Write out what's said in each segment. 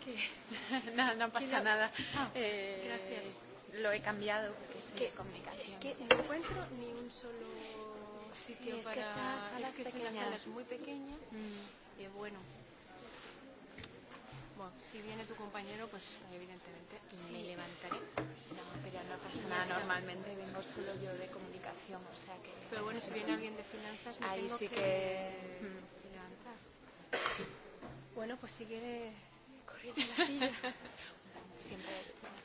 que... no, no pasa lo... nada. Ah, eh, gracias. Lo he cambiado porque es que, comunicación. Es que no encuentro ni un solo sitio sí, es para... Que estas salas es que es una sala es muy pequeña mm. y bueno... Bueno, si viene tu compañero, pues evidentemente sí. me levantaré. No, pero no pasa nada. Normalmente vengo solo yo de comunicación, o sea que... Pero bueno, si viene alguien de finanzas, me Ahí tengo sí que... que... Mm. Bueno, pues si quiere la silla. Siempre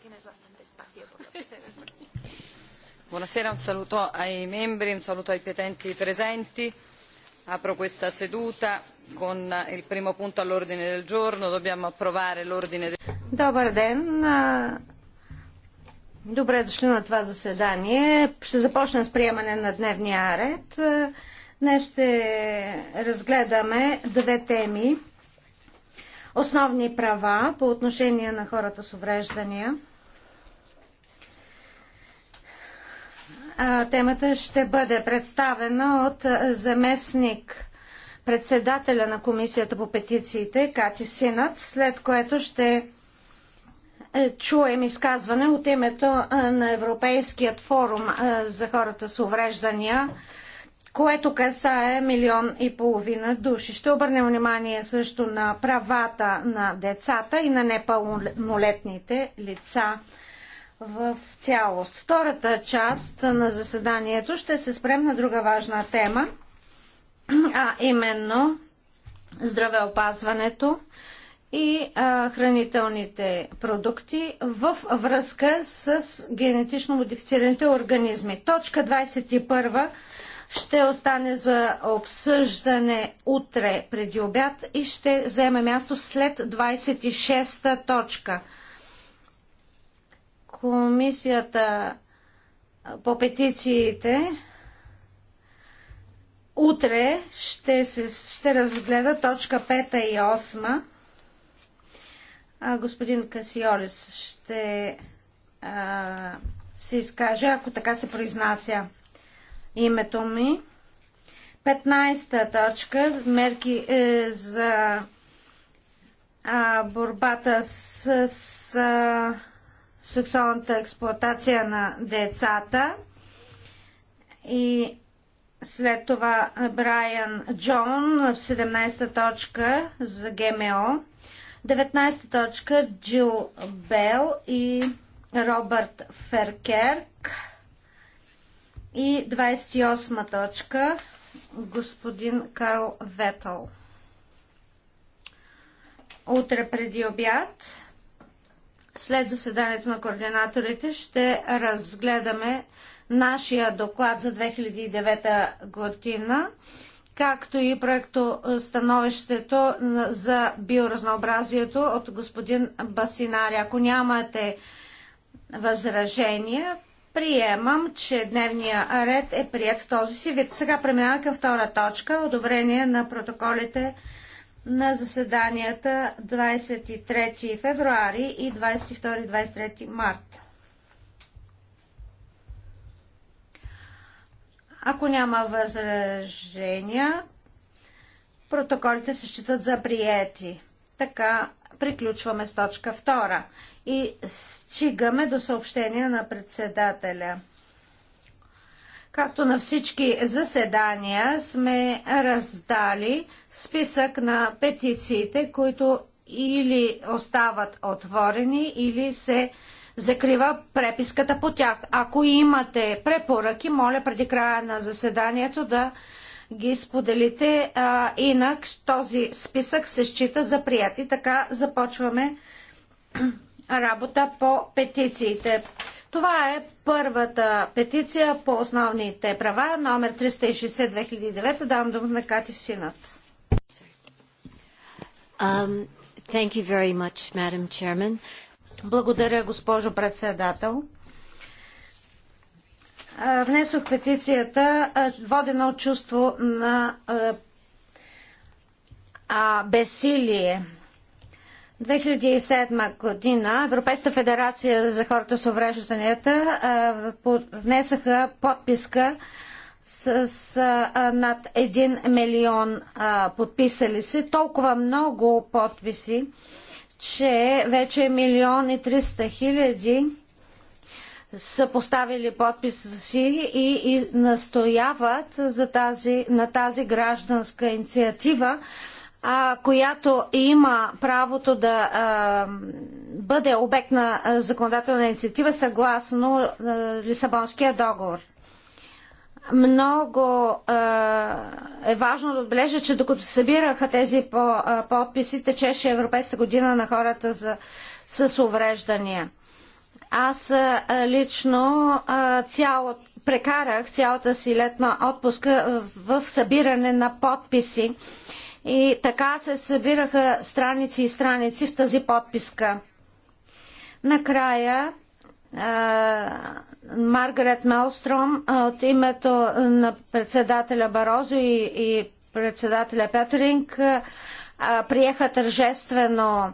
tienes bastante espacio por lo que se ve. Buonasera, un saluto ai membri, un saluto ai petenti presenti. Apro questa seduta con il primo punto all'ordine del giorno. Dobbiamo approvare l'ordine del giorno. Добър ден. Добре дошли на това заседание. Ще започна с приемане на дневния ред. Днес ще разгледаме две теми основни права по отношение на хората с увреждания. Темата ще бъде представена от заместник председателя на Комисията по петициите Кати Синат, след което ще е, чуем изказване от името на Европейският форум за хората с увреждания което касае милион и половина души. Ще обърнем внимание също на правата на децата и на непълнолетните лица в цялост. Втората част на заседанието ще се спрем на друга важна тема, а именно здравеопазването и а, хранителните продукти в връзка с генетично модифицираните организми. Точка 21 ще остане за обсъждане утре преди обяд и ще вземе място след 26-та точка. Комисията по петициите утре ще, се, ще разгледа точка 5 и 8. А, господин Касиолис ще а, се изкаже, ако така се произнася името ми. 15-та точка мерки е, за а, борбата с, с а, сексуалната експлоатация на децата. И след това Брайан Джон в 17-та точка за ГМО. 19-та точка Джил Бел и Робърт Феркерк. И 28 точка господин Карл Ветъл. Утре преди обяд, след заседанието на координаторите, ще разгледаме нашия доклад за 2009 година, както и проекто становището за биоразнообразието от господин Басинари. Ако нямате възражения, Приемам, че дневния ред е прият в този си вид. Сега преминаваме към втора точка. Одобрение на протоколите на заседанията 23 февруари и 22-23 март. Ако няма възражения, протоколите се считат за приети. Така приключваме с точка 2 и стигаме до съобщения на председателя. Както на всички заседания сме раздали списък на петициите, които или остават отворени, или се закрива преписката по тях. Ако имате препоръки, моля преди края на заседанието да ги споделите. А, инак този списък се счита за прияти. така започваме работа по петициите. Това е първата петиция по основните права, номер 360-2009. Давам дума на Кати Синат. Um, much, Благодаря, госпожо председател внесох петицията, водена от чувство на безсилие. 2007 година Европейската федерация за хората с уврежданията внесаха подписка с, с а, над 1 милион а, подписали се. Толкова много подписи, че вече милион и 300 хиляди 000 са поставили подписа си и, и настояват за тази, на тази гражданска инициатива, а, която има правото да а, бъде обект на законодателна инициатива съгласно а, Лисабонския договор. Много е, е важно да отбележа, че докато събираха тези по, подписи, течеше Европейска година на хората за, с увреждания. Аз лично цяло, прекарах цялата си летна отпуска в събиране на подписи. И така се събираха страници и страници в тази подписка. Накрая Маргарет Мелстром от името на председателя Барозо и, и председателя Петеринг приеха тържествено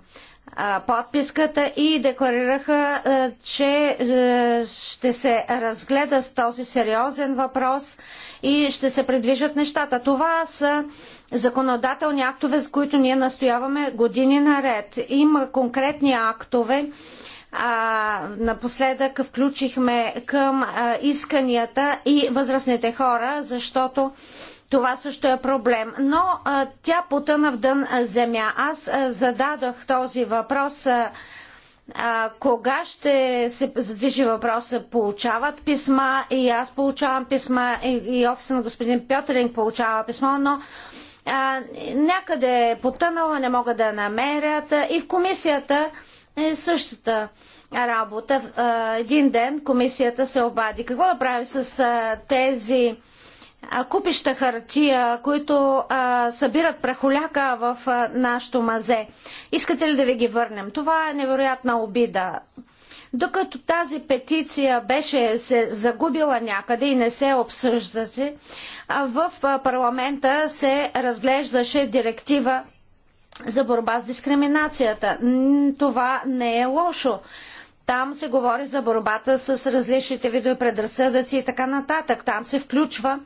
подписката и декларираха, че ще се разгледа с този сериозен въпрос и ще се предвижат нещата. Това са законодателни актове, с които ние настояваме години наред. Има конкретни актове. А, напоследък включихме към а, исканията и възрастните хора, защото това също е проблем. Но а, тя потъна в дън земя. Аз а, зададох този въпрос. А, а, кога ще се задвижи въпроса? Получават писма и аз получавам писма и, и офиса на господин Пьотеринг получава писмо, но а, някъде е потънала, не мога да я намерят. И в комисията е същата работа. А, един ден комисията се обади. Какво да прави с а, тези купища хартия, които а, събират прахоляка в а, нашото мазе. Искате ли да ви ги върнем? Това е невероятна обида. Докато тази петиция беше се загубила някъде и не се обсъждаше, в парламента се разглеждаше директива за борба с дискриминацията. Това не е лошо. Там се говори за борбата с различните видове предразсъдъци и така нататък. Там се включва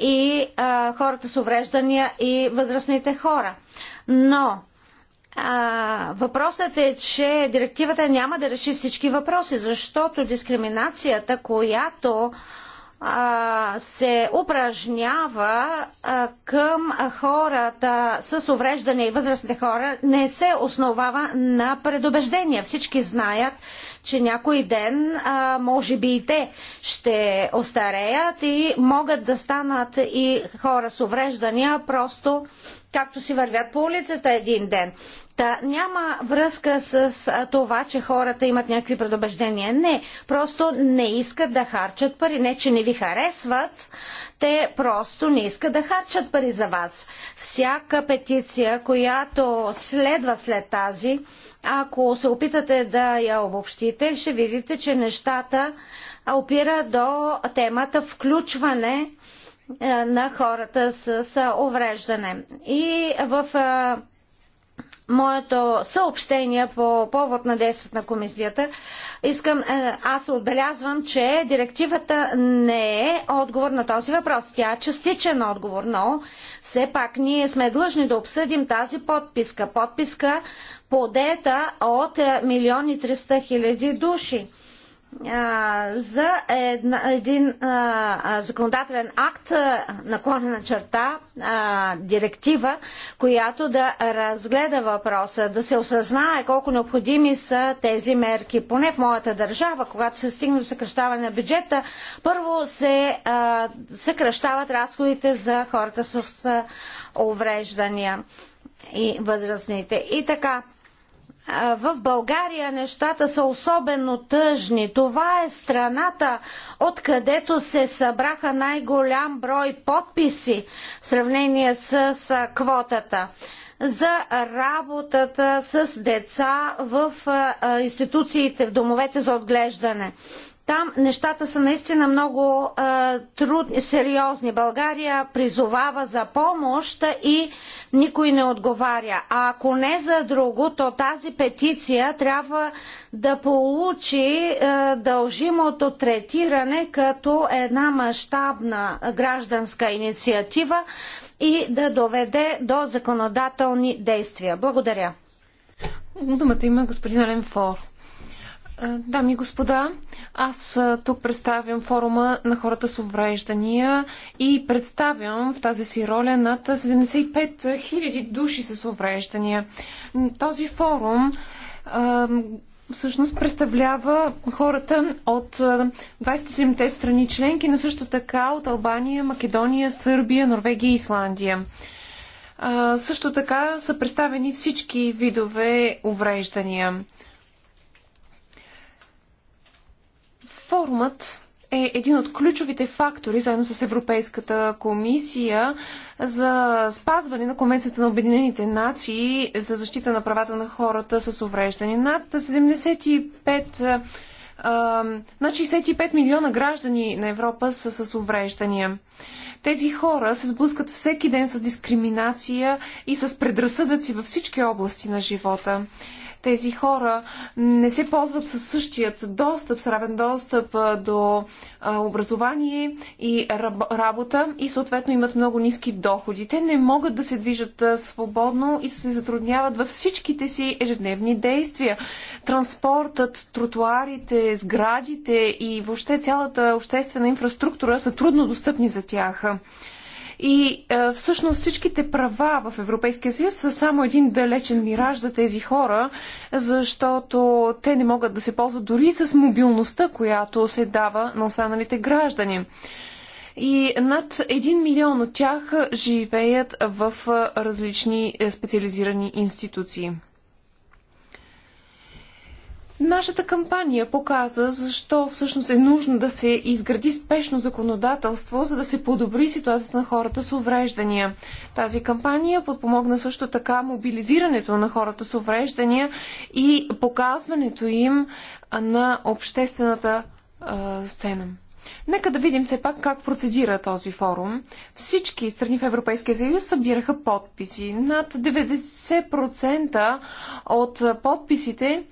и а, хората с увреждания и възрастните хора. Но а, въпросът е, че директивата няма да реши всички въпроси, защото дискриминацията, която се упражнява към хората с увреждане и възрастните хора не се основава на предубеждения. Всички знаят, че някой ден може би и те ще остареят и могат да станат и хора с увреждания, просто както си вървят по улицата един ден. Та няма връзка с това, че хората имат някакви предубеждения. Не, просто не искат да харчат пари. Не, че не ви харесват, те просто не искат да харчат пари за вас. Всяка петиция, която следва след тази, ако се опитате да я обобщите, ще видите, че нещата опира до темата включване е, на хората с, с увреждане. И в е, моето съобщение по повод на действието на комисията, искам, е, аз отбелязвам, че директивата не е отговор на този въпрос. Тя е частичен отговор, но все пак ние сме длъжни да обсъдим тази подписка. Подписка подета от милиони 300 хиляди души за една, един а, законодателен акт наклонена черта, а, директива, която да разгледа въпроса, да се осъзнае колко необходими са тези мерки. Поне в моята държава, когато се стигне до съкръщаване на бюджета, първо се а, съкръщават разходите за хората с увреждания и възрастните. И така, в България нещата са особено тъжни. Това е страната, откъдето се събраха най-голям брой подписи в сравнение с квотата за работата с деца в институциите, в домовете за отглеждане. Там нещата са наистина много а, трудни, сериозни. България призовава за помощ и никой не отговаря. А ако не за друго, то тази петиция трябва да получи а, дължимото третиране като една мащабна гражданска инициатива и да доведе до законодателни действия. Благодаря. Думата има господин Ален Фор. Дами и господа, аз тук представям форума на хората с увреждания и представям в тази си роля над 75 000 души с увреждания. Този форум всъщност представлява хората от 27-те страни членки, но също така от Албания, Македония, Сърбия, Норвегия и Исландия. Също така са представени всички видове увреждания. Форумът е един от ключовите фактори, заедно с Европейската комисия, за спазване на Конвенцията на Обединените нации за защита на правата на хората с увреждане. Над 75 над 65 милиона граждани на Европа са с увреждания. Тези хора се сблъскат всеки ден с дискриминация и с предразсъдъци във всички области на живота. Тези хора не се ползват със същият достъп, с равен достъп до образование и работа и съответно имат много ниски доходи. Те не могат да се движат свободно и се затрудняват във всичките си ежедневни действия. Транспортът, тротуарите, сградите и въобще цялата обществена инфраструктура са трудно достъпни за тях. И е, всъщност всичките права в Европейския съюз са само един далечен мираж за тези хора, защото те не могат да се ползват дори с мобилността, която се дава на останалите граждани. И над 1 милион от тях живеят в е, различни е, специализирани институции. Нашата кампания показа защо всъщност е нужно да се изгради спешно законодателство, за да се подобри ситуацията на хората с увреждания. Тази кампания подпомогна също така мобилизирането на хората с увреждания и показването им на обществената а, сцена. Нека да видим все пак как процедира този форум. Всички страни в Европейския съюз събираха подписи. Над 90% от подписите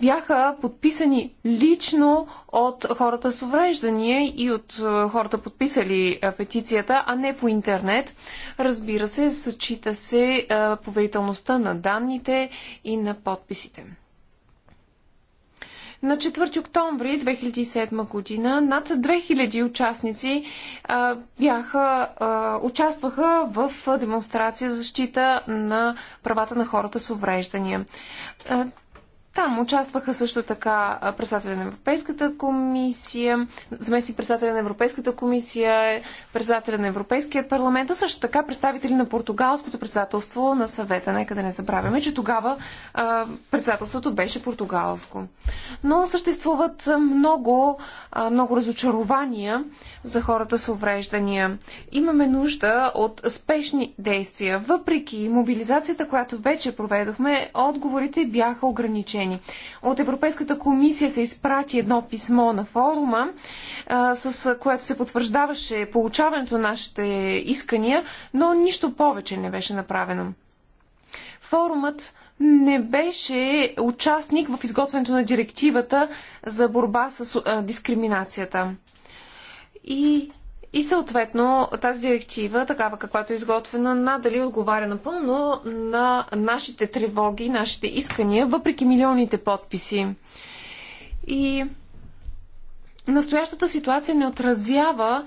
бяха подписани лично от хората с увреждания и от е, хората подписали е, петицията, а не по интернет. Разбира се, съчита се е, поверителността на данните и на подписите. На 4 октомври 2007 година над 2000 участници а, бяха, а, участваха в демонстрация за защита на правата на хората с увреждания. Там участваха също така председателя на Европейската комисия, заместник председателя на Европейската комисия, председателя на Европейския парламент, а също така представители на португалското председателство на съвета. Нека да не забравяме, че тогава а, председателството беше португалско. Но съществуват много, а, много разочарования за хората с увреждания. Имаме нужда от спешни действия. Въпреки мобилизацията, която вече проведохме, отговорите бяха ограничени ограничени. От Европейската комисия се изпрати едно писмо на форума, с което се потвърждаваше получаването на нашите искания, но нищо повече не беше направено. Форумът не беше участник в изготвянето на директивата за борба с дискриминацията. И и съответно тази директива, такава каквато е изготвена, надали отговаря напълно на нашите тревоги, нашите искания, въпреки милионите подписи. И настоящата ситуация не отразява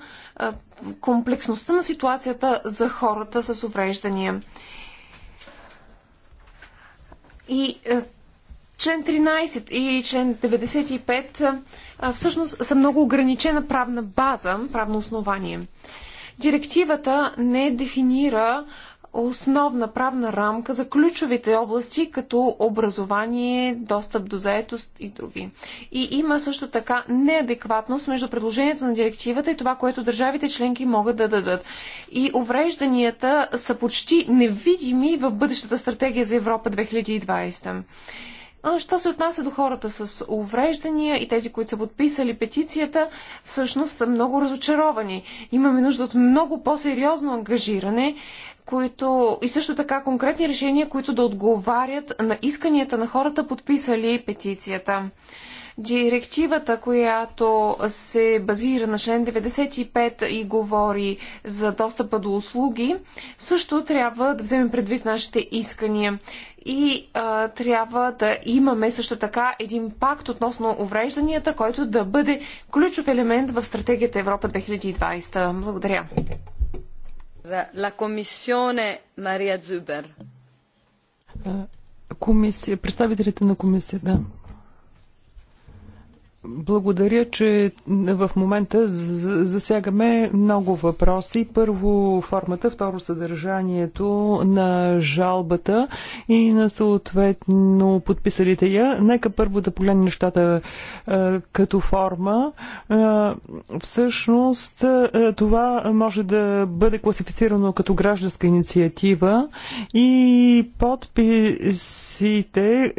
комплексността на ситуацията за хората с увреждания. И член 13 и член 95 всъщност са много ограничена правна база, правно основание. Директивата не дефинира основна правна рамка за ключовите области, като образование, достъп до заетост и други. И има също така неадекватност между предложението на директивата и това, което държавите членки могат да дадат. И уврежданията са почти невидими в бъдещата стратегия за Европа 2020 що се отнася до хората с увреждания и тези, които са подписали петицията, всъщност са много разочаровани. Имаме нужда от много по-сериозно ангажиране които, и също така конкретни решения, които да отговарят на исканията на хората, подписали петицията. Директивата, която се базира на член 95 и говори за достъпа до услуги, също трябва да вземем предвид нашите искания. И а, трябва да имаме също така един пакт относно уврежданията, който да бъде ключов елемент в стратегията Европа 2020. Благодаря. La Commissione Maria Zuber. Комисия, представителите на комисията. Да. Благодаря, че в момента засягаме много въпроси. Първо формата, второ съдържанието на жалбата и на съответно подписалите я. Нека първо да погледнем нещата като форма. Всъщност това може да бъде класифицирано като гражданска инициатива и подписите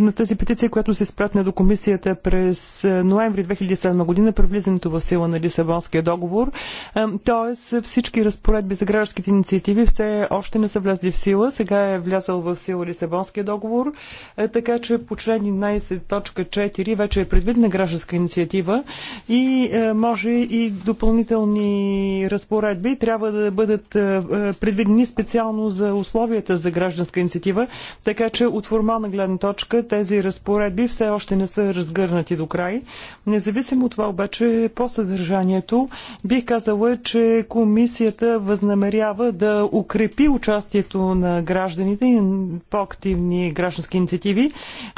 на тази петиция, която се изпратна до комисията през през е, ноември 2007 година при влизането в сила на Лисабонския договор. Е, тоест всички разпоредби за гражданските инициативи все още не са влезли в сила. Сега е влязъл в сила Лисабонския договор, е, така че по член 11.4 вече е предвидена гражданска инициатива и може и допълнителни разпоредби трябва да бъдат предвидени специално за условията за гражданска инициатива, така че от формална гледна точка тези разпоредби все още не са разгърнати прочети до край. Независимо от това обаче по съдържанието, бих казала, че комисията възнамерява да укрепи участието на гражданите и по-активни граждански инициативи.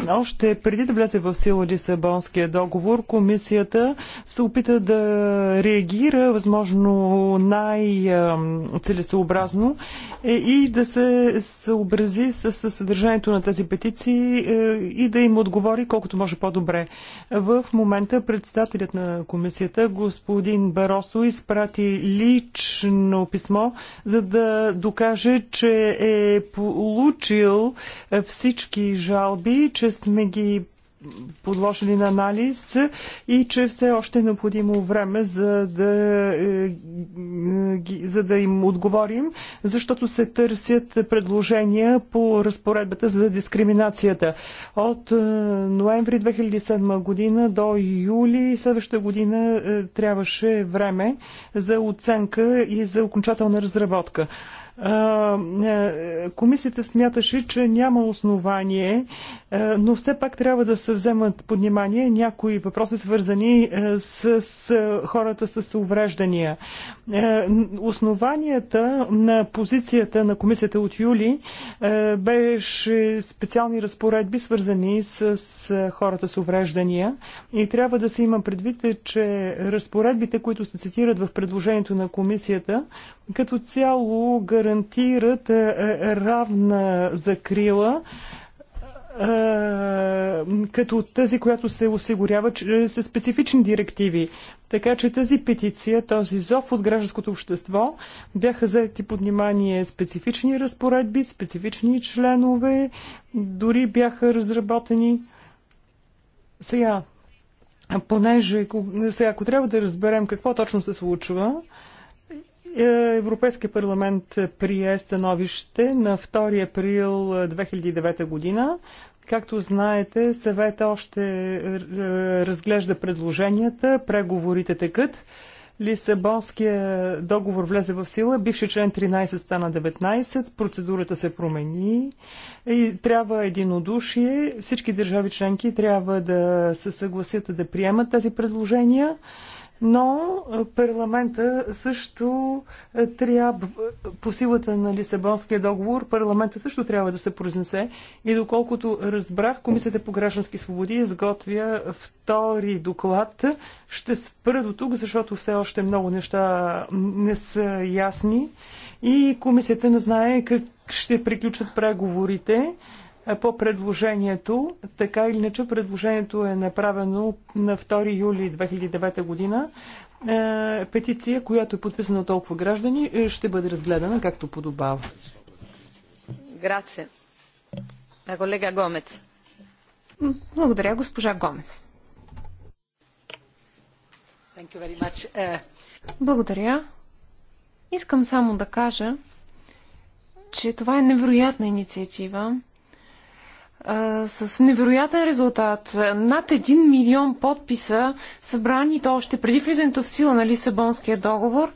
Още преди да влезе в сила Лисабонския договор, комисията се опита да реагира възможно най-целесообразно е, и да се съобрази с съдържанието на тези петиции е, и да им отговори колкото може по-добре. В момента председателят на комисията, господин Баросо, изпрати лично писмо, за да докаже, че е получил е, всички жалби, че сме ги подложени на анализ и че все още е необходимо време за да, е, за да им отговорим, защото се търсят предложения по разпоредбата за дискриминацията. От е, ноември 2007 година до юли следващата година е, трябваше време за оценка и за окончателна разработка. Комисията смяташе, че няма основание, но все пак трябва да се вземат под внимание някои въпроси, свързани с, хората с увреждания. Основанията на позицията на комисията от юли беше специални разпоредби, свързани с хората с увреждания. И трябва да се има предвид, че разпоредбите, които се цитират в предложението на комисията, като цяло гарантират е, е, равна закрила е, като тази, която се осигурява чрез специфични директиви. Така че тази петиция, този зов от гражданското общество бяха заети под внимание специфични разпоредби, специфични членове, дори бяха разработени. Сега, понеже, сега, ако трябва да разберем какво точно се случва, е, Европейския парламент прие становище на 2 април 2009 е, година. Както знаете, съвета още е, разглежда предложенията, преговорите текат. Лисабонския договор влезе в сила, бивши член 13 стана 19, процедурата се промени и трябва единодушие. Всички държави членки трябва да се съгласят да приемат тези предложения но парламента също трябва, по силата на Лисабонския договор, парламента също трябва да се произнесе и доколкото разбрах, Комисията по граждански свободи изготвя втори доклад. Ще спра до тук, защото все още много неща не са ясни и комисията не знае как ще приключат преговорите по предложението. Така или иначе, предложението е направено на 2 юли 2009 година. Е, петиция, която е подписана от толкова граждани, е, ще бъде разгледана както подобава. Грация. На колега Гомец. Благодаря, госпожа Гомец. Е, Благодаря. Искам само да кажа, че това е невероятна инициатива с невероятен резултат. Над 1 милион подписа, събрани то още преди влизането в сила на Лисабонския договор,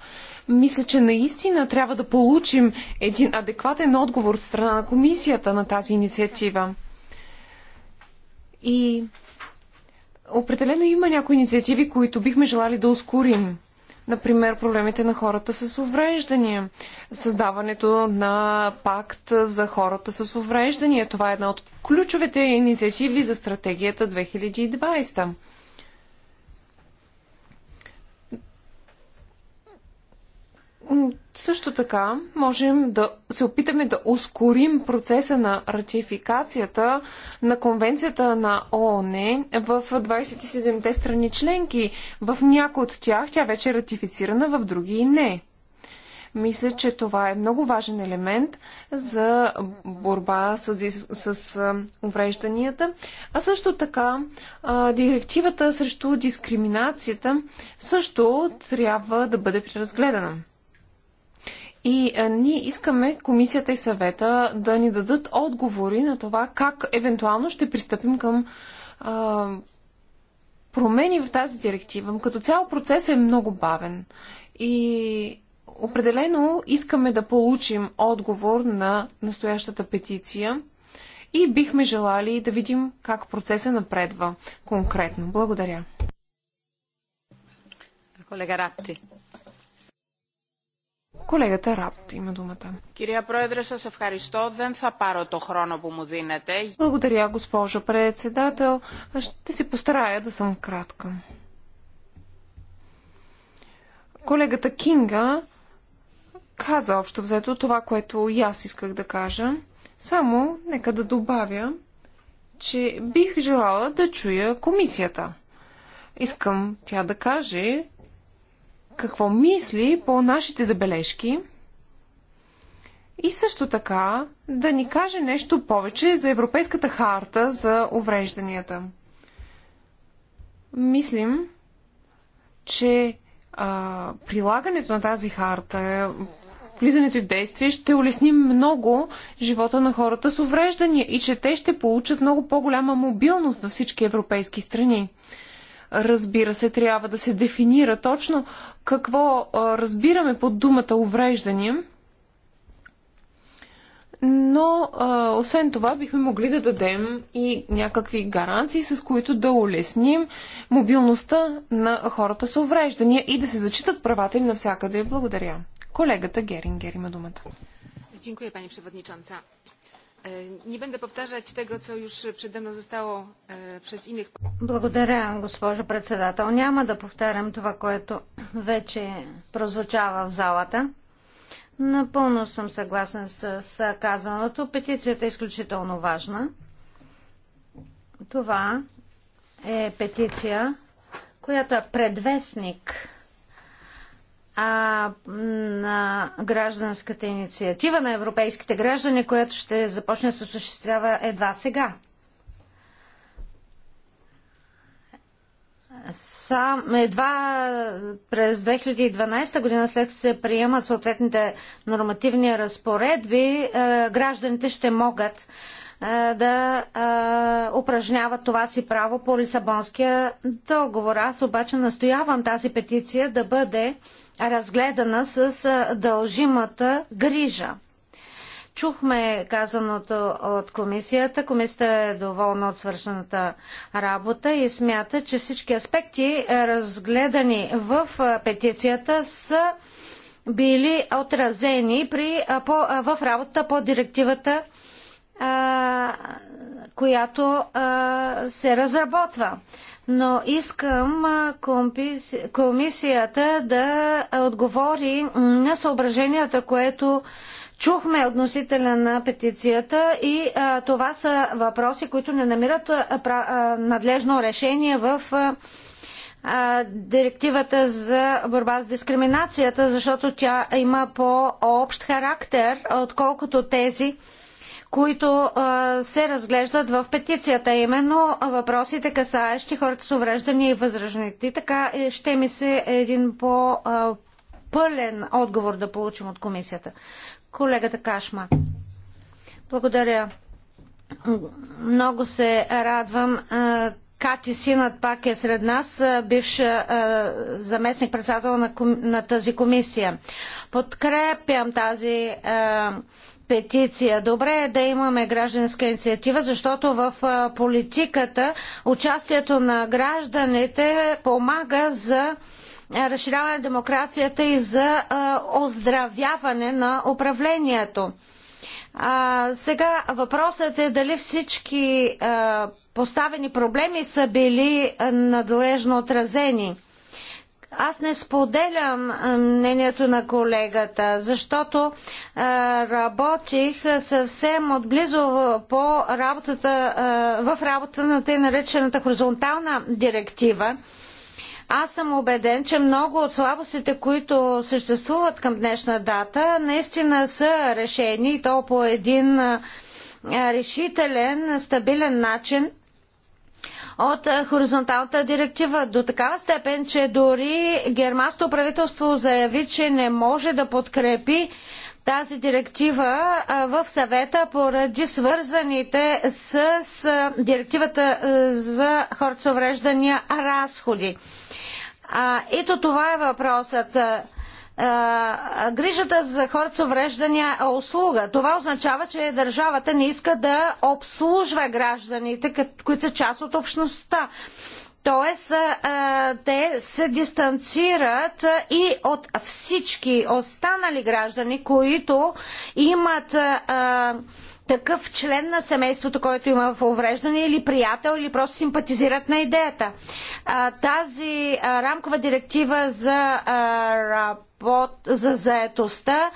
мисля, че наистина трябва да получим един адекватен отговор от страна на комисията на тази инициатива. И определено има някои инициативи, които бихме желали да ускорим. Например, проблемите на хората с увреждания. Създаването на пакт за хората с увреждания. Това е една от ключовите инициативи за стратегията 2020. Също така можем да се опитаме да ускорим процеса на ратификацията на конвенцията на ООН в 27-те страни членки. В някои от тях тя вече е ратифицирана, в други и не. Мисля, че това е много важен елемент за борба с, с, с уврежданията. А също така, а, директивата срещу дискриминацията също трябва да бъде преразгледана. И а, е, ние искаме комисията и съвета да ни дадат отговори на това как евентуално ще пристъпим към а, е, промени в тази директива. Като цяло процес е много бавен. И определено искаме да получим отговор на настоящата петиция и бихме желали да видим как процесът напредва конкретно. Благодаря. Колега Рапти. Колегата Рапт има думата. Кирия Проедре, σας ευχαριστώ. Δεν θα πάρω το χρόνο που μου δίνετε. Благодаря, госпожо председател. Ще се постарая да съм кратка. Колегата Кинга каза общо взето това, което и аз исках да кажа. Само нека да добавя, че бих желала да чуя комисията. Искам тя да каже какво мисли по нашите забележки и също така да ни каже нещо повече за Европейската харта за уврежданията. Мислим, че а, прилагането на тази харта, влизането и в действие ще улесни много живота на хората с увреждания и че те ще получат много по-голяма мобилност във всички европейски страни. Разбира се, трябва да се дефинира точно какво разбираме под думата увреждане. Но, освен това, бихме могли да дадем и някакви гаранции, с които да улесним мобилността на хората с увреждания и да се зачитат правата им навсякъде. Благодаря. Колегата Герингер има думата. Dziękuję Pani Przewodnicząca. Не e, będę powtarzać тега, че уж преди mną застало през e, innych. Благодаря, госпожо председател. Няма да повтарям това, което вече прозвучава в залата. Напълно съм съгласен с, с казаното. Петицията е изключително важна. Това е петиция, която е предвестник а, на гражданската инициатива на европейските граждани, която ще започне да се осъществява едва сега. Сам, едва през 2012 година, след като се приемат съответните нормативни разпоредби, е, гражданите ще могат е, да е, упражняват това си право по Лисабонския договор. Аз обаче настоявам тази петиция да бъде разгледана с дължимата грижа. Чухме казаното от комисията. Комисията е доволна от свършената работа и смята, че всички аспекти, е, разгледани в петицията, са били отразени при, по, в работа по директивата, която се разработва но искам комисията да отговори на съображенията, което чухме относителя на петицията и а, това са въпроси, които не намират а, а, надлежно решение в директивата за борба с дискриминацията, защото тя има по-общ характер, отколкото тези които а, се разглеждат в петицията, именно въпросите касаещи хората с увреждания и възражените. Така е, ще ми се един по-пълен отговор да получим от комисията. Колегата Кашма. Благодаря. Много се радвам. Кати Синът пак е сред нас, бивш заместник-председател на, на тази комисия. Подкрепям тази петиция. Добре е да имаме гражданска инициатива, защото в политиката участието на гражданите помага за разширяване на демокрацията и за оздравяване на управлението. А, сега въпросът е дали всички а, поставени проблеми са били надлежно отразени. Аз не споделям мнението на колегата, защото работих съвсем отблизо по работата, в работата на тъй наречената хоризонтална директива. Аз съм убеден, че много от слабостите, които съществуват към днешна дата, наистина са решени и то по един решителен, стабилен начин от е, хоризонталната директива до такава степен, че дори германското правителство заяви, че не може да подкрепи тази директива в съвета поради свързаните с директивата за хората с увреждания разходи. Ето това е въпросът грижата за хората с увреждания е услуга. Това означава, че държавата не иска да обслужва гражданите, които са част от общността. Тоест, те се дистанцират и от всички останали граждани, които имат такъв член на семейството, който има в увреждане или приятел, или просто симпатизират на идеята. Тази рамкова директива за за заетостта,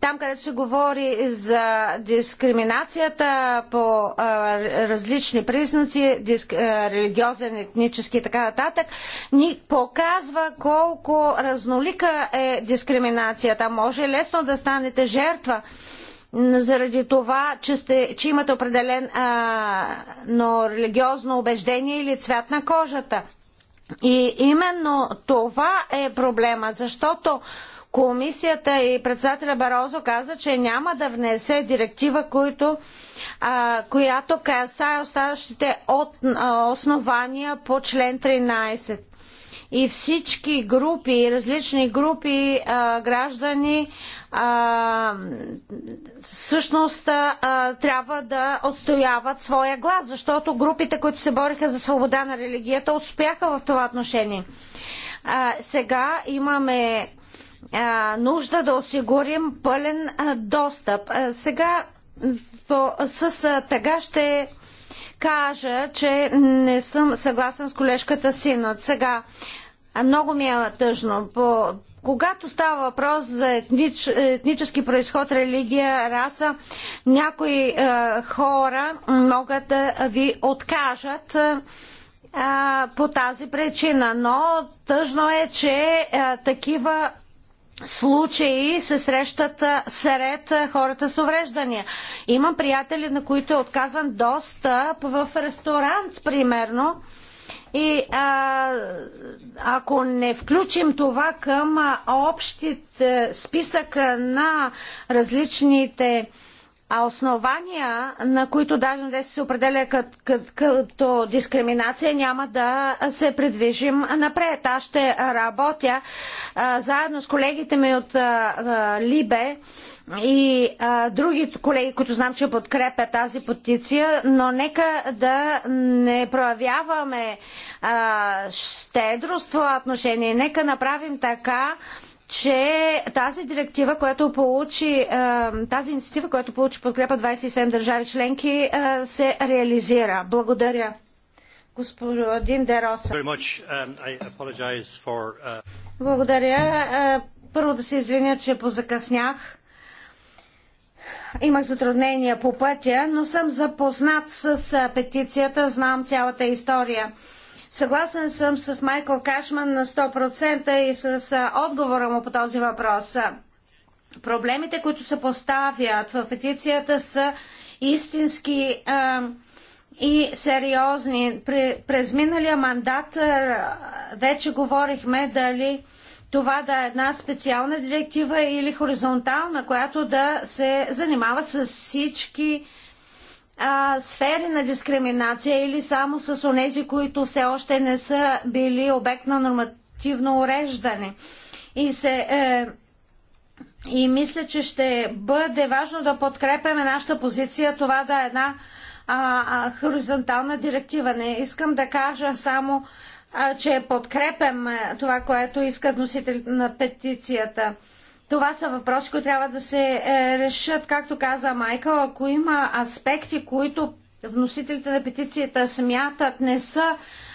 там където се говори за дискриминацията по а, различни признаци, диск, а, религиозен, етнически и така нататък, ни показва колко разнолика е дискриминацията. Може лесно да станете жертва заради това, че, сте, че имате определен а, но религиозно убеждение или цвят на кожата – и именно това е проблема, защото комисията и председателя Барозо каза, че няма да внесе директива, които, а, която касае оставащите от, а, основания по член и всички групи, различни групи а, граждани а, всъщност а, трябва да отстояват своя глас, защото групите, които се бориха за свобода на религията, успяха в това отношение. А, сега имаме а, нужда да осигурим пълен а, достъп. А, сега по, с а, тъга ще кажа, че не съм съгласен с колежката си, но сега много ми е тъжно. По, когато става въпрос за етнич, етнически происход, религия, раса, някои е, хора могат да ви откажат е, по тази причина. Но тъжно е, че е, такива случаи се срещат сред хората с увреждания. Имам приятели, на които е отказван достъп в ресторант, примерно. И а, ако не включим това към общите списък на различните а основания, на които даже не се определя като, като, като дискриминация, няма да се придвижим напред. Аз ще работя а, заедно с колегите ми от а, а, Либе и а, други колеги, които знам, че подкрепят тази петиция, но нека да не проявяваме а, щедрост в отношение. Нека направим така, а, че тази директива, която получи, е, тази инициатива, която получи подкрепа 27 държави членки, е, се реализира. Благодаря. Господин Дероса. Um, uh, Благодаря. Е, първо да се извиня, че позакъснях. Имах затруднения по пътя, но съм запознат с петицията, знам цялата история. Съгласен съм с Майкъл Кашман на 100% и с отговора му по този въпрос. Проблемите, които се поставят в петицията са истински а, и сериозни. През миналия мандат вече говорихме дали това да е една специална директива или хоризонтална, която да се занимава с всички а, сфери на дискриминация или само с онези, които все още не са били обект на нормативно уреждане. И се е, и мисля, че ще бъде важно да подкрепяме нашата позиция, това да е една а, а, хоризонтална директива. Не искам да кажа само, а, че подкрепям е, това, което искат носителите на петицията. Това са въпроси, които трябва да се е, решат. Както каза Майкъл, ако има аспекти, които вносителите на петицията смятат не са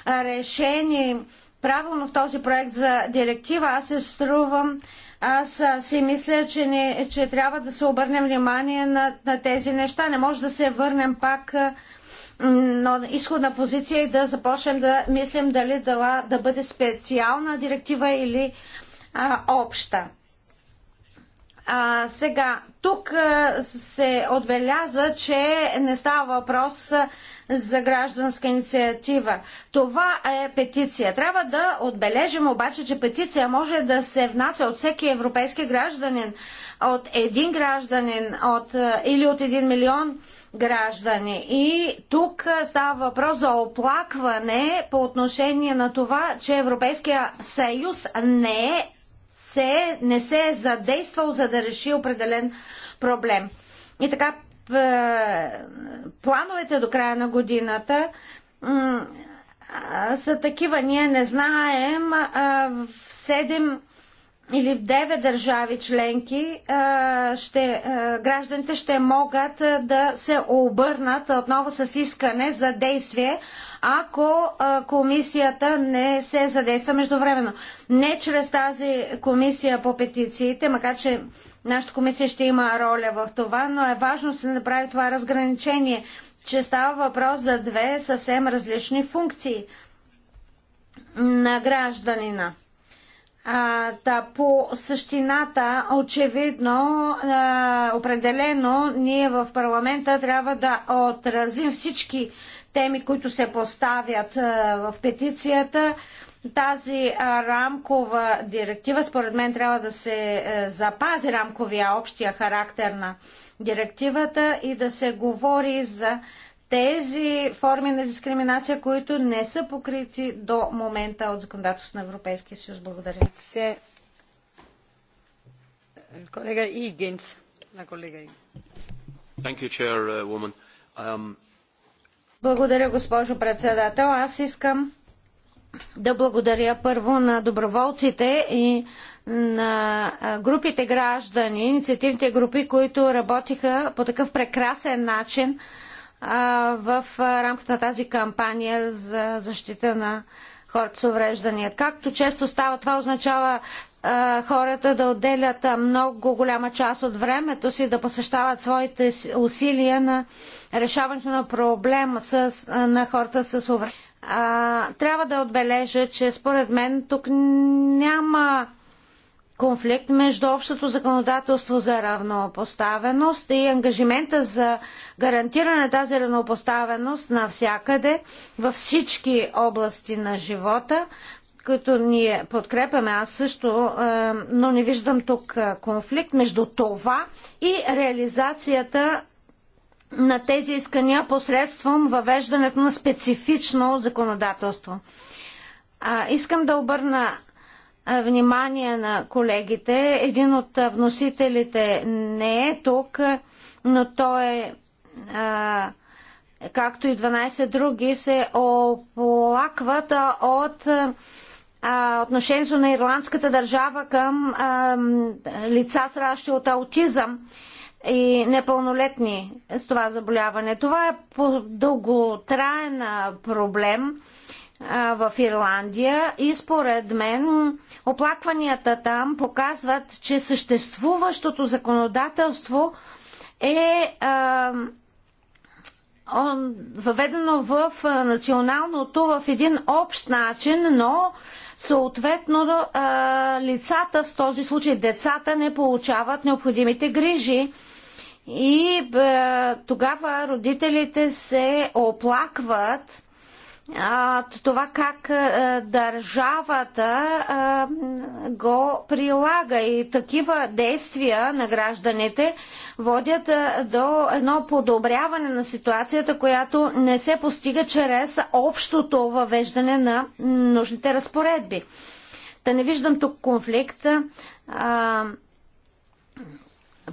е, решени правилно в този проект за директива, аз се струвам, аз е, си мисля, че, не, че трябва да се обърнем внимание на, на тези неща. Не може да се върнем пак на изходна позиция и да започнем да мислим дали дала да бъде специална директива или а, обща. А, сега, тук се отбеляза, че не става въпрос за гражданска инициатива. Това е петиция. Трябва да отбележим обаче, че петиция може да се внася от всеки европейски гражданин, от един гражданин от, или от един милион граждани. И тук става въпрос за оплакване по отношение на това, че Европейския съюз не е се, не се е задействал, за да реши определен проблем. И така, плановете до края на годината са такива. Ние не знаем в 7 или в 9 държави членки ще, гражданите ще могат да се обърнат отново с искане за действие, ако комисията не се задейства междувременно. Не чрез тази комисия по петициите, макар че нашата комисия ще има роля в това, но е важно да се направи това разграничение, че става въпрос за две съвсем различни функции на гражданина. А, да, по същината, очевидно, а, определено, ние в парламента трябва да отразим всички теми, които се поставят в петицията. Тази рамкова директива, според мен, трябва да се е, запази рамковия общия характер на директивата и да се говори за тези форми на дискриминация, които не са покрити до момента от законодателството на Европейския съюз. Благодаря. Колега Игенс. На колега Игенс. Благодаря, госпожо председател. Аз искам да благодаря първо на доброволците и на групите граждани, инициативните групи, които работиха по такъв прекрасен начин а, в рамката на тази кампания за защита на хората с увреждания. Както често става, това означава а, хората да отделят много голяма част от времето си да посещават своите усилия на решаването на проблема с, а, на хората с увреждания. Трябва да отбележа, че според мен тук няма конфликт между общото законодателство за равнопоставеност и ангажимента за гарантиране тази равнопоставеност навсякъде, във всички области на живота, които ние подкрепяме, аз също, е, но не виждам тук е, конфликт между това и реализацията на тези искания посредством въвеждането на специфично законодателство. искам да обърна внимание на колегите. Един от вносителите не е тук, но той е както и 12 други, се оплакват от отношението на ирландската държава към лица ращи от аутизъм и непълнолетни с това заболяване. Това е по-дълготраен проблем в Ирландия и според мен оплакванията там показват, че съществуващото законодателство е въведено в националното в един общ начин, но съответно лицата, в този случай децата, не получават необходимите грижи. И тогава родителите се оплакват това как държавата го прилага и такива действия на гражданите водят до едно подобряване на ситуацията, която не се постига чрез общото въвеждане на нужните разпоредби. Та не виждам тук конфликт. А,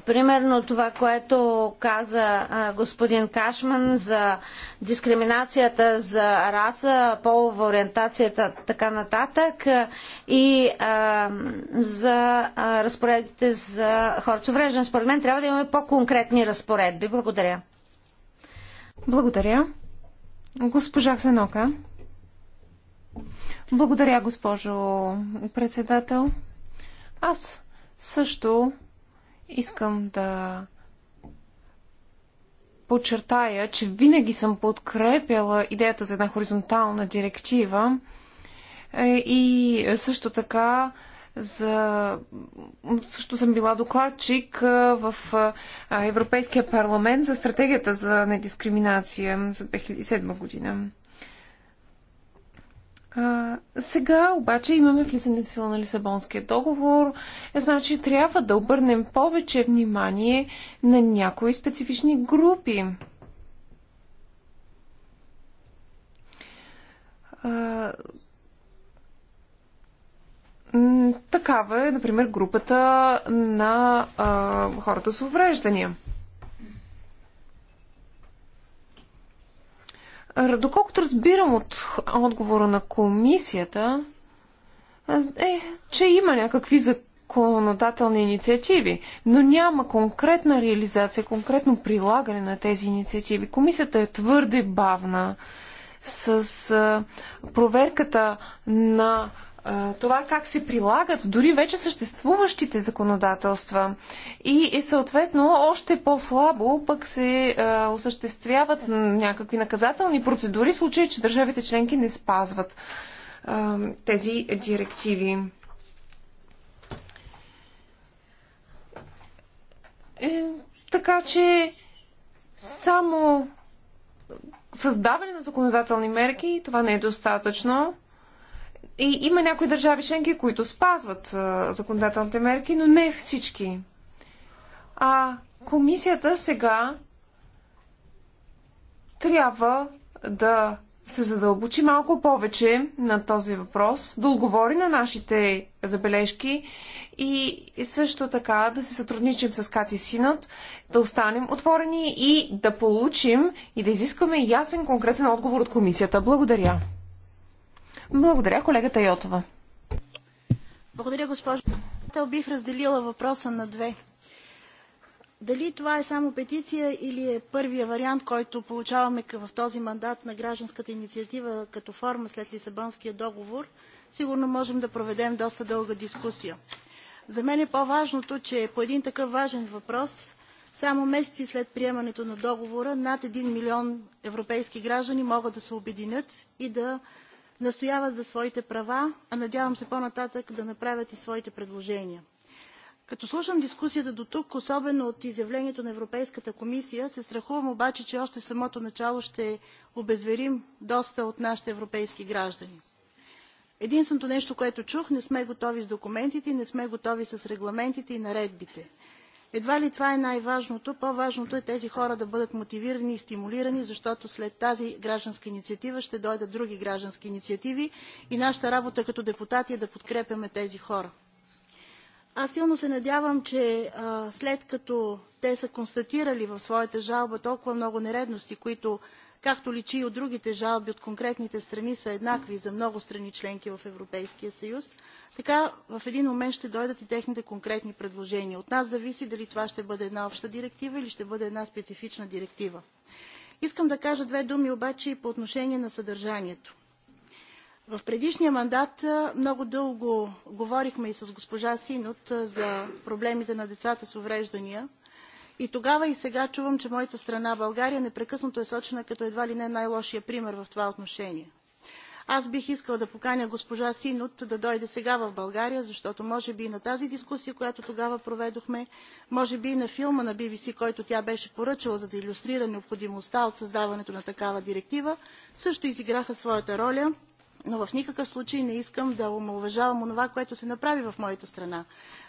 Примерно това, което каза а, господин Кашман за дискриминацията за раса, полова ориентацията, така нататък и а, за а, разпоредбите за хората. с увреждане. Според мен трябва да имаме по-конкретни разпоредби. Благодаря. Благодаря. Госпожа Ксенока. Благодаря, госпожо председател. Аз също Искам да подчертая, че винаги съм подкрепяла идеята за една хоризонтална директива е, и също така за... Също съм била докладчик е, в е, Европейския парламент за стратегията за недискриминация за 2007 година. А, сега обаче имаме влизане в сила на Лисабонския договор. Е, значи трябва да обърнем повече внимание на някои специфични групи. А, такава е, например, групата на а, хората с увреждания. Доколкото разбирам от отговора на комисията, е, че има някакви законодателни инициативи, но няма конкретна реализация, конкретно прилагане на тези инициативи. Комисията е твърде бавна с проверката на това как се прилагат дори вече съществуващите законодателства и, и съответно още по-слабо пък се а, осъществяват някакви наказателни процедури в случай, че държавите членки не спазват а, тези директиви. Е, така че само създаване на законодателни мерки това не е достатъчно и има някои държави членки, които спазват а, законодателните мерки, но не всички. А комисията сега трябва да се задълбочи малко повече на този въпрос, да отговори на нашите забележки и също така да се сътрудничим с Кати Синът, да останем отворени и да получим и да изискаме ясен конкретен отговор от комисията. Благодаря. Благодаря, колегата Йотова. Благодаря, госпожо. Бих разделила въпроса на две. Дали това е само петиция или е първия вариант, който получаваме в този мандат на гражданската инициатива като форма след Лисабонския договор, сигурно можем да проведем доста дълга дискусия. За мен е по-важното, че по един такъв важен въпрос, само месеци след приемането на договора, над 1 милион европейски граждани могат да се обединят и да настояват за своите права, а надявам се по-нататък да направят и своите предложения. Като слушам дискусията до тук, особено от изявлението на Европейската комисия, се страхувам обаче, че още в самото начало ще обезверим доста от нашите европейски граждани. Единственото нещо, което чух, не сме готови с документите, не сме готови с регламентите и наредбите. Едва ли това е най-важното. По-важното е тези хора да бъдат мотивирани и стимулирани, защото след тази гражданска инициатива ще дойдат други граждански инициативи и нашата работа като депутати е да подкрепяме тези хора. Аз силно се надявам, че а, след като те са констатирали в своята жалба толкова много нередности, които както личи и от другите жалби от конкретните страни, са еднакви за много страни членки в Европейския съюз, така в един момент ще дойдат и техните конкретни предложения. От нас зависи дали това ще бъде една обща директива или ще бъде една специфична директива. Искам да кажа две думи обаче и по отношение на съдържанието. В предишния мандат много дълго говорихме и с госпожа Синот за проблемите на децата с увреждания – и тогава и сега чувам, че моята страна България непрекъснато е сочена като едва ли не най-лошия пример в това отношение. Аз бих искала да поканя госпожа Синут да дойде сега в България, защото може би и на тази дискусия, която тогава проведохме, може би и на филма на BBC, който тя беше поръчала, за да иллюстрира необходимостта от създаването на такава директива, също изиграха своята роля, но в никакъв случай не искам да омалуважавам онова, което се направи в моята страна.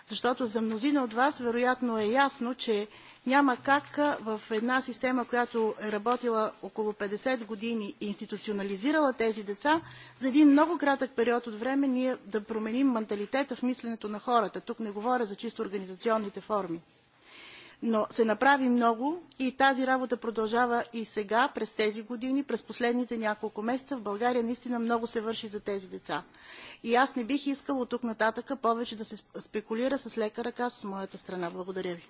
Защото за мнозина от вас вероятно е ясно, че няма как в една система, която е работила около 50 години и институционализирала тези деца, за един много кратък период от време ние да променим менталитета в мисленето на хората. Тук не говоря за чисто организационните форми. Но се направи много и тази работа продължава и сега, през тези години, през последните няколко месеца. В България наистина много се върши за тези деца. И аз не бих искала тук нататъка повече да се спекулира с лека ръка с моята страна. Благодаря ви.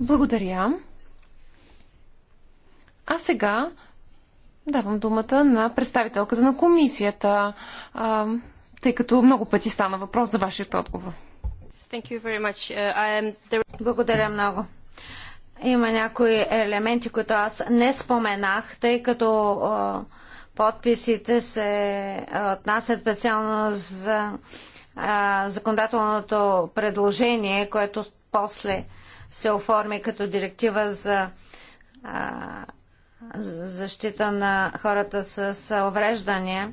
Благодаря. А сега давам думата на представителката на комисията, тъй като много пъти стана въпрос за вашият отговор. Uh, Благодаря много. Има някои елементи, които аз не споменах, тъй като подписите се отнасят специално за законодателното предложение, което после се оформи като директива за а, защита на хората с, увреждания,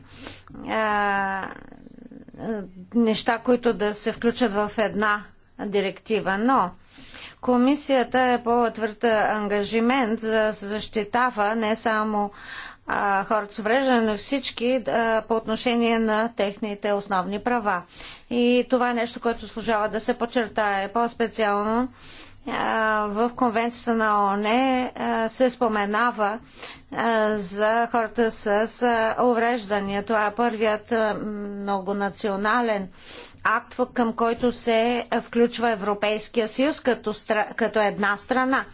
а, неща, които да се включат в една директива. Но комисията е по-твърд ангажимент за да се защитава не само а, хората с увреждане, на всички по отношение на техните основни права. И това е нещо, което служава да се подчертае по-специално в конвенцията на ООН се споменава за хората с увреждания. Това е първият многонационален акт, към който се включва Европейския съюз като една страна.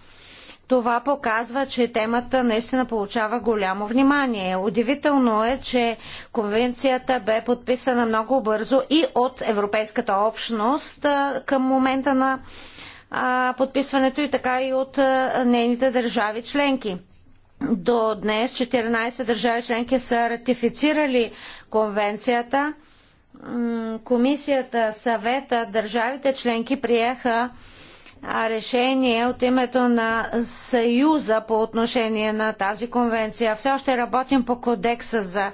Това показва, че темата наистина получава голямо внимание. Удивително е, че конвенцията бе подписана много бързо и от Европейската общност към момента на подписването и така и от нейните държави членки. До днес 14 държави членки са ратифицирали конвенцията. Комисията, съвета, държавите членки приеха решение от името на Съюза по отношение на тази конвенция. Все още работим по кодекса за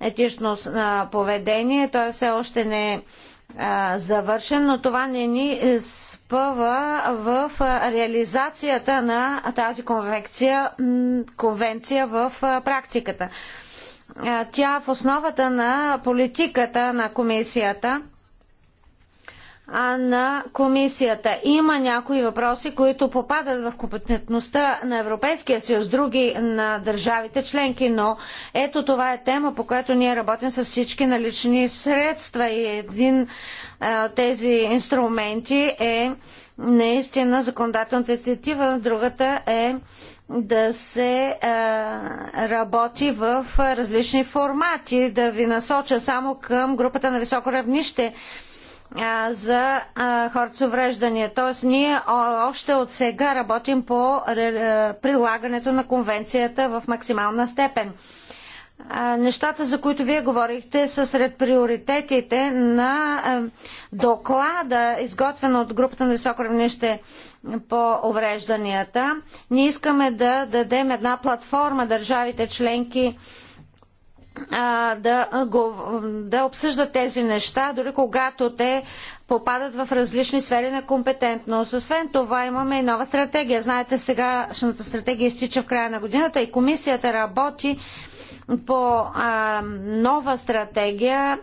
етично поведение. Той все още не е завършен, но това не ни спъва в реализацията на тази конвенция, конвенция в практиката. Тя е в основата на политиката на комисията на комисията. Има някои въпроси, които попадат в компетентността на Европейския съюз, други на държавите членки, но ето това е тема, по която ние работим с всички налични средства и един от тези инструменти е наистина законодателната инициатива, другата е да се е, работи в различни формати, да ви насоча само към групата на високо равнище за хората с увреждания. Тоест ние още от сега работим по е, прилагането на конвенцията в максимална степен. Нещата, за които вие говорихте, са сред приоритетите на е, доклада, изготвен от групата на високо равнище по уврежданията. Ние искаме да дадем една платформа държавите членки а, да, го, да обсъждат тези неща, дори когато те попадат в различни сфери на компетентност. Освен това имаме и нова стратегия. Знаете, сегашната стратегия изтича в края на годината и комисията работи по а, нова стратегия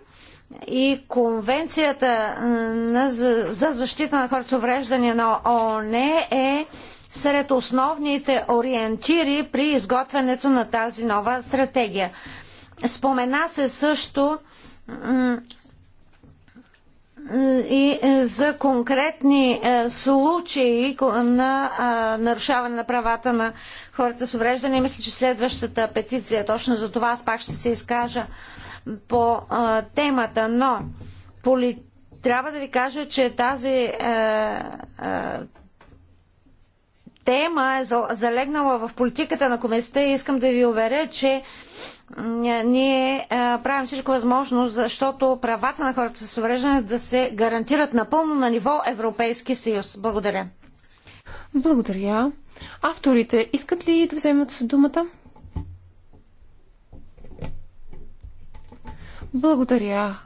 и конвенцията на, за, за защита на хората с увреждания на ООН е сред основните ориентири при изготвянето на тази нова стратегия. Спомена се също и е, за конкретни е, случаи на нарушаване на правата на хората с увреждане. Мисля, че следващата петиция, точно за това аз пак ще се изкажа по темата, но поли... трябва да ви кажа, че тази е, тема е залегнала в политиката на комисията и искам да ви уверя, че е, ние е, правим всичко възможно, защото правата на хората с увреждане да се гарантират напълно на ниво Европейски съюз. Благодаря. Благодаря. Авторите искат ли да вземат думата? Благодаря,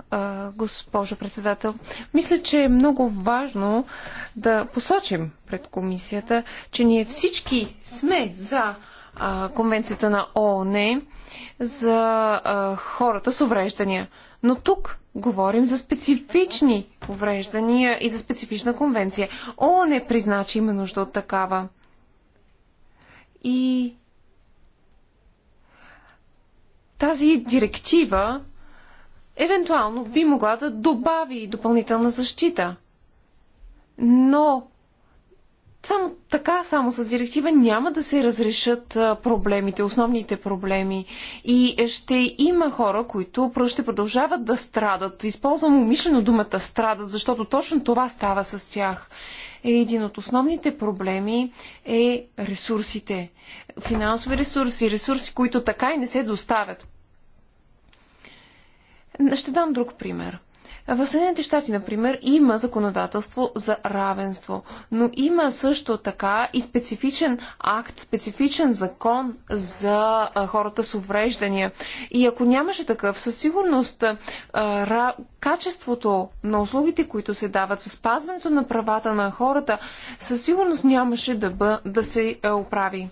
госпожо председател. Мисля, че е много важно да посочим пред комисията, че ние всички сме за Конвенцията на ООН за хората с увреждания. Но тук говорим за специфични увреждания и за специфична конвенция. ООН е призна, че има нужда от такава. И тази директива евентуално би могла да добави допълнителна защита. Но само така, само с директива няма да се разрешат проблемите, основните проблеми. И е, ще има хора, които ще продължават да страдат. Използвам умишлено думата страдат, защото точно това става с тях. Един от основните проблеми е ресурсите. Финансови ресурси, ресурси, които така и не се доставят. Ще дам друг пример. В Съединените щати, например, има законодателство за равенство, но има също така и специфичен акт, специфичен закон за хората с увреждания. И ако нямаше такъв, със сигурност качеството на услугите, които се дават, в спазването на правата на хората, със сигурност нямаше да, бъ, да се оправи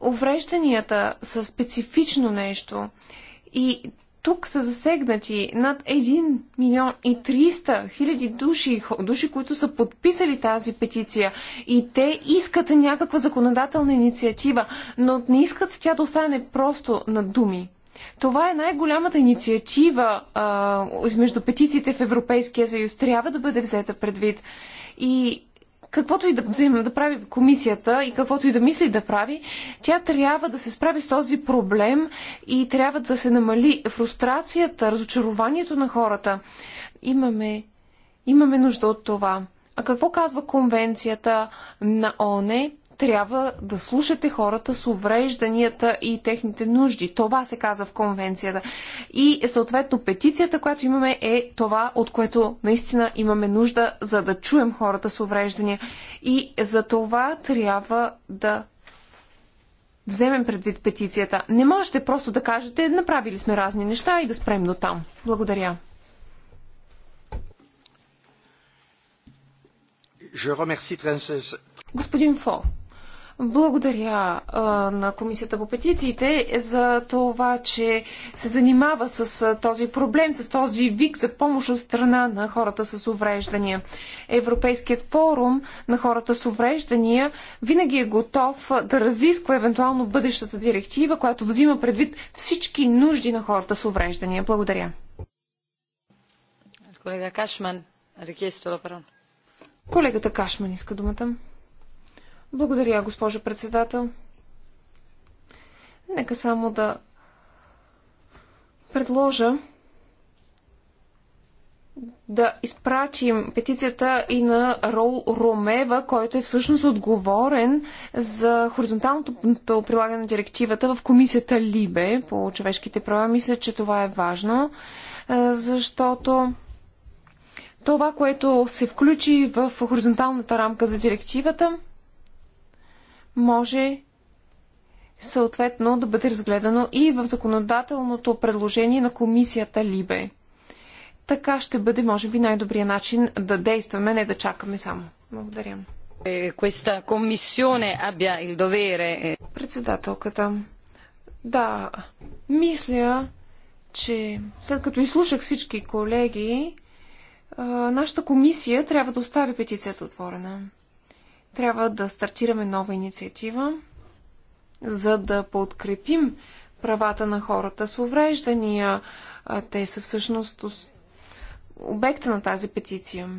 уврежданията са специфично нещо и тук са засегнати над 1 милион и 300 хиляди души, души, които са подписали тази петиция и те искат някаква законодателна инициатива, но не искат тя да остане просто на думи. Това е най-голямата инициатива а, между петициите в Европейския съюз. Трябва да бъде взета предвид. И каквото и да взема да прави комисията и каквото и да мисли да прави, тя трябва да се справи с този проблем и трябва да се намали фрустрацията, разочарованието на хората. Имаме, имаме нужда от това. А какво казва конвенцията на ОНЕ? трябва да слушате хората с уврежданията и техните нужди. Това се казва в конвенцията. И съответно петицията, която имаме е това, от което наистина имаме нужда, за да чуем хората с увреждания. И за това трябва да вземем предвид петицията. Не можете просто да кажете, направили сме разни неща и да спрем до там. Благодаря. Господин Фо. Благодаря а, на Комисията по петициите за това, че се занимава с а, този проблем, с този вик за помощ от страна на хората с увреждания. Европейският форум на хората с увреждания винаги е готов да разисква евентуално бъдещата директива, която взима предвид всички нужди на хората с увреждания. Благодаря. Колега Кашман, Колегата Кашман иска думата. Благодаря, госпожо председател. Нека само да предложа да изпратим петицията и на Рол Ромева, който е всъщност отговорен за хоризонталното прилагане на директивата в комисията Либе по човешките права. Мисля, че това е важно, е, защото това, което се включи в хоризонталната рамка за директивата, може съответно да бъде разгледано и в законодателното предложение на комисията Либе. Така ще бъде, може би, най-добрият начин да действаме, не да чакаме само. Благодаря. Е, е, Председателката. Да, мисля, че след като изслушах всички колеги, нашата комисия трябва да остави петицията отворена трябва да стартираме нова инициатива, за да подкрепим правата на хората с увреждания. Те са всъщност обекта на тази петиция.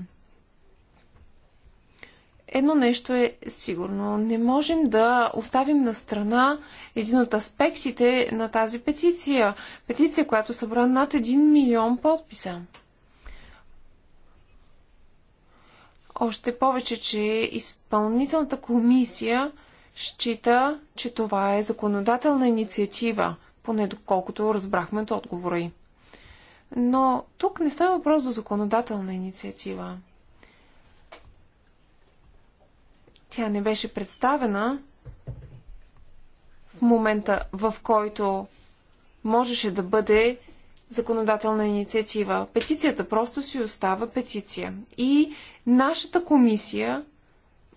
Едно нещо е сигурно. Не можем да оставим на страна един от аспектите на тази петиция. Петиция, която събра над 1 милион подписа. Още повече, че изпълнителната комисия счита, че това е законодателна инициатива, поне доколкото разбрахме от отговора й. Но тук не става въпрос за законодателна инициатива. Тя не беше представена в момента, в който можеше да бъде законодателна инициатива. Петицията просто си остава петиция. И нашата комисия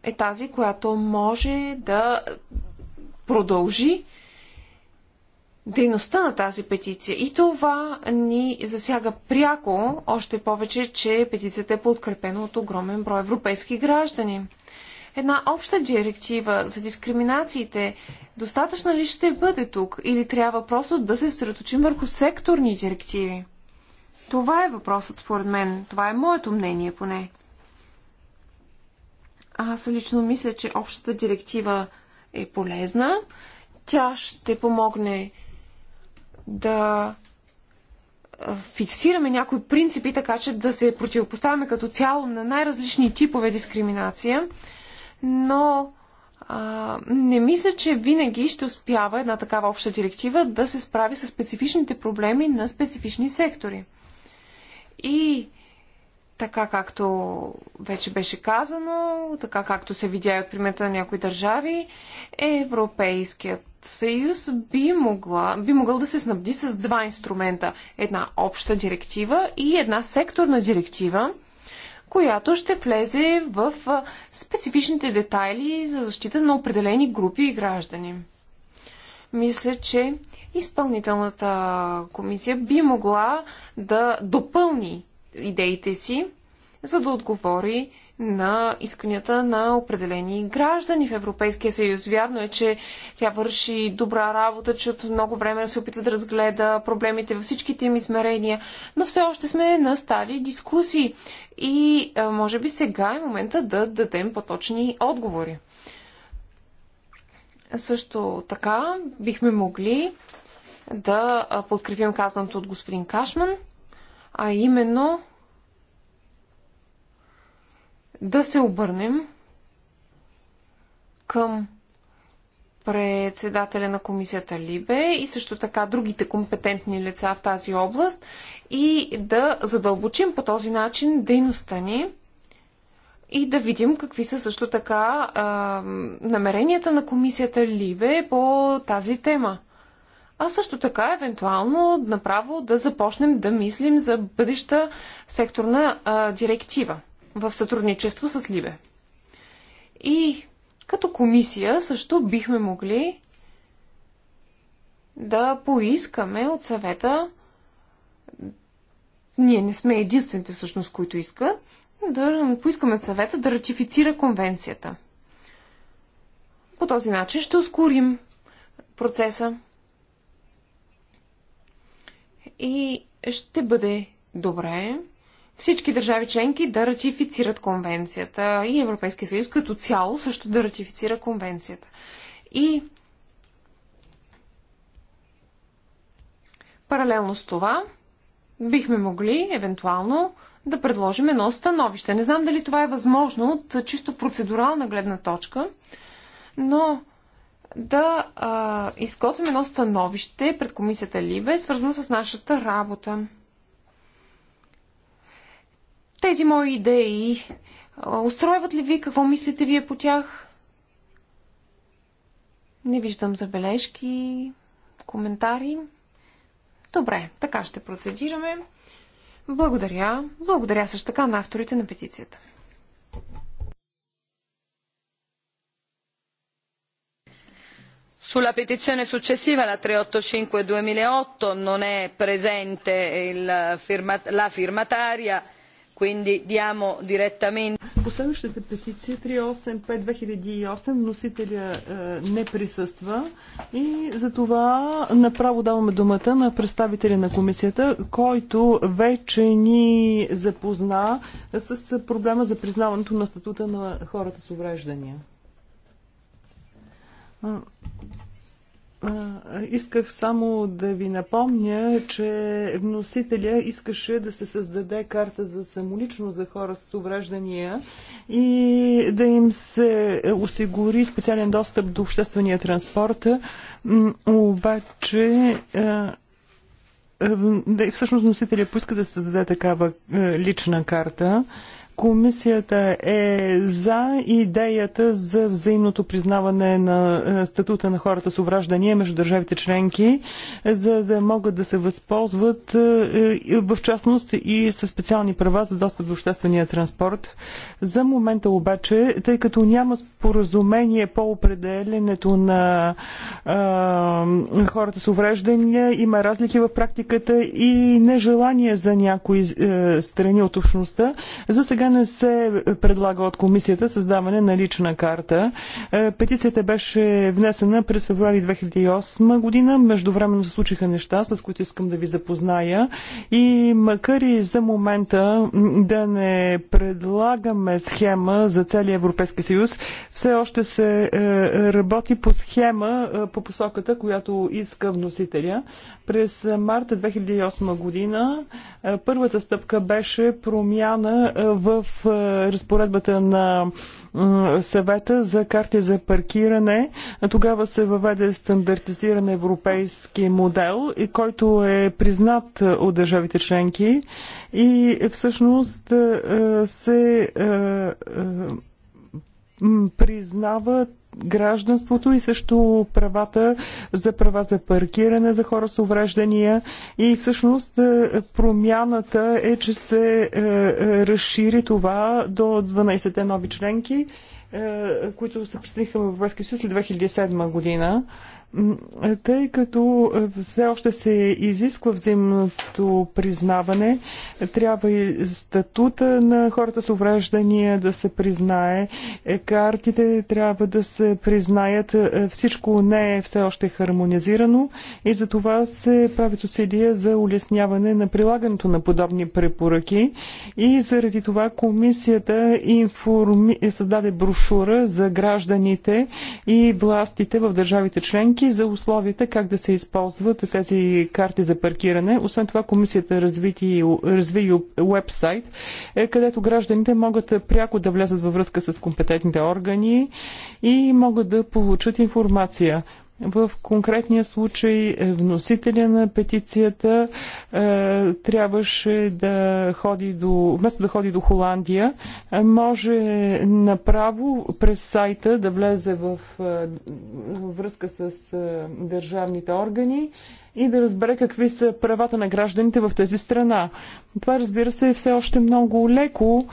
е тази, която може да продължи дейността на тази петиция. И това ни засяга пряко, още повече, че петицията е подкрепена от огромен брой европейски граждани една обща директива за дискриминациите, достатъчна ли ще бъде тук или трябва просто да се средоточим върху секторни директиви? Това е въпросът според мен. Това е моето мнение поне. Аз лично мисля, че общата директива е полезна. Тя ще помогне да фиксираме някои принципи, така че да се противопоставяме като цяло на най-различни типове дискриминация но а, не мисля, че винаги ще успява една такава обща директива да се справи с специфичните проблеми на специфични сектори. И така както вече беше казано, така както се видя и от примета на някои държави, Европейският съюз би, могла, би могъл да се снабди с два инструмента. Една обща директива и една секторна директива, която ще влезе в специфичните детайли за защита на определени групи и граждани. Мисля, че изпълнителната комисия би могла да допълни идеите си, за да отговори на исканията на определени граждани в Европейския съюз. Вярно е, че тя върши добра работа, че от много време се опитва да разгледа проблемите във всичките им измерения, но все още сме на стари дискусии и може би сега е момента да дадем по-точни отговори. Също така бихме могли да подкрепим казаното от господин Кашман, а именно да се обърнем към председателя на комисията Либе и също така другите компетентни лица в тази област и да задълбочим по този начин дейността ни и да видим какви са също така а, намеренията на комисията Либе по тази тема. А също така, евентуално, направо да започнем да мислим за бъдеща секторна а, директива в сътрудничество с Либе. И като комисия също бихме могли да поискаме от съвета ние не сме единствените всъщност, които иска, да поискаме от съвета да ратифицира конвенцията. По този начин ще ускорим процеса и ще бъде добре всички държави членки да ратифицират конвенцията и Европейския съюз като цяло също да ратифицира конвенцията. И паралелно с това бихме могли евентуално да предложим едно становище. Не знам дали това е възможно от чисто процедурална гледна точка, но да а, изготвим едно становище пред комисията Либе, свързано с нашата работа. Тези мои идеи устройват ли ви? Какво мислите вие по тях? Не виждам забележки, коментари. Добре, така ще процедираме. Благодаря. Благодаря също така на авторите на петицията. Sulla petizione successiva, la 385-2008, non è presente il firma, la firmataria Quindi diamo direttamente... Последващата петиции 385-2008 носителя е, не присъства и за това направо даваме думата на представителя на комисията, който вече ни запозна с проблема за признаването на статута на хората с увреждания. Исках само да ви напомня, че вносителя искаше да се създаде карта за самолично за хора с увреждания и да им се осигури специален достъп до обществения транспорт. Обаче всъщност вносителя поиска да се създаде такава лична карта. Комисията е за идеята за взаимното признаване на е, статута на хората с увраждания между държавите членки, за да могат да се възползват е, в частност и със специални права за достъп до обществения транспорт. За момента обаче, тъй като няма споразумение по определенето на а, е, хората с увреждания, има разлики в практиката и нежелание за някои а, страни от общността. За сега сега не се предлага от комисията създаване на лична карта. Е, петицията беше внесена през февруари 2008 година. Междувременно се случиха неща, с които искам да ви запозная. И макар и за момента да не предлагаме схема за целия Европейски съюз, все още се е, работи по схема е, по посоката, която иска вносителя. През март 2008 година е, първата стъпка беше промяна е, в е, разпоредбата на съвета за карти за паркиране. Тогава се въведе стандартизиран европейски модел, който е признат от държавите членки и всъщност се признават гражданството и също правата за права за паркиране за хора с увреждания. И всъщност е, промяната е, че се е, е, разшири това до 12-те нови членки, които се присъединиха в Европейския съюз след 2007 година. Тъй като е, все още се изисква взаимното признаване, трябва и статута на хората с увреждания да се признае, е, картите трябва да се признаят, е, всичко не е все още хармонизирано и за това се правят усилия за улесняване на прилагането на подобни препоръки и заради това комисията информи... създаде брошура за гражданите и властите в държавите членки, членки за условията как да се използват тези карти за паркиране. Освен това, комисията разви, разви уебсайт, е, където гражданите могат пряко да влязат във връзка с компетентните органи и могат да получат информация. В конкретния случай е, вносителя на петицията е, трябваше да ходи до, вместо да ходи до Холандия, е, може направо през сайта да влезе в е, в връзка с е, държавните органи и да разбере какви са правата на гражданите в тази страна. Това, разбира се, е все още много леко.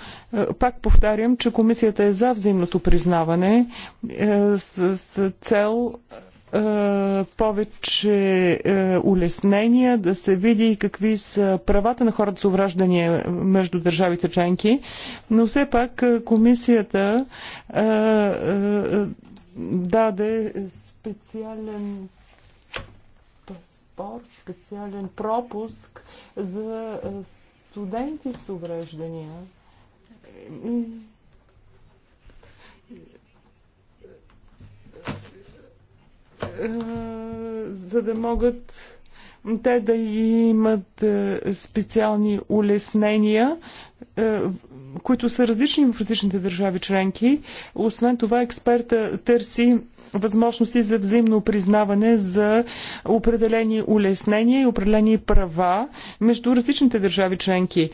Пак повтарям, че комисията е за взаимното признаване с, с цел е, повече е, улеснения, да се види какви са правата на хората с увраждания между държавите членки. Но все пак е, комисията даде специален паспорт, специален пропуск за студенти с увреждания. Е, за да могат те да имат е, специални улеснения, е, които са различни в различните държави членки. Освен това, експерта търси възможности за взаимно признаване за определени улеснения и определени права между различните държави членки.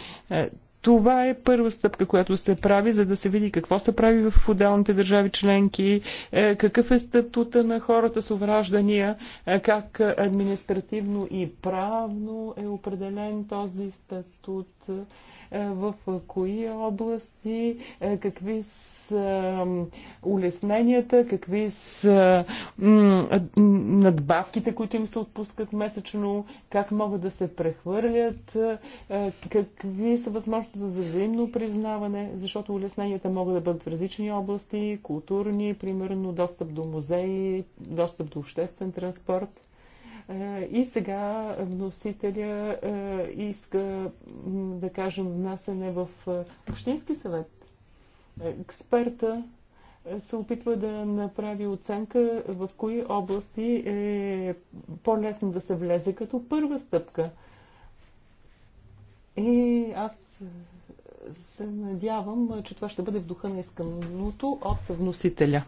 Това е първа стъпка, която се прави, за да се види какво се прави в отделните държави членки, е, какъв е статута на хората с увраждания, е, как административно и правно е определен този статут. Е, в кои области, е, какви са улесненията, какви са надбавките, които им се отпускат месечно, как могат да се прехвърлят, е, какви са възможности за взаимно признаване, защото улесненията могат да бъдат в различни области, културни, примерно достъп до музеи, достъп до обществен транспорт. И сега вносителя е, иска, да кажем, внасене в е, Общински съвет. Експерта е, се опитва да направи оценка в кои области е по-лесно да се влезе като първа стъпка. И аз се надявам, че това ще бъде в духа на исканото от вносителя.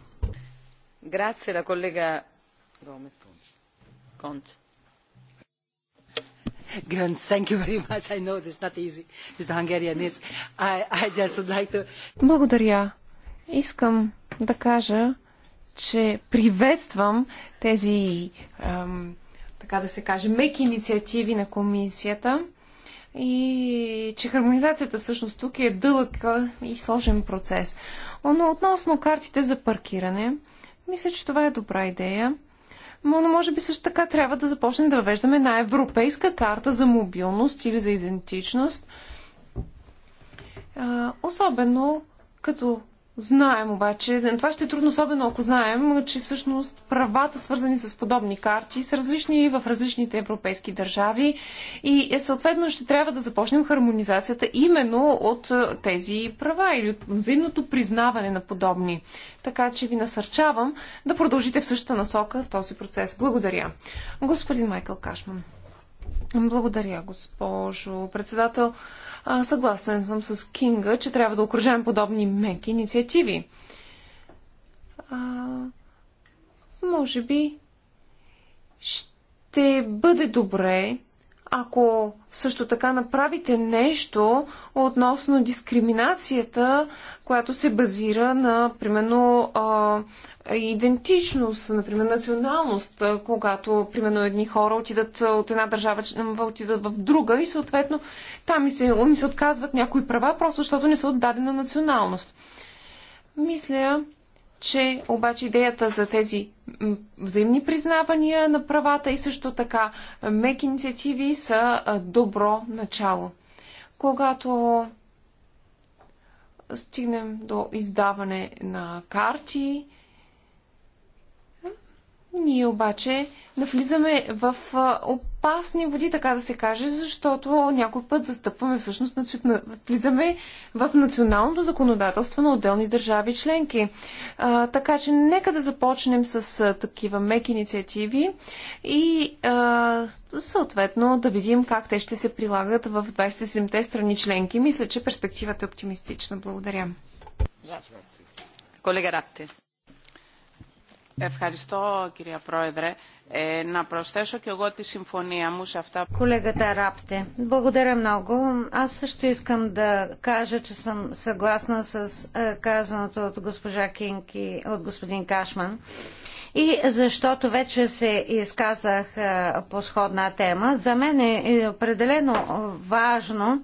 Грация на колега Ромето. Благодаря. Искам да кажа, че приветствам тези, ам, така да се каже, меки инициативи на комисията и че хармонизацията всъщност тук е дълъг и сложен процес. Но относно картите за паркиране, мисля, че това е добра идея но може би също така трябва да започнем да въвеждаме една европейска карта за мобилност или за идентичност. Особено като Знаем обаче, това ще е трудно, особено ако знаем, че всъщност правата, свързани с подобни карти, са различни в различните европейски държави и е, съответно ще трябва да започнем хармонизацията именно от е, тези права или от взаимното признаване на подобни. Така че ви насърчавам да продължите в същата насока в този процес. Благодаря. Господин Майкъл Кашман. Благодаря, госпожо председател. А, съгласен съм с Кинга, че трябва да окружаем подобни меки инициативи. А, може би ще бъде добре, ако също така направите нещо относно дискриминацията която се базира на, примерно, идентичност, например, националност, когато, примерно, едни хора отидат от една държава, отидат в друга и съответно там ми се, ми се отказват някои права, просто защото не са отдадена националност. Мисля, че обаче идеята за тези взаимни признавания на правата и също така меки инициативи са добро начало. Когато стигнем до издаване на карти. Ние обаче навлизаме в опасни води, така да се каже, защото някой път застъпваме всъщност, влизаме в националното законодателство на отделни държави членки. А, така че нека да започнем с такива меки инициативи и а, съответно да видим как те ще се прилагат в 27-те страни членки. Мисля, че перспективата е оптимистична. Благодаря. Колега Рапте. Ευχαριστώ, κυρία Πρόεδρε. Е, Колегата Рапте, благодаря много. Аз също искам да кажа, че съм съгласна с е, казаното от госпожа Кинг и от господин Кашман. И защото вече се изказах е, по сходна тема, за мен е определено важно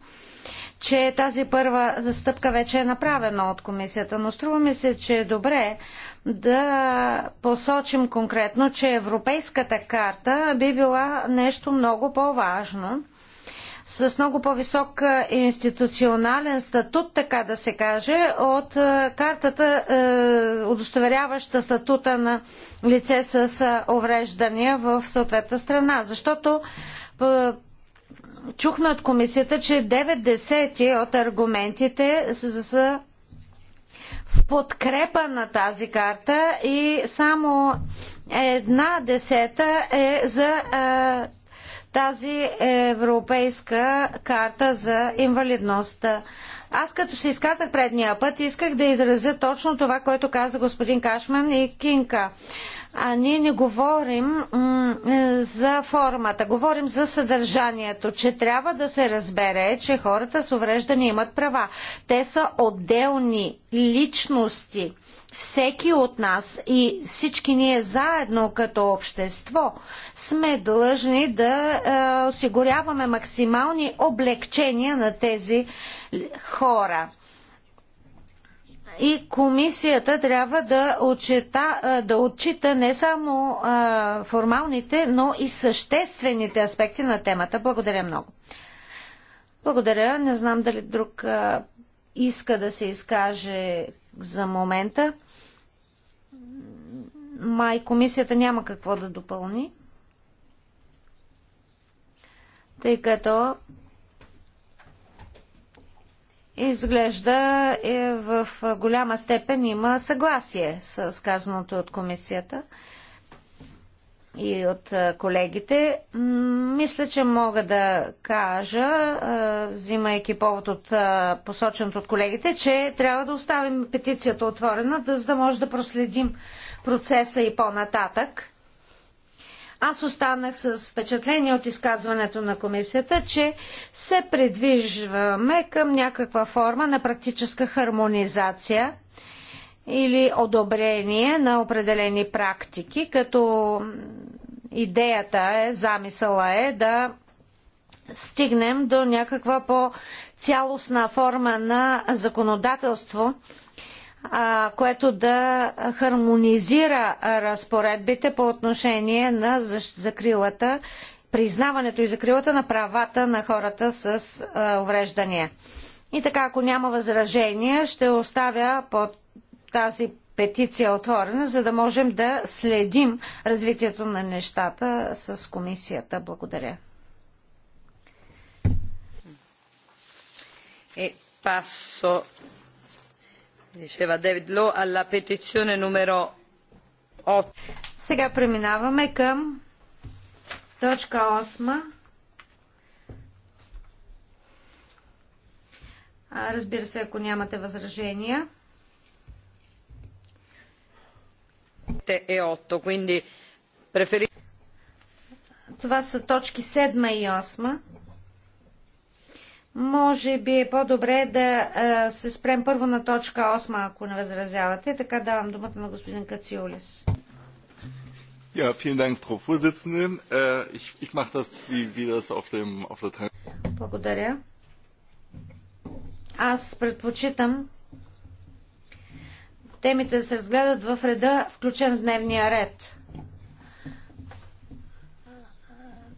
че тази първа стъпка вече е направена от комисията, но струва ми се, че е добре да посочим конкретно, че Европейската карта би била нещо много по-важно с много по-висок е, институционален статут, така да се каже, от е, картата, е, удостоверяваща статута на лице с увреждания в съответната страна. Защото чухме от комисията, че 9 десети от аргументите са в подкрепа на тази карта и само една десета е за е, тази европейска карта за инвалидността. Аз като се изказах предния път, исках да изразя точно това, което каза господин Кашман и Кинка. А ние не говорим е, за формата, говорим за съдържанието, че трябва да се разбере, че хората с увреждане имат права. Те са отделни личности. Всеки от нас и всички ние заедно като общество сме длъжни да е, осигуряваме максимални облегчения на тези хора. И комисията трябва да, отчита, да отчита не само формалните, но и съществените аспекти на темата. Благодаря много. Благодаря. Не знам дали друг иска да се изкаже за момента. Май комисията няма какво да допълни, тъй като изглежда е, в голяма степен има съгласие с казаното от комисията и от колегите. Мисля, че мога да кажа, взимайки повод от посоченото от колегите, че трябва да оставим петицията отворена, за да може да проследим процеса и по-нататък. Аз останах с впечатление от изказването на комисията, че се придвижваме към някаква форма на практическа хармонизация или одобрение на определени практики, като идеята е, замисъла е да стигнем до някаква по-цялостна форма на законодателство, което да хармонизира разпоредбите по отношение на закрилата, признаването и закрилата на правата на хората с увреждания. И така, ако няма възражения, ще оставя под тази петиция отворена, за да можем да следим развитието на нещата с комисията. Благодаря. E passo 8. Сега преминаваме към точка 8. Разбира се, ако нямате възражения. е 8, quindi preferi... Това са точки 7 и може би е по-добре да а, се спрем първо на точка 8, ако не възразявате. Така давам думата на господин Кациулис. Ja, vielen Dank, Frau Vorsitzende. Äh, ich ich mache das, wie, wie das auf, dem, auf der Благодаря. Аз предпочитам темите да се разгледат в реда, включен в дневния ред.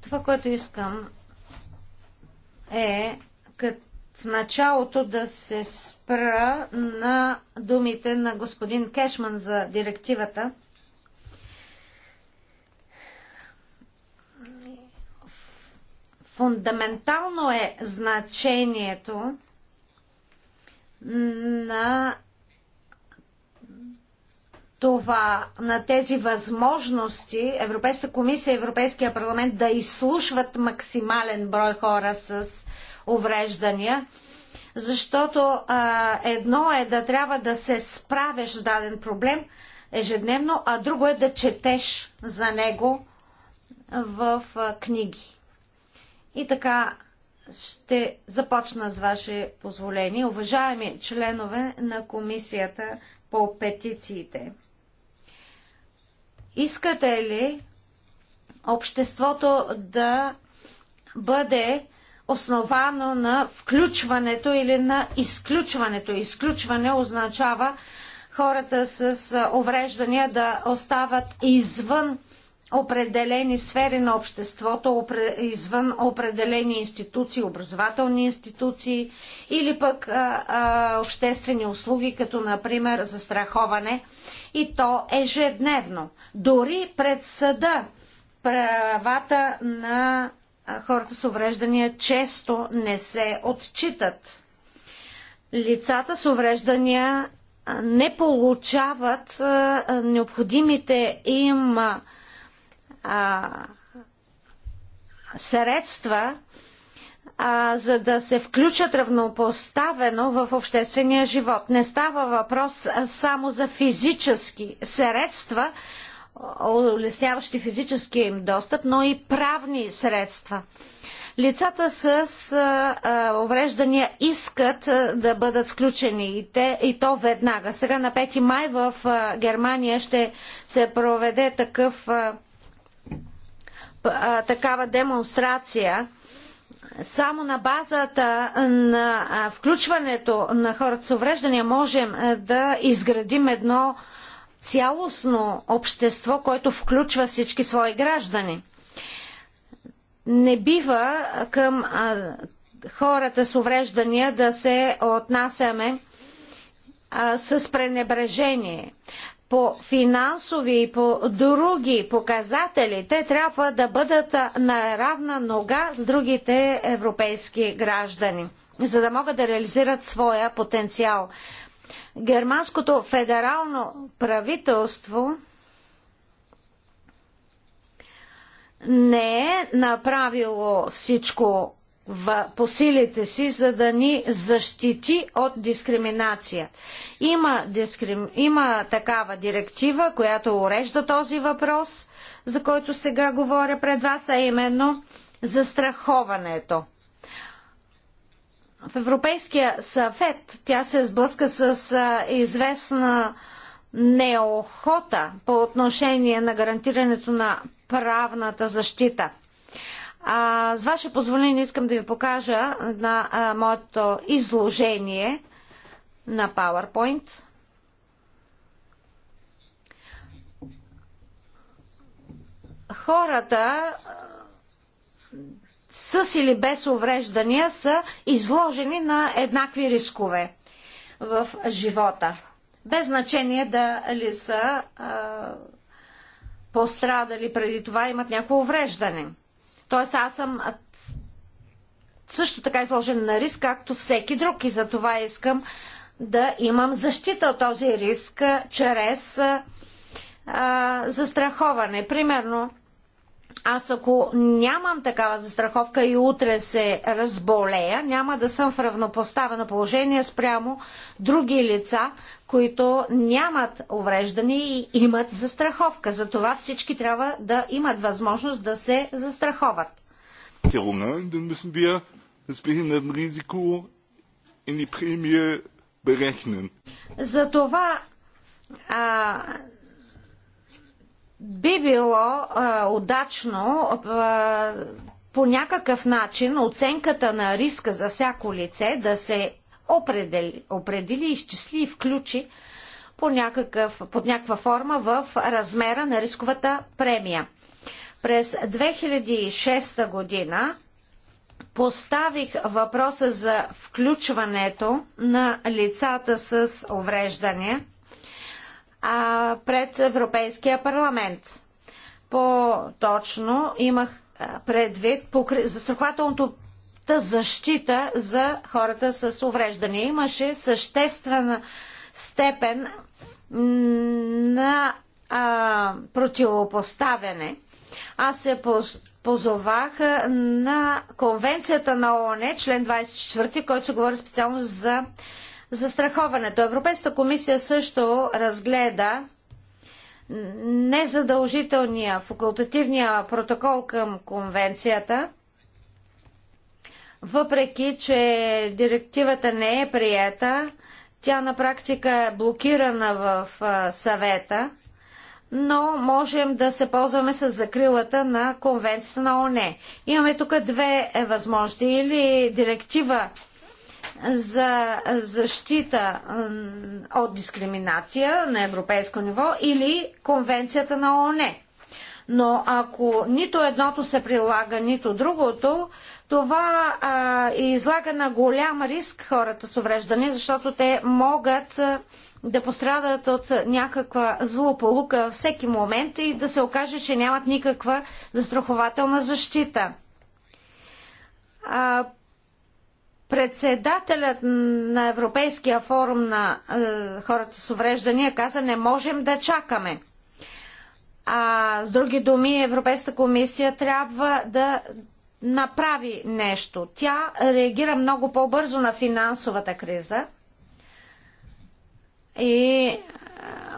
Това, което искам е е в началото да се спра на думите на господин Кешман за директивата. Фундаментално е значението на това, на тези възможности Европейската комисия и Европейския парламент да изслушват максимален брой хора с увреждания, защото а, едно е да трябва да се справиш с даден проблем ежедневно, а друго е да четеш за него в а, книги. И така ще започна с ваше позволение. Уважаеми членове на комисията по петициите, искате ли обществото да бъде основано на включването или на изключването. Изключване означава хората с увреждания да остават извън определени сфери на обществото, извън определени институции, образователни институции или пък а, а, обществени услуги, като например застраховане и то ежедневно. Дори пред съда правата на хората с увреждания често не се отчитат. Лицата с увреждания не получават необходимите им средства, за да се включат равнопоставено в обществения живот. Не става въпрос само за физически средства, улесняващи физическия им достъп, но и правни средства. Лицата с а, увреждания искат а, да бъдат включени и, те, и то веднага. Сега на 5 май в а, Германия ще се проведе такъв, а, а, такава демонстрация само на базата на включването на хората с увреждания можем да изградим едно цялостно общество, което включва всички свои граждани. Не бива към а, хората с увреждания да се отнасяме а, с пренебрежение. По финансови и по други показатели те трябва да бъдат на равна нога с другите европейски граждани, за да могат да реализират своя потенциал. Германското федерално правителство не е направило всичко в, по силите си, за да ни защити от дискриминация. Има, дискрим, има такава директива, която урежда този въпрос, за който сега говоря пред вас, а именно застраховането в Европейския съвет тя се сблъска с известна неохота по отношение на гарантирането на правната защита. А, с ваше позволение искам да ви покажа на а, моето изложение на PowerPoint. Хората с или без увреждания са изложени на еднакви рискове в живота. Без значение дали са а, пострадали преди това, имат някакво увреждане. Тоест аз съм също така изложен на риск, както всеки друг и за това искам да имам защита от този риск чрез а, застраховане. Примерно, аз ако нямам такава застраховка и утре се разболея, няма да съм в равнопоставено положение спрямо други лица, които нямат увреждане и имат застраховка. Затова всички трябва да имат възможност да се застраховат. Затова а, би било а, удачно а, по някакъв начин оценката на риска за всяко лице да се определи, определи изчисли и включи по някакъв, под някаква форма в размера на рисковата премия. През 2006 година поставих въпроса за включването на лицата с увреждания – а, пред Европейския парламент. По-точно имах предвид покри... застрахователното защита за хората с увреждания. Имаше съществена степен на а, противопоставяне. Аз се позовах на Конвенцията на ООН, член 24, който се говори специално за Застраховането. Европейската комисия също разгледа незадължителния факултативния протокол към конвенцията, въпреки че директивата не е приета, тя на практика е блокирана в съвета, но можем да се ползваме с закрилата на конвенцията на ОНЕ. Имаме тук две е, възможности. Или директива за защита от дискриминация на европейско ниво или Конвенцията на ООН. Но ако нито едното се прилага, нито другото, това а, излага на голям риск хората с увреждане, защото те могат да пострадат от някаква злополука всеки момент и да се окаже, че нямат никаква застрахователна защита. А, Председателят на Европейския форум на е, хората с увреждания каза, не можем да чакаме. А с други думи, Европейската комисия трябва да направи нещо. Тя реагира много по-бързо на финансовата криза и е,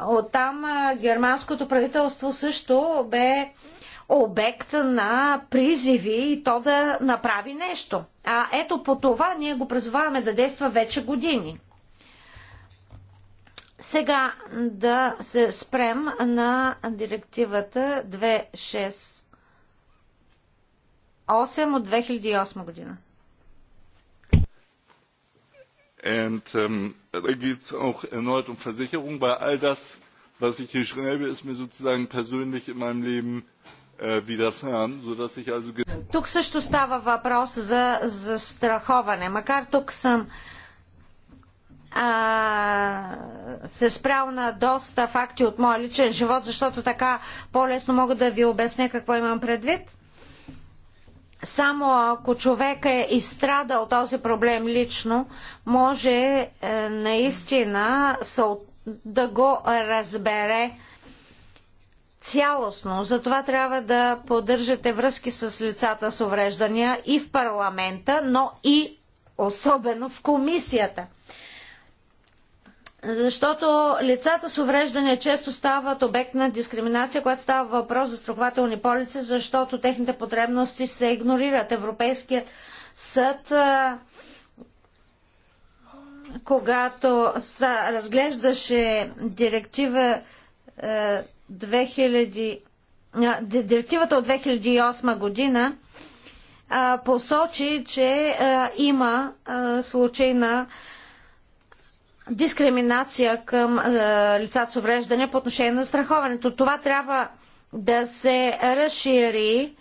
оттам е, германското правителство също бе обект на призиви и то да направи нещо. А ето по това ние го призоваваме да действа вече години. Сега да се спрем на директивата 268 от 2008 година. Und ähm, da geht es auch erneut um Versicherung, weil all das, was ich hier schreibe, ist mir sozusagen persönlich in meinem Leben Äh, тук също става въпрос за застраховане. Макар тук съм а, се спрял на доста факти от моя личен живот, защото така по-лесно мога да ви обясня какво имам предвид. Само ако човек е изстрадал този проблем лично, може е, наистина да го разбере цялостно. Затова трябва да поддържате връзки с лицата с увреждания и в парламента, но и особено в комисията. Защото лицата с увреждане често стават обект на дискриминация, когато става въпрос за страхователни полици, защото техните потребности се игнорират. Европейският съд когато разглеждаше директива 2000, директивата от 2008 година посочи, че има случай на дискриминация към лицата с увреждане по отношение на страховането. Това трябва да се разшири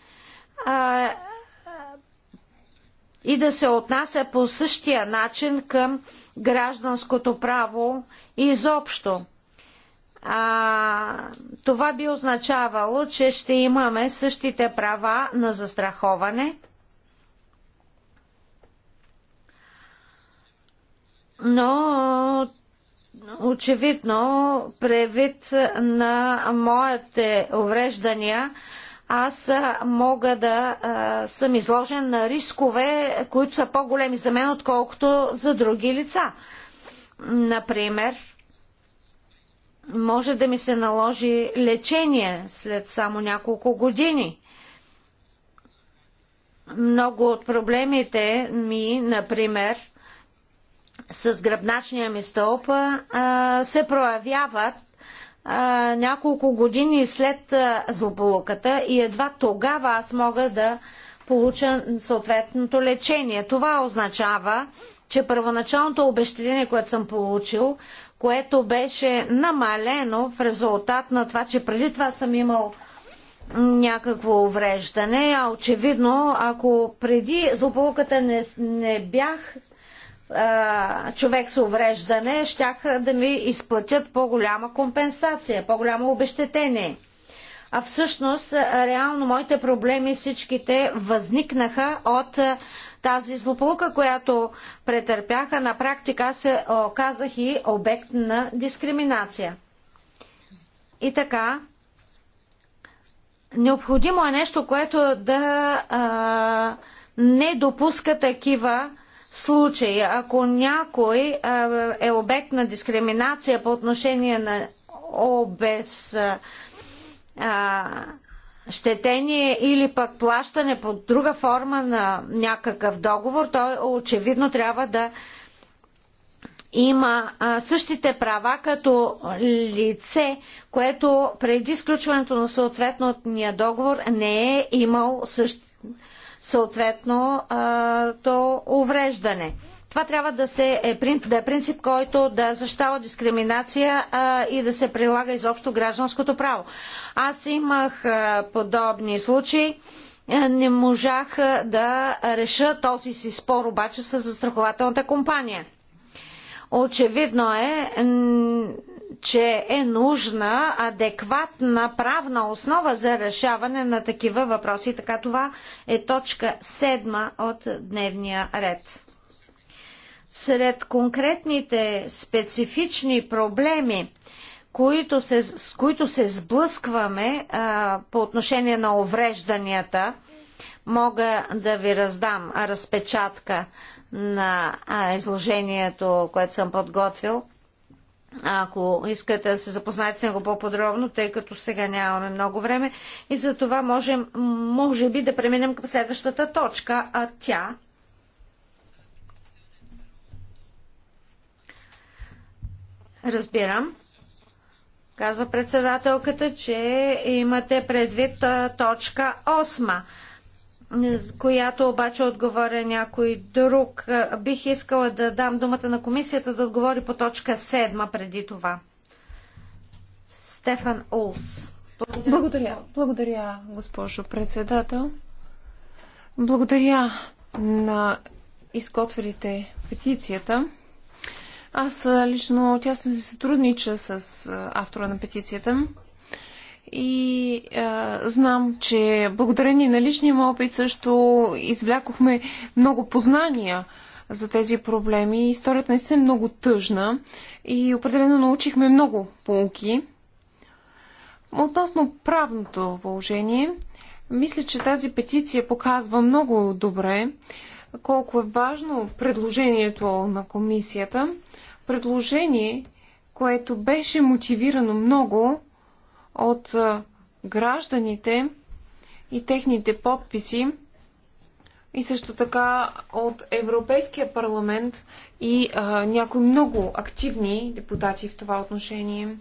и да се отнася по същия начин към гражданското право изобщо а, това би означавало, че ще имаме същите права на застраховане. Но очевидно, превид на моите увреждания, аз мога да а, съм изложен на рискове, които са по-големи за мен, отколкото за други лица. Например, може да ми се наложи лечение след само няколко години. Много от проблемите ми, например, с гръбначния ми стълб се проявяват а, няколко години след а, злополуката и едва тогава аз мога да получа съответното лечение. Това означава, че първоначалното обещетение, което съм получил, което беше намалено в резултат на това, че преди това съм имал някакво увреждане, а очевидно, ако преди злополуката не, не бях а, човек с увреждане, щяха да ми изплатят по-голяма компенсация, по-голямо обещетение. А всъщност, реално, моите проблеми всичките възникнаха от тази злополука, която претърпяха, на практика се оказах и обект на дискриминация. И така, необходимо е нещо, което да а, не допуска такива случаи. Ако някой а, е обект на дискриминация по отношение на обез. А, щетение или пък плащане под друга форма на някакъв договор, той очевидно трябва да има същите права като лице, което преди изключването на съответния договор не е имал същ... съответното увреждане. Това трябва да, се, е, да е принцип, който да защитава дискриминация а, и да се прилага изобщо гражданското право. Аз имах а, подобни случаи. Е, не можах да реша този си спор обаче с застрахователната компания. Очевидно е, че е нужна адекватна правна основа за решаване на такива въпроси. Така това е точка седма от дневния ред сред конкретните специфични проблеми, които се, с които се сблъскваме а, по отношение на уврежданията, мога да ви раздам разпечатка на а, изложението, което съм подготвил. Ако искате да се запознаете с него по-подробно, тъй като сега нямаме много време и за това можем, може би, да преминем към следващата точка, а тя Разбирам, казва председателката, че имате предвид точка 8 която обаче отговоря някой друг. Бих искала да дам думата на комисията да отговори по точка 7 преди това. Стефан Олс. Благодаря. Благодаря, благодаря госпожо председател. Благодаря на изготвилите петицията. Аз лично тясно се сътруднича с автора на петицията и а, знам, че благодарение на личния му опит също извлякохме много познания за тези проблеми. Историята не е много тъжна и определено научихме много полки. Относно правното положение, мисля, че тази петиция показва много добре колко е важно предложението на комисията предложение, което беше мотивирано много от гражданите и техните подписи, и също така от Европейския парламент и а, някои много активни депутати в това отношение.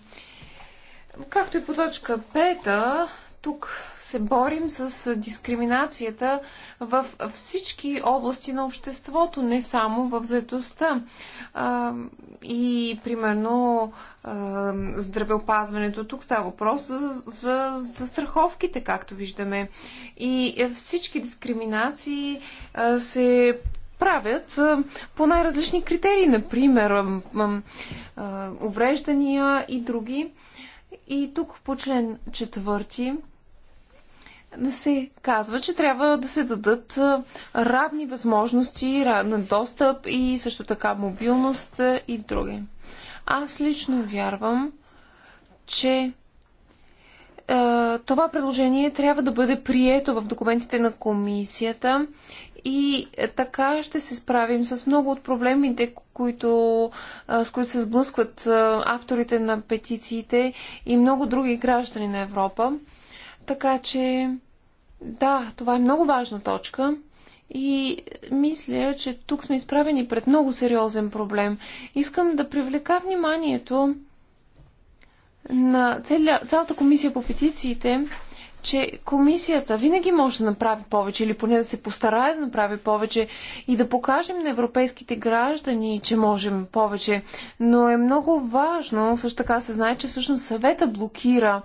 Както и по точка 5, тук се борим с дискриминацията в всички области на обществото, не само в заедостта. И, примерно, здравеопазването. Тук става въпрос за, за, за страховките, както виждаме. И всички дискриминации се правят по най-различни критерии, например увреждания и други. И тук по член четвърти да се казва, че трябва да се дадат равни възможности на достъп и също така мобилност и други. Аз лично вярвам, че това предложение трябва да бъде прието в документите на комисията и така ще се справим с много от проблемите, които, с които се сблъскват авторите на петициите и много други граждани на Европа. Така че, да, това е много важна точка. И мисля, че тук сме изправени пред много сериозен проблем. Искам да привлека вниманието на целя, цялата комисия по петициите, че комисията винаги може да направи повече или поне да се постарае да направи повече и да покажем на европейските граждани, че можем повече. Но е много важно, също така се знае, че всъщност съвета блокира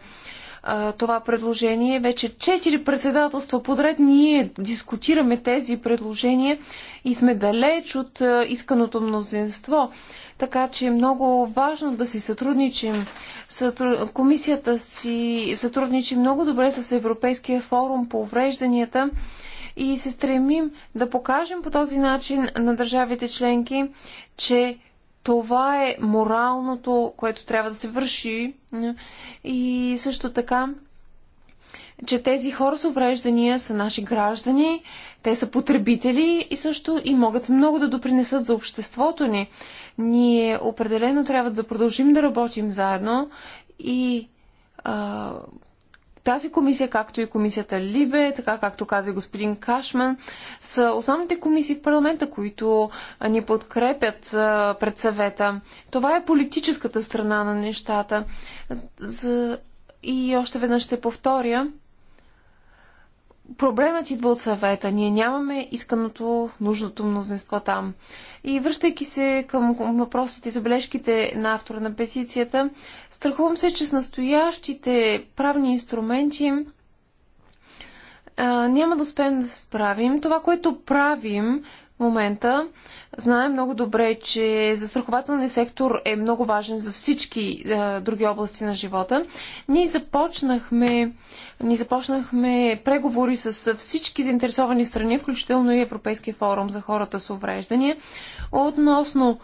а, това предложение. Вече четири председателства подред ние дискутираме тези предложения и сме далеч от а, исканото мнозинство. Така че е много важно да си сътрудничим. Сътру... Комисията си сътрудничи много добре с Европейския форум по уврежданията и се стремим да покажем по този начин на държавите членки, че това е моралното, което трябва да се върши. И също така, че тези хора с увреждания са наши граждани, те са потребители и също и могат много да допринесат за обществото ни. Ние определено трябва да продължим да работим заедно и а, тази комисия, както и комисията Либе, така както каза господин Кашман, са основните комисии в парламента, които ни подкрепят пред съвета. Това е политическата страна на нещата. И още веднъж ще повторя, проблемът идва от съвета. Ние нямаме исканото, нужното мнозинство там. И връщайки се към въпросите и забележките на автора на петицията, страхувам се, че с настоящите правни инструменти а, няма да успеем да се справим. Това, което правим, момента. Знаем много добре, че застрахователният сектор е много важен за всички а, е, други области на живота. Ние започнахме, ние започнахме преговори с всички заинтересовани страни, включително и Европейския форум за хората с увреждания, относно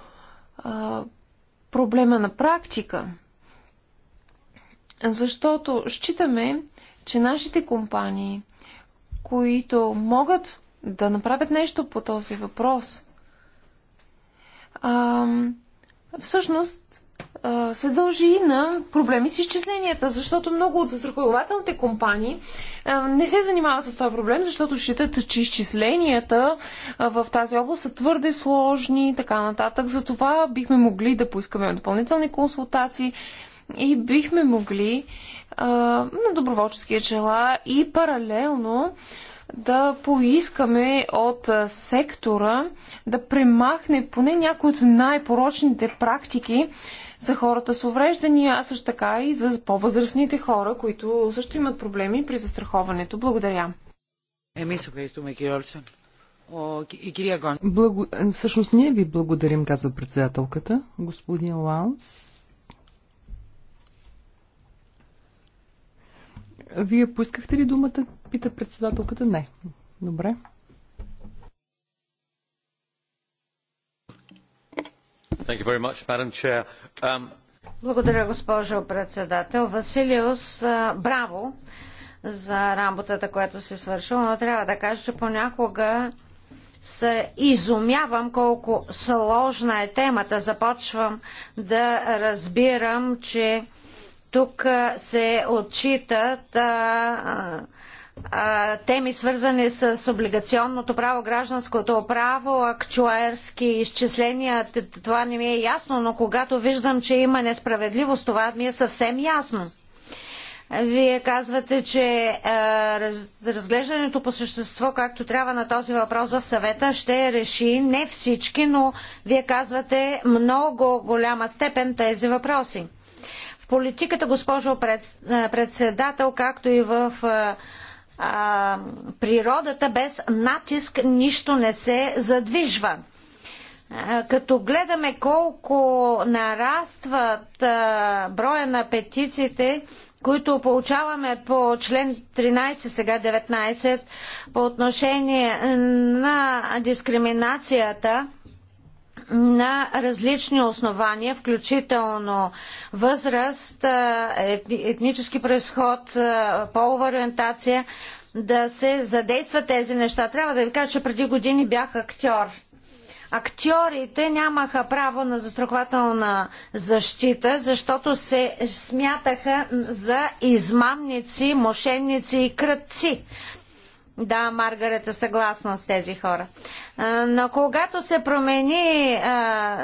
а, е, проблема на практика. Защото считаме, че нашите компании, които могат да направят нещо по този въпрос. А, всъщност а, се дължи и на проблеми с изчисленията, защото много от застрахователните компании а, не се занимават с този проблем, защото считат, че изчисленията а, в тази област са твърде сложни и така нататък. Затова бихме могли да поискаме допълнителни консултации и бихме могли а, на доброволческия чела и паралелно да поискаме от сектора да премахне поне някои от най-порочните практики за хората с увреждания, а също така и за по-възрастните хора, които също имат проблеми при застраховането. Благодаря. Еми, съвестуме, Кирилсен. И кирия Гон. Благо... Е, всъщност ние ви благодарим, казва председателката, господин Ланс. Вие поискахте ли думата? Пита председателката. Не. Добре. Much, um... Благодаря, госпожо председател. Василиус, браво за работата, която си свършил, но трябва да кажа, че понякога се изумявам колко сложна е темата. Започвам да разбирам, че тук се отчитат а, теми, свързани с облигационното право, гражданското право, актуерски изчисления, това не ми е ясно, но когато виждам, че има несправедливост, това ми е съвсем ясно. Вие казвате, че разглеждането по същество, както трябва на този въпрос в съвета, ще реши не всички, но вие казвате много голяма степен тези въпроси. В политиката, госпожо председател, както и в а, природата без натиск нищо не се задвижва. като гледаме колко нарастват а, броя на петициите, които получаваме по член 13, сега 19, по отношение на дискриминацията, на различни основания, включително възраст, етнически происход, полова ориентация, да се задействат тези неща. Трябва да ви кажа, че преди години бях актьор. Актьорите нямаха право на застрахователна защита, защото се смятаха за измамници, мошенници и кръци. Да, Маргарет е съгласна с тези хора. Но когато се промени а,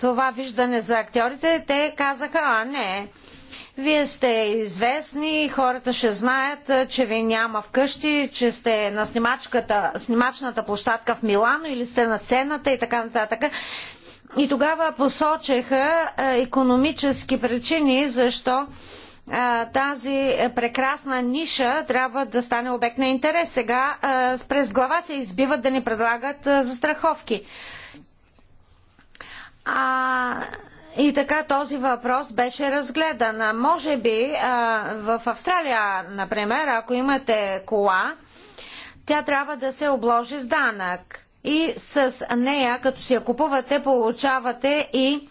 това виждане за актьорите, те казаха, а не, вие сте известни, хората ще знаят, че ви няма вкъщи, че сте на снимачната площадка в Милано или сте на сцената и така нататък. И тогава посочеха економически причини, защо тази прекрасна ниша трябва да стане обект на интерес. Сега през глава се избиват да ни предлагат застраховки. А, и така този въпрос беше разгледан. Може би в Австралия, например, ако имате кола, тя трябва да се обложи с данък. И с нея, като си я купувате, получавате и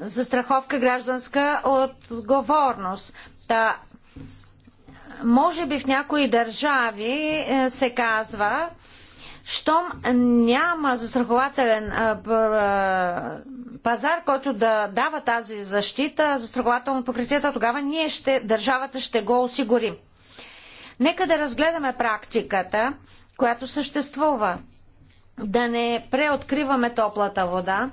застраховка гражданска отговорност. Та, може би в някои държави е, се казва, щом няма застрахователен е, е, пазар, който да дава тази защита, застрахователно покритие, тогава ние ще, държавата ще го осигури. Нека да разгледаме практиката, която съществува. Да не преоткриваме топлата вода,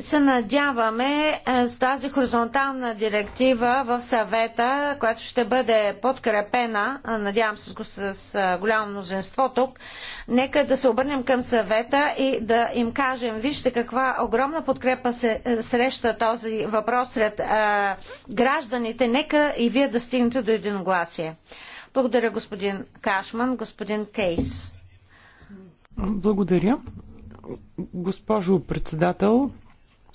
се надяваме е, с тази хоризонтална директива в съвета, която ще бъде подкрепена, надявам се с, с голямо мнозинство тук, нека да се обърнем към съвета и да им кажем, вижте каква огромна подкрепа се е, среща този въпрос сред а, е, гражданите, нека и вие да стигнете до единогласие. Благодаря господин Кашман, господин Кейс. Благодаря. Госпожо председател,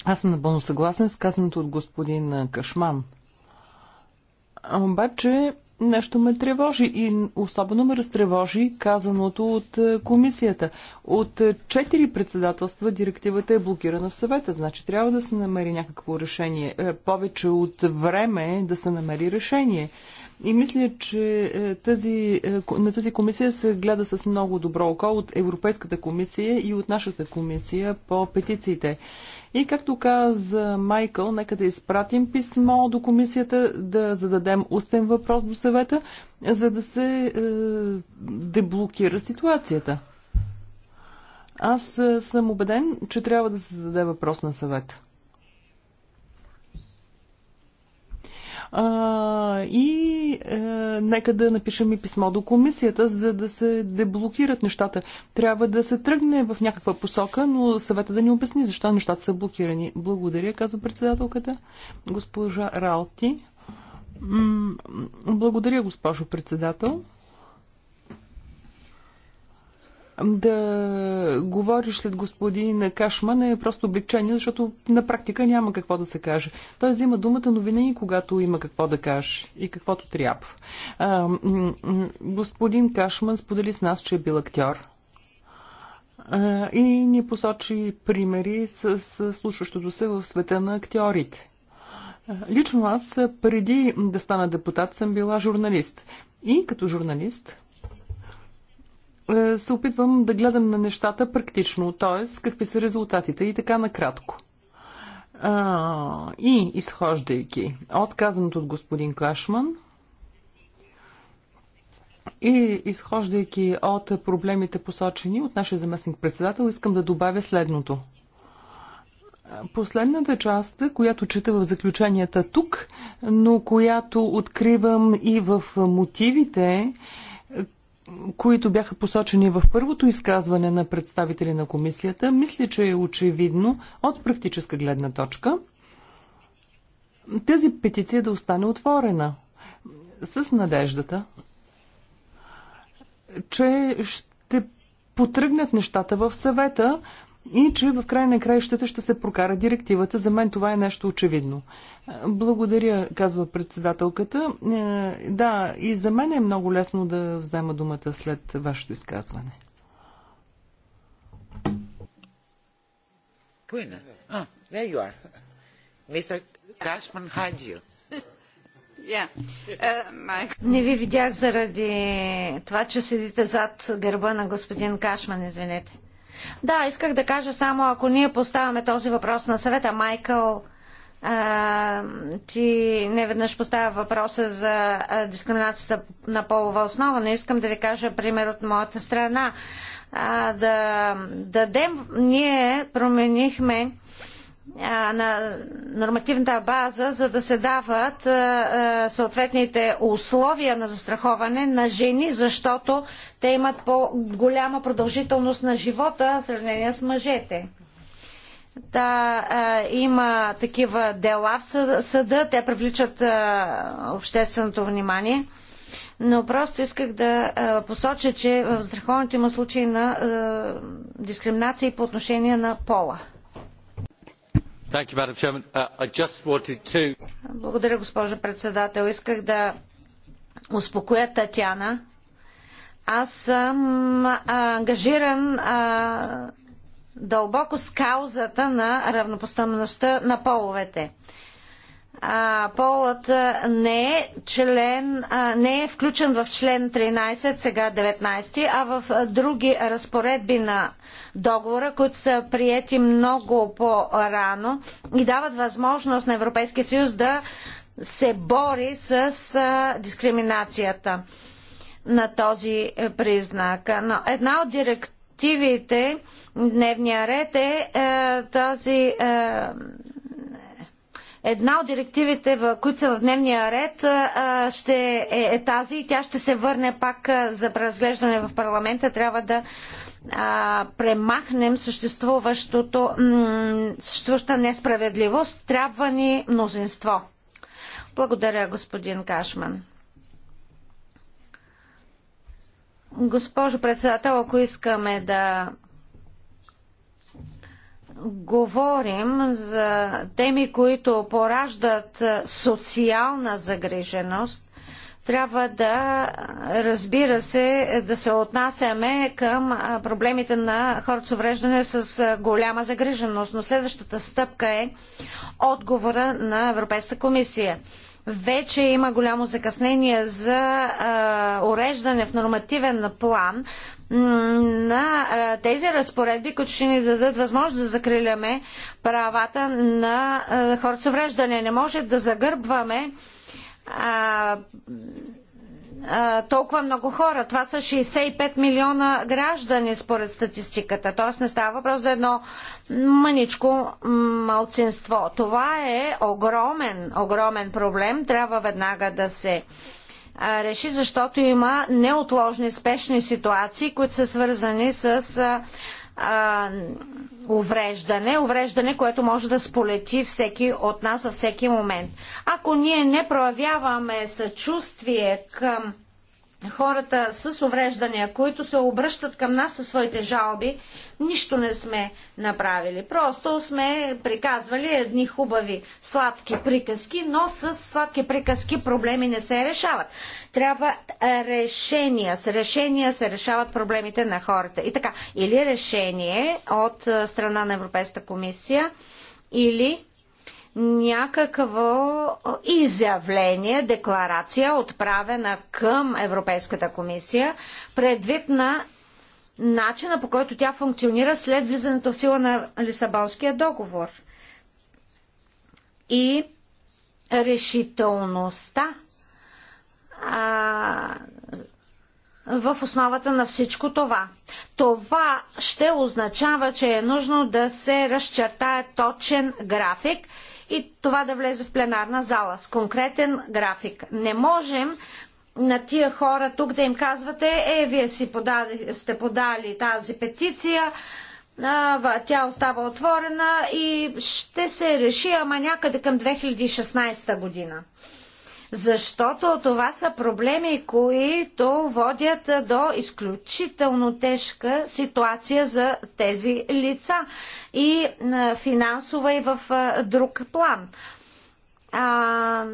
аз съм напълно съгласен с казаното от господин Кашман. Обаче нещо ме тревожи и особено ме разтревожи казаното от комисията. От четири председателства директивата е блокирана в съвета, значи трябва да се намери някакво решение. Е, повече от време е да се намери решение. И мисля, че е, тази, е, на тази комисия се гледа с много добро око от Европейската комисия и от нашата комисия по петициите. И както каза Майкъл, нека да изпратим писмо до комисията, да зададем устен въпрос до съвета, за да се е, деблокира ситуацията. Аз е, съм убеден, че трябва да се зададе въпрос на съвета. А, и е, нека да напишем и писмо до комисията, за да се деблокират нещата. Трябва да се тръгне в някаква посока, но съвета да ни обясни защо нещата са блокирани. Благодаря, каза председателката. Госпожа Ралти. Благодаря, госпожо председател да говориш след господин Кашман е просто облегчение, защото на практика няма какво да се каже. Той взима думата, но винаги когато има какво да каже и каквото трябва. А, господин Кашман сподели с нас, че е бил актьор а, и ни посочи примери с, с случващото се в света на актьорите. Лично аз, преди да стана депутат, съм била журналист. И като журналист е, се опитвам да гледам на нещата практично, т.е. какви са резултатите и така накратко. А, и изхождайки от казаното от господин Кашман и изхождайки от проблемите посочени от нашия заместник-председател, искам да добавя следното. Последната част, която чета в заключенията тук, но която откривам и в мотивите, е, които бяха посочени в първото изказване на представители на комисията, мисля, че е очевидно от практическа гледна точка тази петиция да остане отворена с надеждата, че ще потръгнат нещата в съвета и че в край на краищата ще се прокара директивата. За мен това е нещо очевидно. Е, благодаря, казва председателката. Е, да, и за мен е много лесно да взема думата след вашето изказване. there you are. Yeah. Uh, Не ви видях заради това, че седите зад гърба на господин Кашман, извинете. Да, исках да кажа само, ако ние поставяме този въпрос на съвета, Майкъл, а, ти не веднъж поставя въпроса за дискриминацията на полова основа, но искам да ви кажа пример от моята страна. А, да дадем, ние променихме на нормативната база, за да се дават съответните условия на застраховане на жени, защото те имат по-голяма продължителност на живота в сравнение с мъжете. Да, има такива дела в съда, те привличат общественото внимание. Но просто исках да посоча, че в застраховането има случаи на дискриминация и по отношение на пола. Uh, Благодаря, госпожо председател. Исках да успокоя Татяна. Аз съм ангажиран а, дълбоко с каузата на равнопоставеността на половете а, полът а, не е член, а, не е включен в член 13, сега 19, а в а, други разпоредби на договора, които са приети много по-рано и дават възможност на Европейския съюз да се бори с а, дискриминацията на този признак. Но една от директивите, дневния ред е, е този е, Една от директивите, които са в дневния ред, ще е, е тази и тя ще се върне пак за преразглеждане в парламента. Трябва да а, премахнем съществуващото, съществуваща несправедливост. Трябва ни мнозинство. Благодаря, господин Кашман. Госпожо председател, ако искаме да говорим за теми, които пораждат социална загриженост, трябва да, разбира се, да се отнасяме към проблемите на хората с увреждане с голяма загриженост. Но следващата стъпка е отговора на Европейската комисия. Вече има голямо закъснение за а, уреждане в нормативен план на тези разпоредби, които ще ни дадат възможност да закриляме правата на хората с увреждане. Не може да загърбваме а, а, толкова много хора. Това са 65 милиона граждани според статистиката. Тоест не става въпрос за едно мъничко малцинство. Това е огромен, огромен проблем. Трябва веднага да се реши, защото има неотложни спешни ситуации, които са свързани с увреждане, увреждане, което може да сполети всеки от нас във всеки момент. Ако ние не проявяваме съчувствие към хората с увреждания, които се обръщат към нас със своите жалби, нищо не сме направили. Просто сме приказвали едни хубави сладки приказки, но с сладки приказки проблеми не се решават. Трябва е, решения. С решения се решават проблемите на хората. И така, или решение от е, страна на Европейската комисия, или някакво изявление, декларация, отправена към Европейската комисия, предвид на начина по който тя функционира след влизането в сила на Лисабонския договор. И решителността а, в основата на всичко това. Това ще означава, че е нужно да се разчертае точен график – и това да влезе в пленарна зала с конкретен график. Не можем на тия хора тук да им казвате, е, вие си подали, сте подали тази петиция, тя остава отворена и ще се реши, ама някъде към 2016 година защото това са проблеми, които водят до изключително тежка ситуация за тези лица и финансова и в друг план а,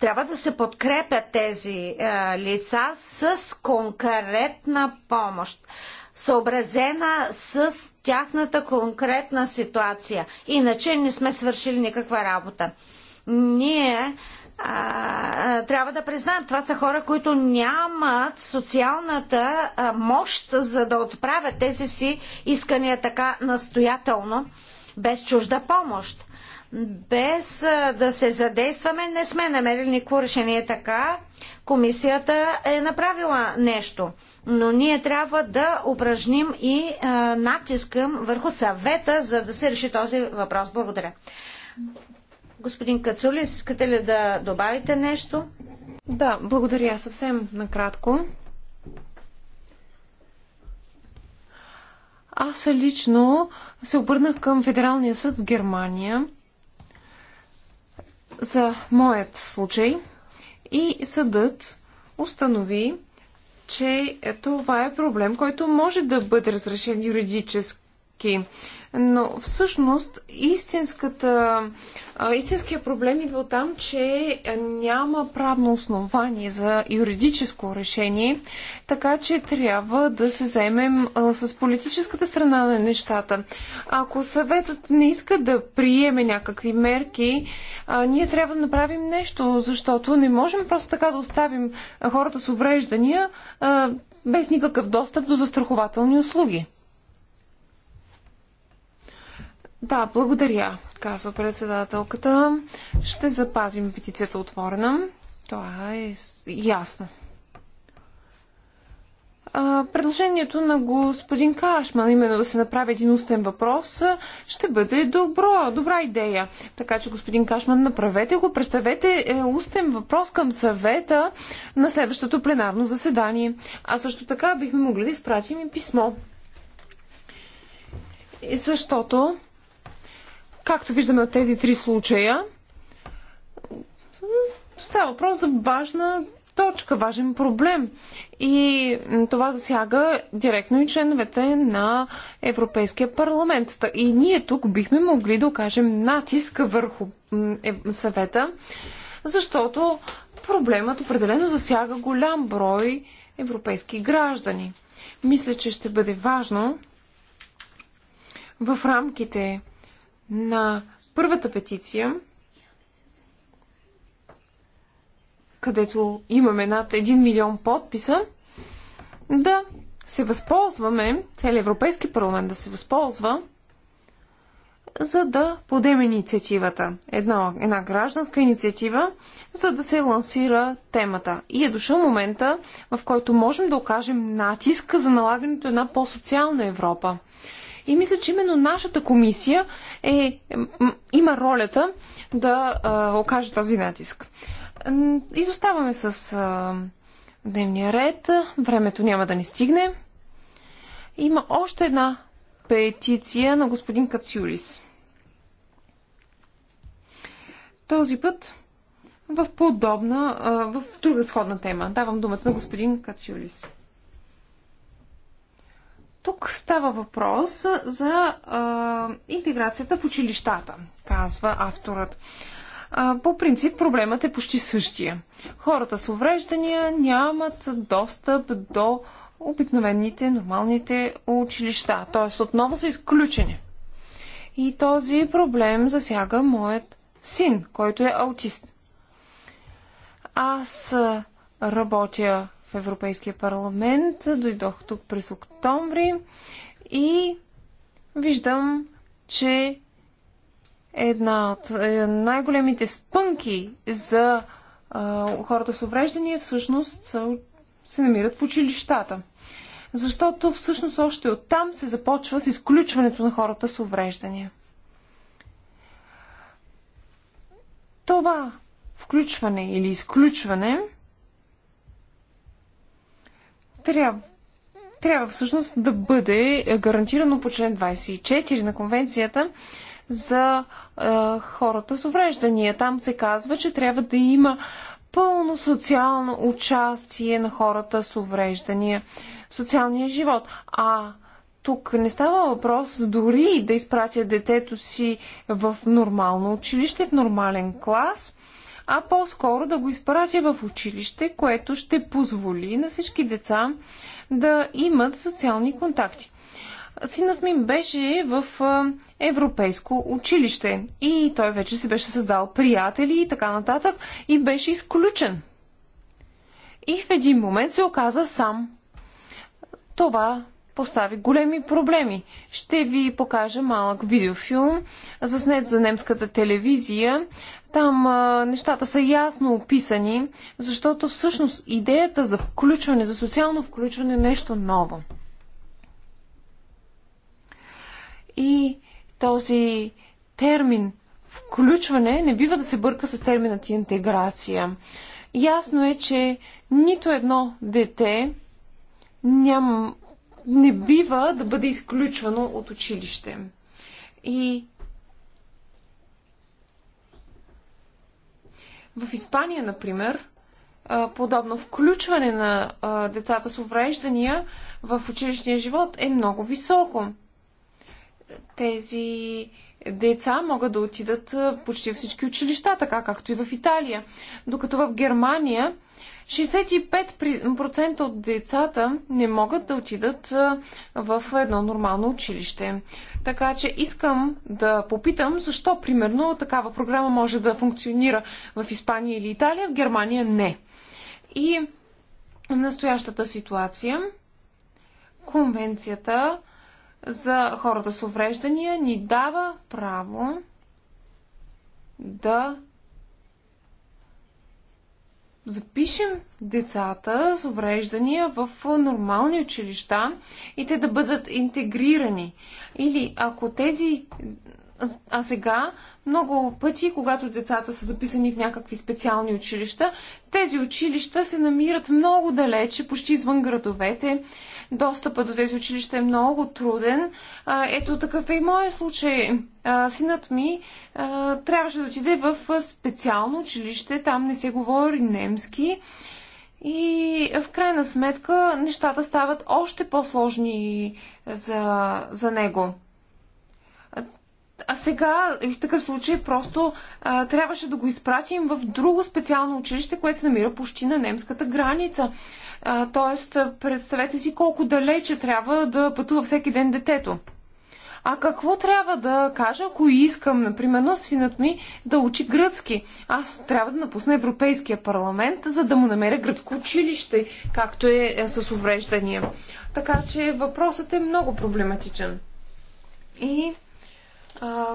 трябва да се подкрепят тези а, лица с конкретна помощ, съобразена с тяхната конкретна ситуация. Иначе не сме свършили никаква работа. Ние а, трябва да признаем, това са хора, които нямат социалната а, мощ, за да отправят тези си искания така настоятелно, без чужда помощ. Без а, да се задействаме, не сме намерили никакво решение така. Комисията е направила нещо. Но ние трябва да упражним и а, натискъм върху съвета, за да се реши този въпрос. Благодаря. Господин Кацулис, искате ли да добавите нещо? Да, благодаря. Съвсем накратко. Аз лично се обърнах към Федералния съд в Германия за моят случай и съдът установи, че това е проблем, който може да бъде разрешен юридически всички. Но всъщност истинската, истинския проблем идва от там, че няма правно основание за юридическо решение, така че трябва да се заемем с политическата страна на нещата. Ако съветът не иска да приеме някакви мерки, ние трябва да направим нещо, защото не можем просто така да оставим хората с увреждания без никакъв достъп до застрахователни услуги. Да, благодаря, казва председателката. Ще запазим петицията отворена. Това е ясно. Предложението на господин Кашман, именно да се направи един устен въпрос, ще бъде добро, добра идея. Така че, господин Кашман, направете го, представете е, устен въпрос към съвета на следващото пленарно заседание. А също така бихме могли да изпратим и писмо. Е, защото Както виждаме от тези три случая, става въпрос за важна точка, важен проблем. И това засяга директно и членовете на Европейския парламент. И ние тук бихме могли да окажем натиск върху е, съвета, защото проблемът определено засяга голям брой европейски граждани. Мисля, че ще бъде важно в рамките на първата петиция, където имаме над 1 милион подписа, да се възползваме, целият Европейски парламент да се възползва, за да подем инициативата. Една, една гражданска инициатива, за да се лансира темата. И е дошъл момента, в който можем да окажем натиска за налагането на една по-социална Европа. И мисля, че именно нашата комисия е, има ролята да а, окаже този натиск. Изоставаме с а, дневния ред. Времето няма да ни стигне. Има още една петиция на господин Кацюлис. Този път в подобна, в друга сходна тема. Давам думата на господин Кацюлис. Тук става въпрос за а, интеграцията в училищата, казва авторът. А, по принцип проблемът е почти същия. Хората с увреждания нямат достъп до обикновените, нормалните училища, т.е. отново са изключени. И този проблем засяга моят син, който е аутист. Аз работя в Европейския парламент. Дойдох тук през октомври и виждам, че една от е, най-големите спънки за а, хората с увреждания всъщност са, се намират в училищата. Защото всъщност още оттам се започва с изключването на хората с увреждания. Това включване или изключване – трябва, трябва всъщност да бъде гарантирано по член 24 на конвенцията за е, хората с увреждания. Там се казва, че трябва да има пълно социално участие на хората с увреждания в социалния живот. А тук не става въпрос дори да изпратя детето си в нормално училище, в нормален клас, а по-скоро да го изпрати в училище, което ще позволи на всички деца да имат социални контакти. Синът ми беше в европейско училище и той вече се беше създал приятели и така нататък и беше изключен. И в един момент се оказа сам. Това постави големи проблеми. Ще ви покажа малък видеофилм, заснет за немската телевизия. Там а, нещата са ясно описани, защото всъщност идеята за включване, за социално включване е нещо ново. И този термин включване не бива да се бърка с терминът интеграция. Ясно е, че нито едно дете няма не бива да бъде изключвано от училище. И в Испания, например, подобно включване на децата с увреждания в училищния живот е много високо. Тези деца могат да отидат почти всички училища, така както и в Италия. Докато в Германия 65% от децата не могат да отидат в едно нормално училище. Така че искам да попитам защо, примерно, такава програма може да функционира в Испания или Италия, в Германия не. И в настоящата ситуация конвенцията за хората с увреждания ни дава право да запишем децата с увреждания в нормални училища и те да бъдат интегрирани. Или ако тези. А сега много пъти, когато децата са записани в някакви специални училища, тези училища се намират много далече, почти извън градовете достъпа до тези училища е много труден. Ето такъв е и моят случай. Синът ми трябваше да отиде в специално училище, там не се говори немски. И в крайна сметка нещата стават още по-сложни за, за него. А сега, в такъв случай, просто а, трябваше да го изпратим в друго специално училище, което се намира почти на немската граница. А, тоест, представете си колко далече трябва да пътува всеки ден детето. А какво трябва да кажа, ако искам, например, синът ми да учи гръцки? Аз трябва да напусна Европейския парламент, за да му намеря гръцко училище, както е, е с увреждания. Така че въпросът е много проблематичен. И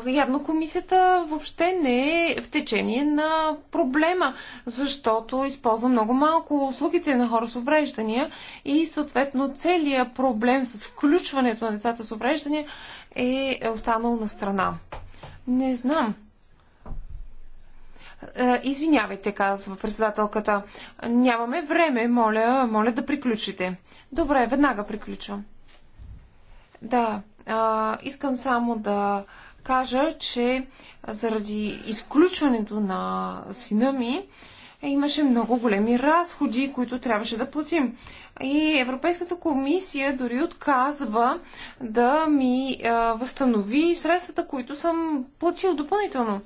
явно комисията въобще не е в течение на проблема, защото използва много малко услугите на хора с увреждания и съответно целият проблем с включването на децата с увреждания е останал на страна. Не знам. Извинявайте, казва председателката. Нямаме време, моля, моля да приключите. Добре, веднага приключвам. Да, а, искам само да кажа, че заради изключването на сина ми е, имаше много големи разходи, които трябваше да платим. И Европейската комисия дори отказва да ми възстанови средствата, които съм платил допълнително.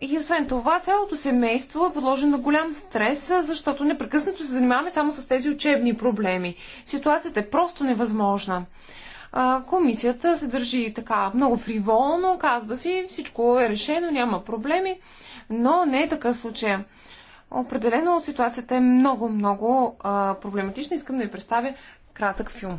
И освен това, цялото семейство е подложено на голям стрес, защото непрекъснато се занимаваме само с тези учебни проблеми. Ситуацията е просто невъзможна а, комисията се държи така много фриволно, казва си всичко е решено, няма проблеми, но не е такъв случай. Определено ситуацията е много, много проблематична. Искам да ви представя кратък филм.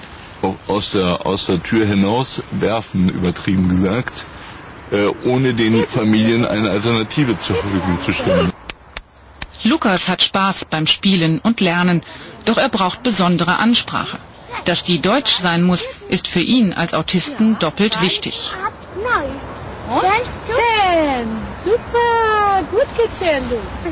aus der, aus der Tür hinaus werfen, übertrieben gesagt, äh, ohne den Familien eine Alternative zur Verfügung zu stellen. Lukas hat Spaß beim Spielen und Lernen, doch er braucht besondere Ansprache. Dass die deutsch sein muss, ist für ihn als Autisten doppelt wichtig. Nein. Super, gut gezählt, du.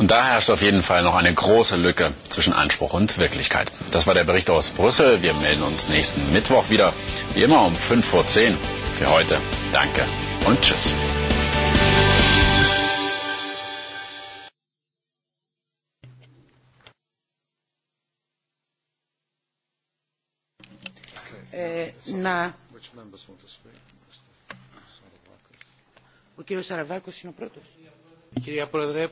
Und da herrscht auf jeden Fall noch eine große Lücke zwischen Anspruch und Wirklichkeit. Das war der Bericht aus Brüssel. Wir melden uns nächsten Mittwoch wieder, wie immer um 5.10 vor Für heute danke und tschüss. Ο κύριος Σαραβάκος είναι ο πρώτος. Κυρία Πρόεδρε,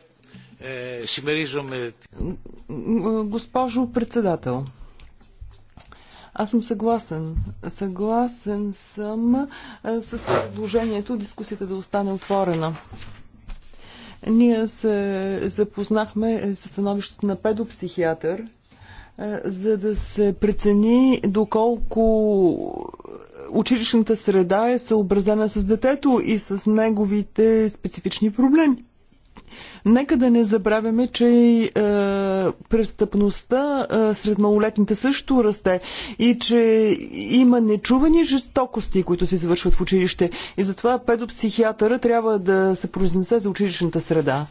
е, Госпожо председател, аз съм съгласен. Съгласен съм е, с предложението дискусията да остане отворена. Ние се запознахме е, с становището на педопсихиатър, за да се прецени доколко училищната среда е съобразена с детето и с неговите специфични проблеми. Нека да не забравяме, че е, престъпността е, сред малолетните също расте и че има нечувани жестокости, които се извършват в училище. И затова педопсихиатъра трябва да се произнесе за училищната среда.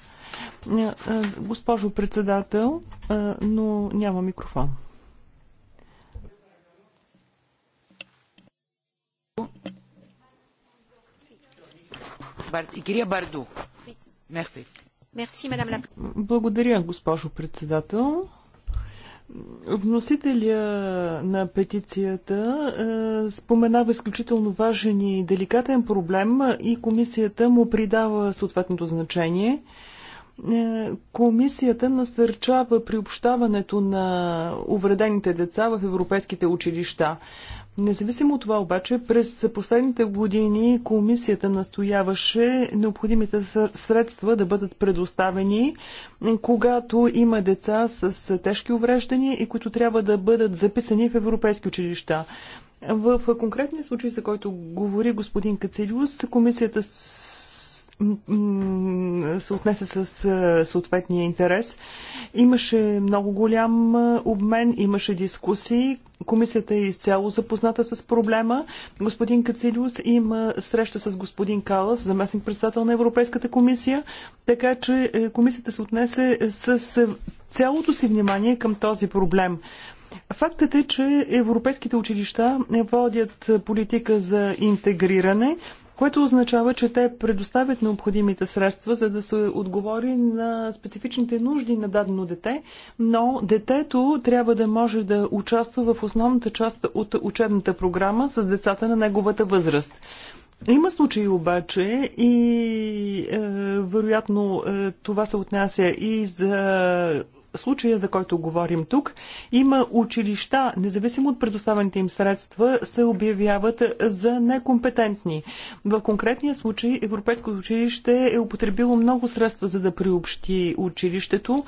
Е, е, госпожо председател, е, но няма микрофон. Кирия Барду. Мерси. Благодаря, госпожо председател. Вносителя на петицията е, споменава изключително важен и деликатен проблем и комисията му придава съответното значение. Е, комисията насърчава приобщаването на увредените деца в европейските училища. Независимо от това обаче, през последните години комисията настояваше необходимите средства да бъдат предоставени, когато има деца с тежки увреждания и които трябва да бъдат записани в европейски училища. В конкретния случай, за който говори господин Кацелиус, комисията се отнесе с съответния интерес. Имаше много голям обмен, имаше дискусии. Комисията е изцяло запозната с проблема. Господин Кацилиус има среща с господин Калас, заместник председател на Европейската комисия, така че е, комисията се отнесе с цялото си внимание към този проблем. Фактът е, че европейските училища водят политика за интегриране което означава, че те предоставят необходимите средства, за да се отговори на специфичните нужди на дадено дете, но детето трябва да може да участва в основната част от учебната програма с децата на неговата възраст. Има случаи обаче и е, вероятно е, това се отнася и за случая, за който говорим тук, има училища, независимо от предоставените им средства, се обявяват за некомпетентни. В конкретния случай Европейското училище е употребило много средства, за да приобщи училището.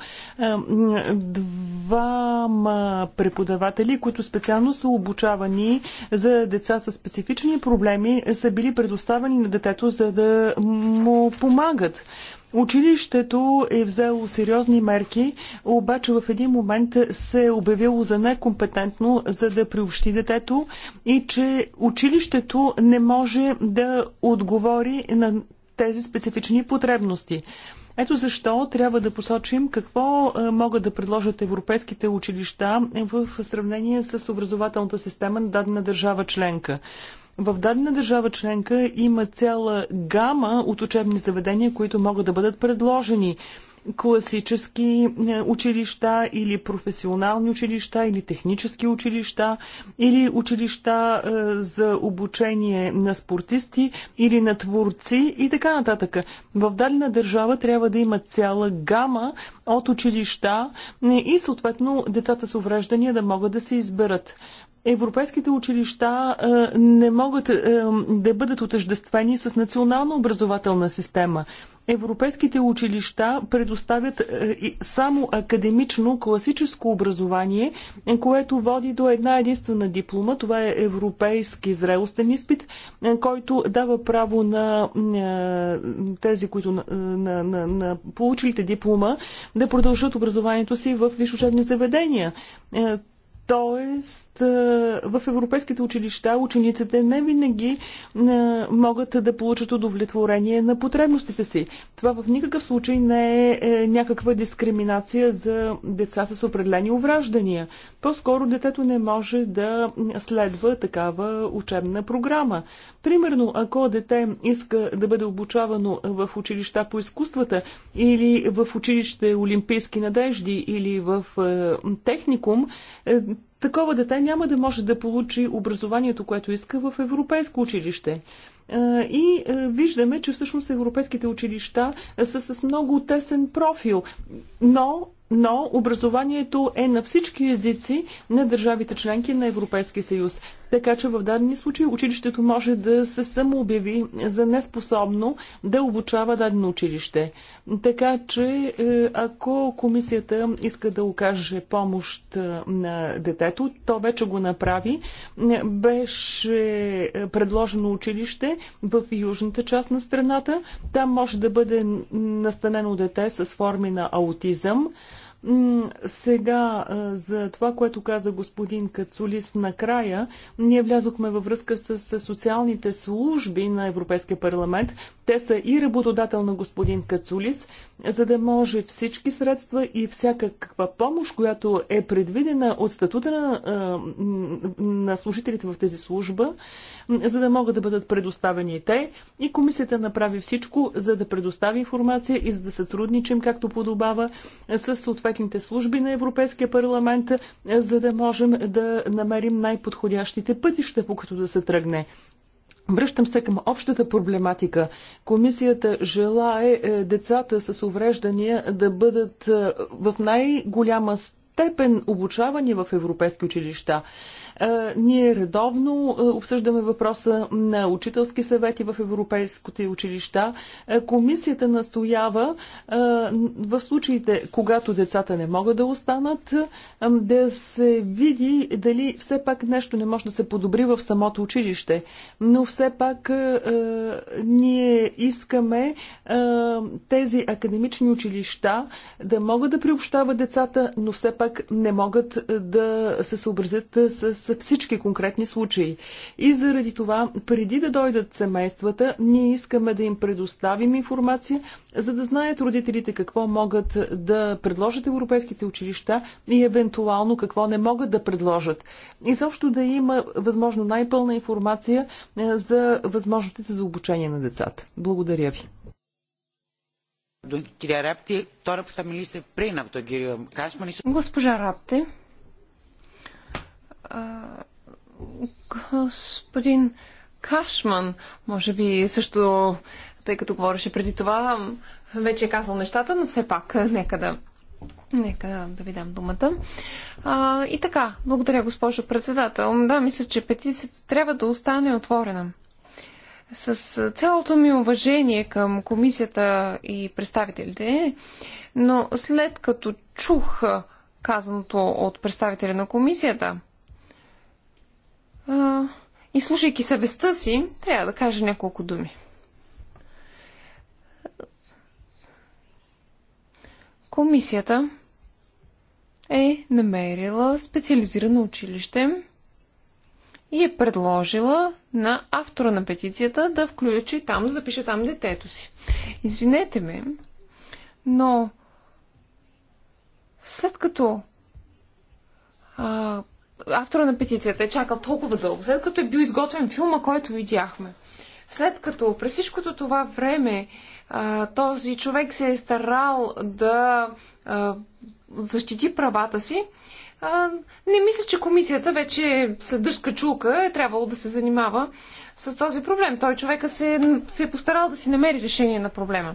Двама преподаватели, които специално са обучавани за деца с специфични проблеми, са били предоставени на детето, за да му помагат. Училището е взело сериозни мерки, обаче в един момент се е обявило за некомпетентно, за да приобщи детето и че училището не може да отговори на тези специфични потребности. Ето защо трябва да посочим какво е, могат да предложат европейските училища в сравнение с образователната система на дадена държава членка в дадена държава членка има цяла гама от учебни заведения, които могат да бъдат предложени. Класически е, училища или професионални училища или технически училища или училища е, за обучение на спортисти или на творци и така нататък. В дадена държава трябва да има цяла гама от училища е, и съответно децата с увреждания да могат да се изберат европейските училища е, не могат е, да бъдат отъждествени с национална образователна система. Европейските училища предоставят е, само академично класическо образование, което води до една единствена диплома. Това е европейски зрелостен изпит, който дава право на тези, които на, на, на, на получилите диплома, да продължат образованието си в висшеучебни заведения. Тоест, в европейските училища учениците не винаги могат да получат удовлетворение на потребностите си. Това в никакъв случай не е, е някаква дискриминация за деца с определени увраждания. По-скоро детето не може да следва такава учебна програма. Примерно, ако дете иска да бъде обучавано в училища по изкуствата или в училище Олимпийски надежди или в е, техникум, е, такова дете няма да може да получи образованието, което иска в европейско училище. Е, и виждаме, че всъщност европейските училища са с много тесен профил, но, но образованието е на всички езици на държавите членки на Европейския съюз. Така че в дадени случаи училището може да се самообяви за неспособно да обучава дадено училище. Така че е, ако комисията иска да окаже помощ е, на детето, то вече го направи. Е, беше предложено училище в южната част на страната. Там може да бъде настанено дете с форми на аутизъм. Сега за това, което каза господин Кацулис накрая, ние влязохме във връзка с социалните служби на Европейския парламент. Те са и работодател на господин Кацулис, за да може всички средства и всякаква помощ, която е предвидена от статута на, на служителите в тези служба, за да могат да бъдат предоставени те. И комисията направи всичко, за да предостави информация и за да сътрудничим, както подобава, с съответните служби на Европейския парламент, за да можем да намерим най-подходящите пътища, по които да се тръгне. Връщам се към общата проблематика. Комисията желае е, децата с увреждания да бъдат е, в най-голяма степен обучавани в европейски училища. Ние редовно обсъждаме въпроса на учителски съвети в европейските училища. Комисията настоява в случаите, когато децата не могат да останат, да се види дали все пак нещо не може да се подобри в самото училище. Но все пак ние искаме тези академични училища да могат да приобщават децата, но все пак не могат да се съобразят с за всички конкретни случаи. И заради това, преди да дойдат семействата, ние искаме да им предоставим информация, за да знаят родителите какво могат да предложат европейските училища и евентуално какво не могат да предложат. И също да има възможно най-пълна информация е, за възможностите за обучение на децата. Благодаря ви. Госпожа Рапте, господин Кашман, може би също, тъй като говореше преди това, вече е казал нещата, но все пак, нека да, нека да ви дам думата. А, и така, благодаря, госпожо председател. Да, мисля, че петицията трябва да остане отворена. С цялото ми уважение към комисията и представителите, но след като чух казаното от представителя на комисията, и слушайки съвестта си, трябва да кажа няколко думи. Комисията е намерила специализирано училище и е предложила на автора на петицията да включи там, да запише там детето си. Извинете ме, но след като а, автора на петицията е чакал толкова дълго, след като е бил изготвен филма, който видяхме. След като през всичкото това време а, този човек се е старал да а, защити правата си, а, не мисля, че комисията вече след дъжка чулка е трябвало да се занимава с този проблем. Той човека се, се е постарал да си намери решение на проблема.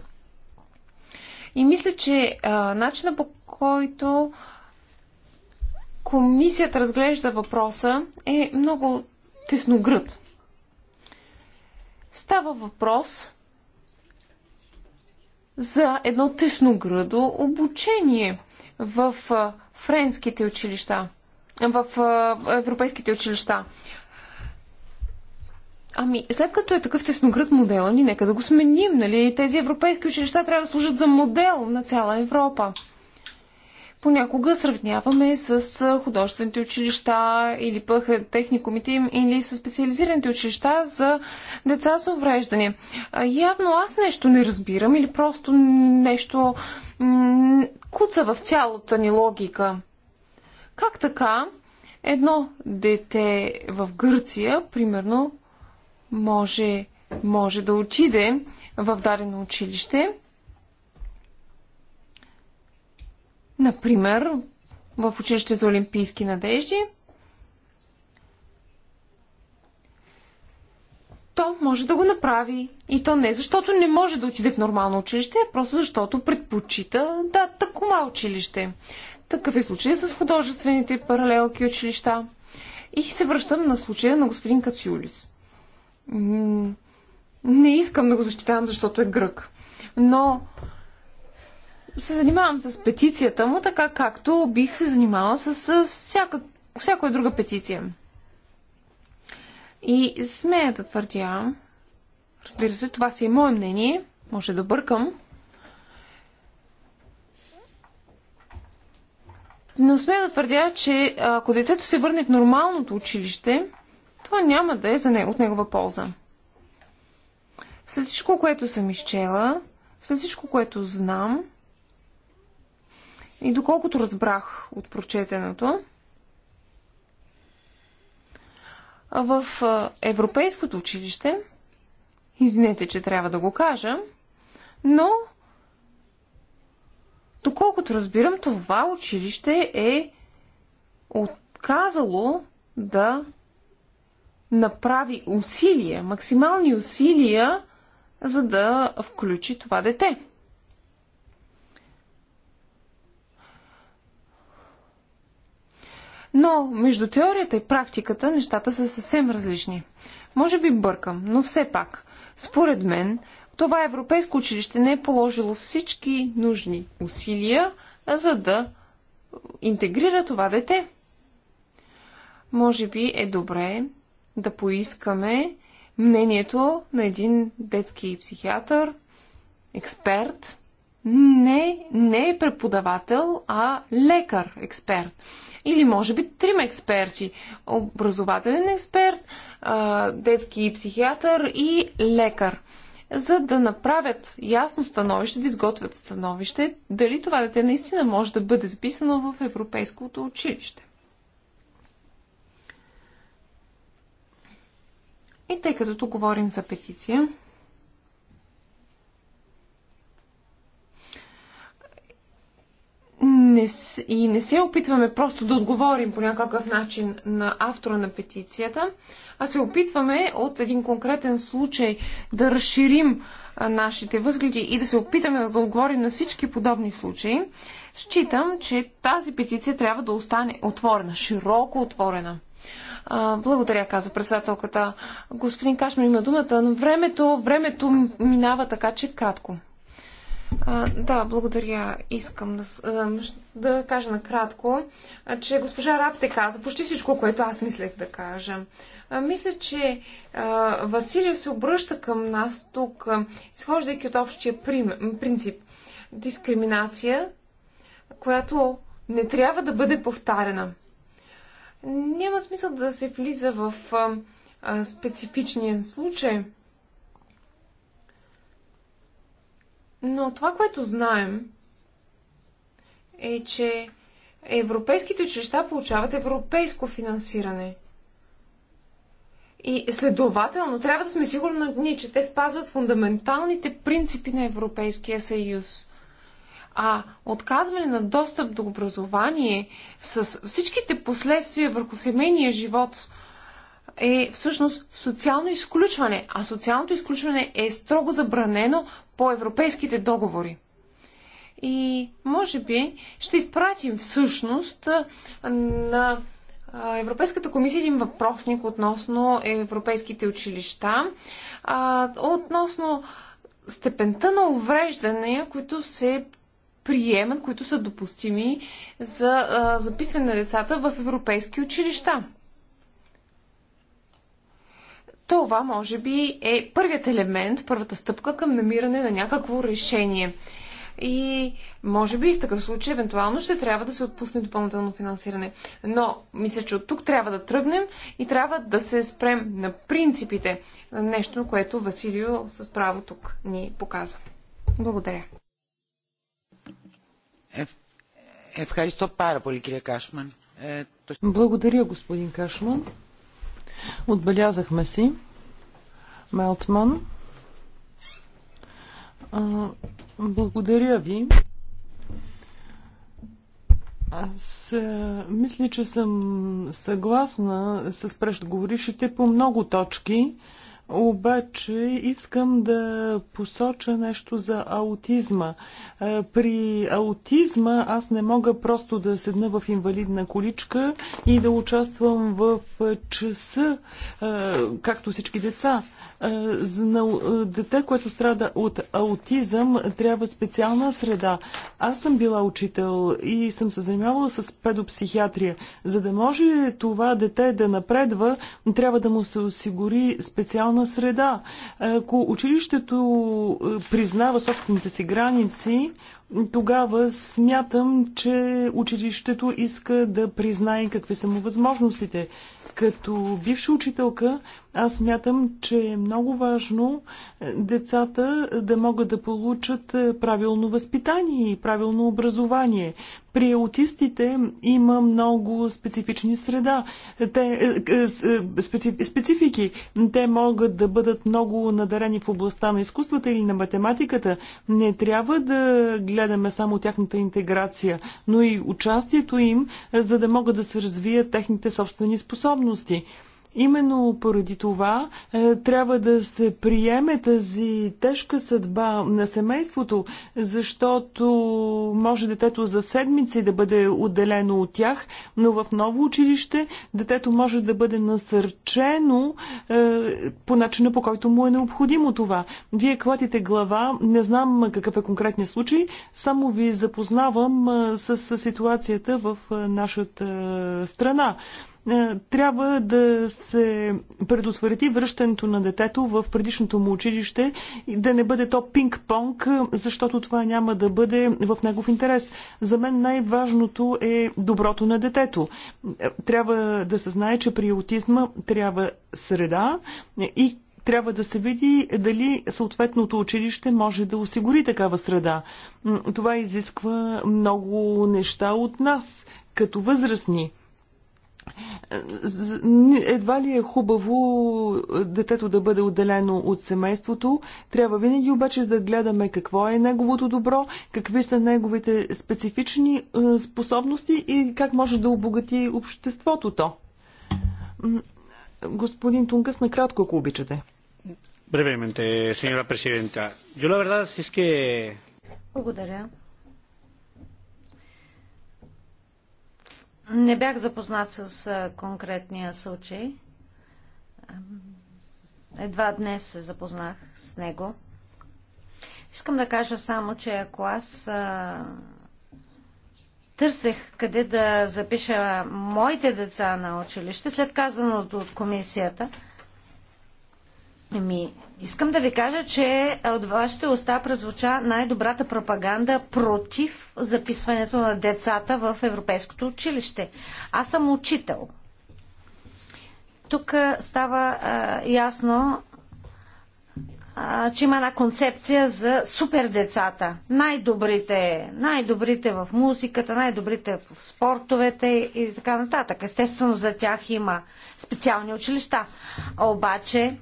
И мисля, че а, начина по който комисията разглежда въпроса е много тесногръд. Става въпрос за едно тесногръдо обучение в френските училища, в европейските училища. Ами, след като е такъв тесногръд модела ни, нека да го сменим, нали? Тези европейски училища трябва да служат за модел на цяла Европа понякога сравняваме с художествените училища или пък техникумите им или с специализираните училища за деца с увреждане. Явно аз нещо не разбирам или просто нещо куца в цялата ни логика. Как така едно дете в Гърция, примерно, може, може да отиде в дадено училище – Например, в училище за олимпийски надежди, то може да го направи. И то не защото не може да отиде в нормално училище, а просто защото предпочита да такова училище. Такъв е случай с художествените паралелки училища. И се връщам на случая на господин Кациулис. Не искам да го защитавам, защото е грък. Но се занимавам с петицията му, така както бих се занимала с всяка, всяка друга петиция. И смея да твърдя, разбира се, това си е мое мнение, може да бъркам, но смея да твърдя, че ако детето се върне в нормалното училище, това няма да е за него, от негова полза. След всичко, което съм изчела, след всичко, което знам, и доколкото разбрах от прочетеното, в Европейското училище, извинете, че трябва да го кажа, но доколкото разбирам, това училище е отказало да направи усилия, максимални усилия, за да включи това дете. Но между теорията и практиката нещата са съвсем различни. Може би бъркам, но все пак, според мен, това европейско училище не е положило всички нужни усилия, за да интегрира това дете. Може би е добре да поискаме мнението на един детски психиатър, експерт, не, не е преподавател, а лекар експерт. Или може би трима експерти. Образователен експерт, детски психиатър и лекар. За да направят ясно становище, да изготвят становище, дали това дете наистина може да бъде записано в Европейското училище. И тъй като тук говорим за петиция, не, и не се опитваме просто да отговорим по някакъв начин на автора на петицията, а се опитваме от един конкретен случай да разширим нашите възгледи и да се опитаме да отговорим на всички подобни случаи, считам, че тази петиция трябва да остане отворена, широко отворена. А, благодаря, казва председателката. Господин Кашмир има думата, но времето, времето минава така, че кратко да, благодаря. Искам да, да кажа накратко, че госпожа Рапте каза почти всичко, което аз мислех да кажа. мисля, че Василия се обръща към нас тук, изхождайки от общия принцип. Дискриминация, която не трябва да бъде повтарена. Няма смисъл да се влиза в специфичния случай – Но това, което знаем, е, че европейските училища получават европейско финансиране. И следователно трябва да сме сигурни, че те спазват фундаменталните принципи на Европейския съюз. А отказване на достъп до образование с всичките последствия върху семейния живот е всъщност социално изключване. А социалното изключване е строго забранено по европейските договори. И може би ще изпратим всъщност на Европейската комисия един въпросник относно европейските училища, относно степента на увреждания, които се приемат, които са допустими за записване на децата в европейски училища. Това, може би, е първият елемент, първата стъпка към намиране на някакво решение. И може би в такъв случай евентуално ще трябва да се отпусне допълнително финансиране. Но мисля, че от тук трябва да тръгнем и трябва да се спрем на принципите. Нещо, което Василио с право тук ни показа. Благодаря. Е, Благодаря, господин Кашман. Благодаря, господин Кашман. Отбелязахме си. Мелтман. Благодаря ви. Аз а, мисля, че съм съгласна с преждоговорившите по много точки. Обаче искам да посоча нещо за аутизма. При аутизма аз не мога просто да седна в инвалидна количка и да участвам в часа, както всички деца. Е, за е, дете, което страда от аутизъм, трябва специална среда. Аз съм била учител и съм се занимавала с педопсихиатрия. За да може това дете да напредва, трябва да му се осигури специална среда. Е, ако училището признава собствените си граници, тогава смятам, че училището иска да признае какви са му възможностите. Като бивша учителка, аз мятам, че е много важно е, децата да могат да получат е, правилно възпитание и правилно образование. При аутистите има много специфични среда, те, е, специ, специфики. Те могат да бъдат много надарени в областта на изкуствата или на математиката. Не трябва да гледаме само тяхната интеграция, но и участието им, за да могат да се развият техните собствени способности. Именно поради това е, трябва да се приеме тази тежка съдба на семейството, защото може детето за седмици да бъде отделено от тях, но в ново училище детето може да бъде насърчено е, по начина по който му е необходимо това. Вие клатите глава, не знам какъв е конкретният случай, само ви запознавам е, с ситуацията в нашата страна. Е, трябва да се предотврати връщането на детето в предишното му училище и да не бъде то пинг-понг, защото това няма да бъде в негов интерес. За мен най-важното е доброто на детето. Е, трябва да се знае, че при аутизма трябва среда е, и трябва да се види дали съответното училище може да осигури такава среда. Това изисква много неща от нас, като възрастни едва ли е хубаво детето да бъде отделено от семейството. Трябва винаги обаче да гледаме какво е неговото добро, какви са неговите специфични е, способности и как може да обогати обществото то. Господин Тункас, накратко, ако обичате. Бревементе, сеньора президента. Yo la verdad es que... Благодаря, Не бях запознат с конкретния случай. Едва днес се запознах с него. Искам да кажа само, че ако аз а, търсех къде да запиша моите деца на училище, след казаното от комисията, ми Искам да ви кажа, че е, от вашите уста прозвуча най-добрата пропаганда против записването на децата в Европейското училище. Аз съм учител. Тук е, става а, е, ясно, а, че има една концепция за супер децата. Най-добрите, най-добрите в музиката, най-добрите в спортовете и така нататък. Естествено, за тях има специални училища. Обаче,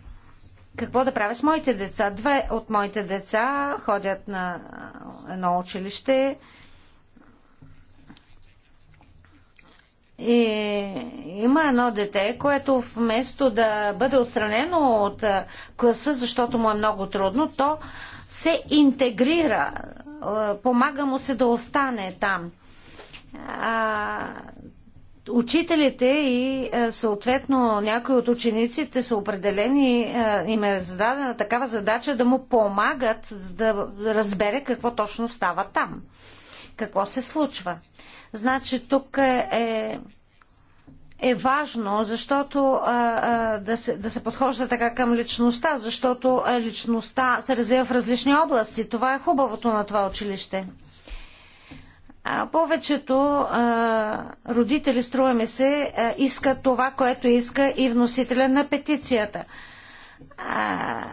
какво да правя с моите деца. Две от моите деца ходят на едно училище и има едно дете, което вместо да бъде отстранено от класа, защото му е много трудно, то се интегрира. Помага му се да остане там. Учителите и е, съответно някои от учениците са определени, е, им е зададена такава задача да му помагат да разбере какво точно става там, какво се случва. Значи тук е, е, е важно, защото а, а, да, се, да се подхожда така към личността, защото личността се развива в различни области. Това е хубавото на това училище. А повечето а, родители, струва ми се, а, искат това, което иска и вносителя на петицията. А,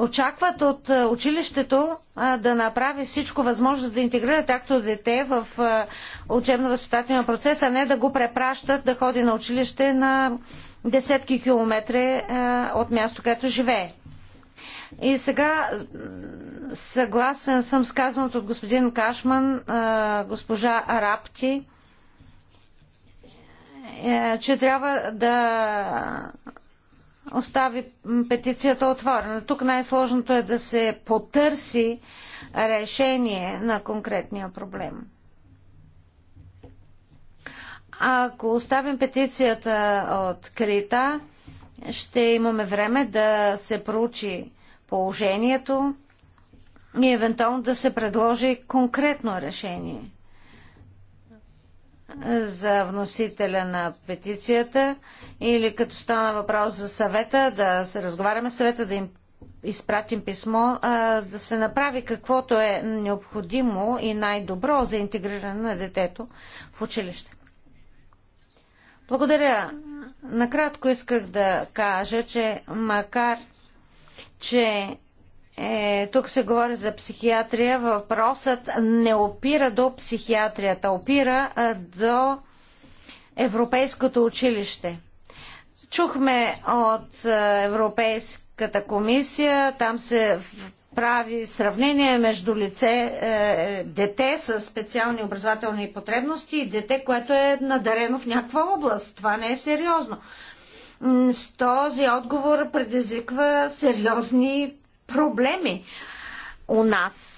очакват от училището а, да направи всичко възможно да интегрира такто дете в учебно-възпитателния процес, а не да го препращат да ходи на училище на десетки километри а, от място, където живее. И сега съгласен съм с казаното от господин Кашман, госпожа Арапти, е, че трябва да остави петицията отворена. Тук най-сложното е да се потърси решение на конкретния проблем. Ако оставим петицията открита, ще имаме време да се проучи положението и евентуално да се предложи конкретно решение. За вносителя на петицията или като стана въпрос за съвета, да се разговаряме с съвета, да им изпратим писмо, а, да се направи каквото е необходимо и най-добро за интегриране на детето в училище. Благодаря. Накратко исках да кажа, че макар че е, тук се говори за психиатрия, въпросът не опира до психиатрията, опира а, до Европейското училище. Чухме от а, Европейската комисия, там се прави сравнение между лице, е, дете с специални образователни потребности и дете, което е надарено в някаква област. Това не е сериозно. С този отговор предизвиква сериозни проблеми у нас.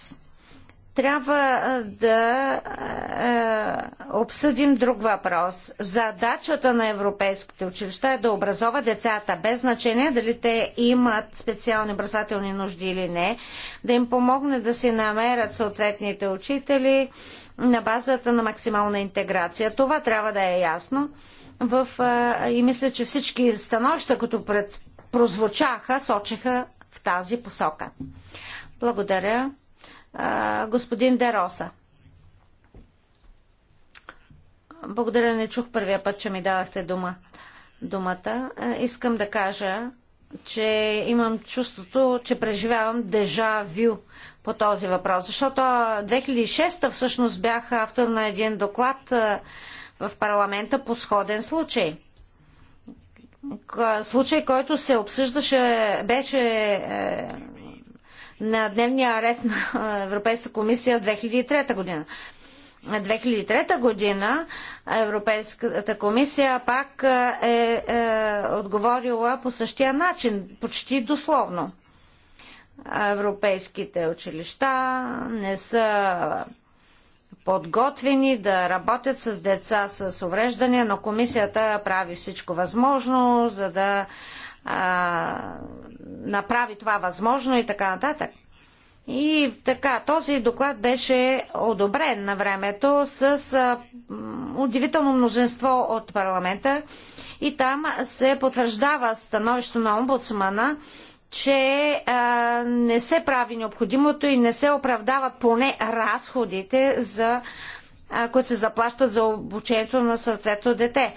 Трябва да е, обсъдим друг въпрос. Задачата на европейските училища е да образова децата, без значение дали те имат специални образователни нужди или не, да им помогне да си намерят съответните учители на базата на максимална интеграция. Това трябва да е ясно в, а, и мисля, че всички становища, които пред, прозвучаха, сочиха в тази посока. Благодаря. А, господин Дероса. Благодаря, не чух първия път, че ми дадахте дума, думата. Искам да кажа, че имам чувството, че преживявам дежавю по този въпрос. Защото 2006 всъщност бях автор на един доклад, в парламента по сходен случай. Случай, който се обсъждаше, беше е, на дневния арест на Европейската комисия в 2003 година. 2003 година Европейската комисия пак е, е отговорила по същия начин, почти дословно. Европейските училища не са подготвени да работят с деца с увреждания, но комисията прави всичко възможно, за да а, направи това възможно и така нататък. И така, този доклад беше одобрен на времето с а, удивително множество от парламента и там се потвърждава становището на омбудсмана, че а, не се прави необходимото и не се оправдават поне разходите, за, а, които се заплащат за обучението на съответно дете.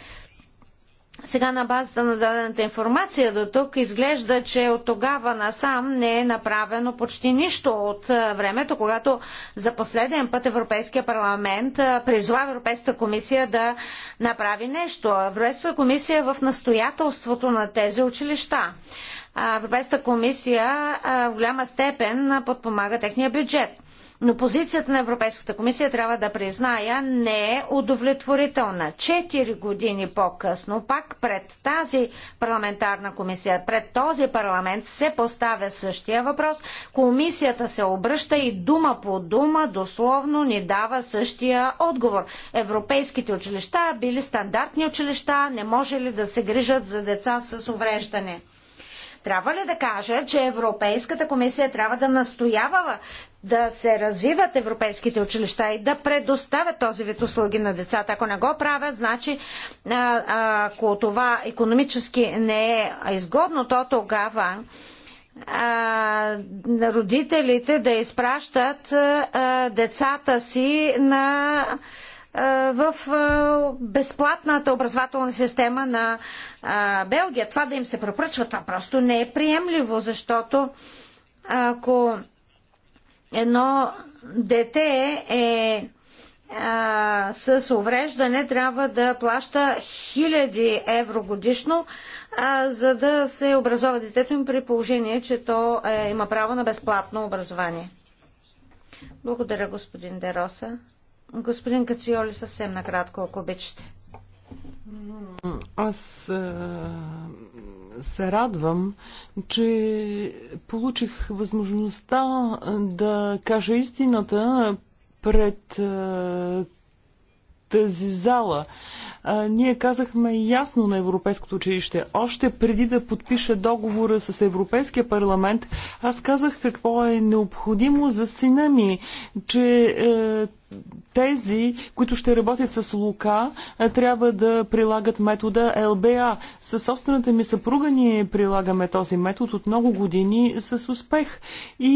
Сега на базата на дадената информация до тук изглежда, че от тогава насам не е направено почти нищо от времето, когато за последен път Европейския парламент призва Европейската комисия да направи нещо. Европейската комисия е в настоятелството на тези училища. Европейската комисия в голяма степен подпомага техния бюджет. Но позицията на Европейската комисия, трябва да призная, не е удовлетворителна. Четири години по-късно, пак пред тази парламентарна комисия, пред този парламент се поставя същия въпрос. Комисията се обръща и дума по дума, дословно ни дава същия отговор. Европейските училища били стандартни училища, не може ли да се грижат за деца с увреждане? Трябва ли да кажа, че Европейската комисия трябва да настоява да се развиват европейските училища и да предоставят този вид услуги на децата? Ако не го правят, значи ако това економически не е изгодно, то тогава а, родителите да изпращат а, децата си на е, в е, безплатната образователна система на е, Белгия. Това да им се пропръчва, това просто не е приемливо, защото ако едно дете е а, с увреждане трябва да плаща хиляди евро годишно, а, за да се образова детето им при положение, че то е, има право на безплатно образование. Благодаря, господин Дероса. Господин Кациоли, съвсем накратко, ако обичате. Аз се радвам, че получих възможността да кажа истината пред тази зала. А, ние казахме ясно на Европейското училище, още преди да подпише договора с Европейския парламент, аз казах какво е необходимо за сина ми, че а, е, тези, които ще работят с Лука, е, трябва да прилагат метода ЛБА. Със собствената ми съпруга ние прилагаме този метод от много години с успех. И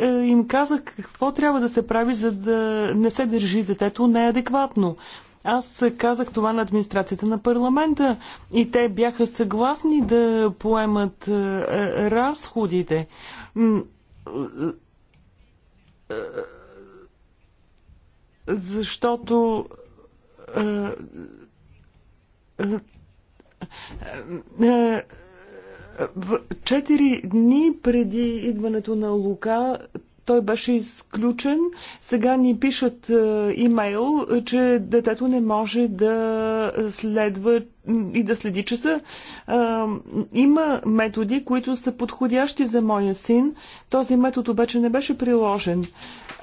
е, им казах какво трябва да се прави, за да не се държи детето неадекватно. Аз казах това на администрацията на парламента и те бяха съгласни да поемат е, разходите защото е, е, е, четири дни преди идването на Лука той беше изключен. Сега ни пишат имейл, че детето не може да следва и да следи часа. А, има методи, които са подходящи за моя син. Този метод обаче не беше приложен.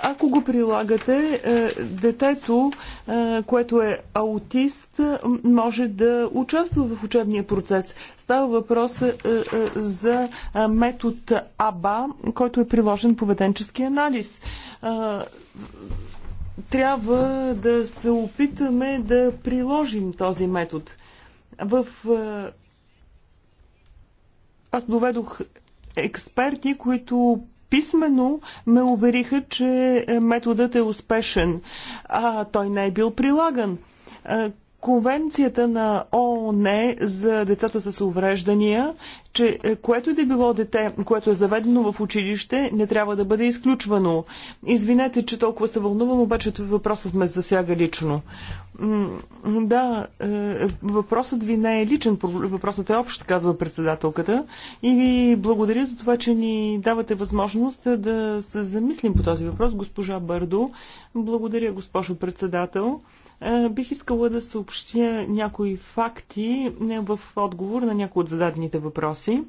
Ако го прилагате, е, детето, е, което е аутист, може да участва в учебния процес. Става въпрос е, за метод АБА, който е приложен поведенчески анализ трябва да се опитаме да приложим този метод. В... Е, аз доведох експерти, които писменно ме увериха, че методът е успешен, а той не е бил прилаган. Е, Конвенцията на ООН за децата с увреждания, че е, което и да било дете, което е заведено в училище, не трябва да бъде изключвано. Извинете, че толкова се вълнувам, обаче това въпросът ме засяга лично. Да, е, въпросът ви не е личен, въпросът е общ, казва председателката. И ви благодаря за това, че ни давате възможност да се замислим по този въпрос. Госпожа Бърдо, благодаря, госпожо председател. Е, бих искала да съобщя някои факти е, в отговор на някои от зададените въпроси.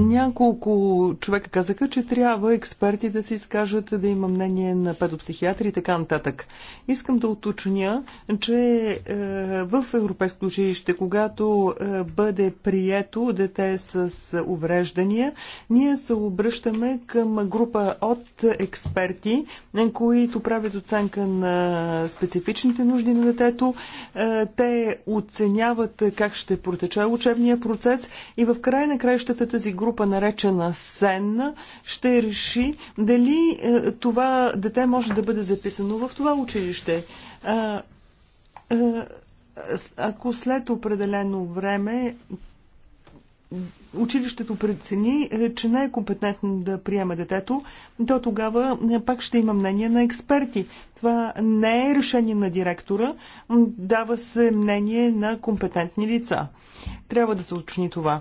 Няколко човека казаха, че трябва експерти да се изкажат, да има мнение на педопсихиатри и така нататък. Искам да уточня, че е, в Европейското училище, когато е, бъде прието дете с увреждания, ние се обръщаме към група от експерти, които правят оценка на специфичните нужди на детето. Е, те оценяват как ще протече учебния процес и в край на краищата тази група група, наречена Сен, ще реши дали е, това дете може да бъде записано в това училище. Ако след определено време училището прецени, е, че не е компетентно да приема детето, то тогава е, пак ще има мнение на експерти. Това не е решение на директора, дава се мнение на компетентни лица. Трябва да се учни това.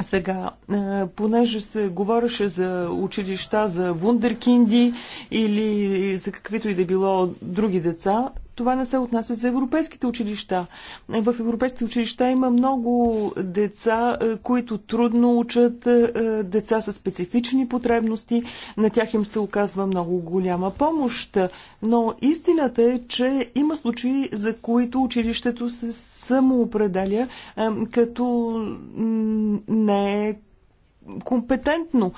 Сега, е, понеже се говореше за училища за вундеркинди или за каквито и да било други деца, това не се отнася за европейските училища. В европейските училища има много деца, е, които трудно учат, е, е, деца с специфични потребности. На тях им се оказва много голяма помощ. Но истината е, че има случаи, за които училището се самоопределя като не е компетентно.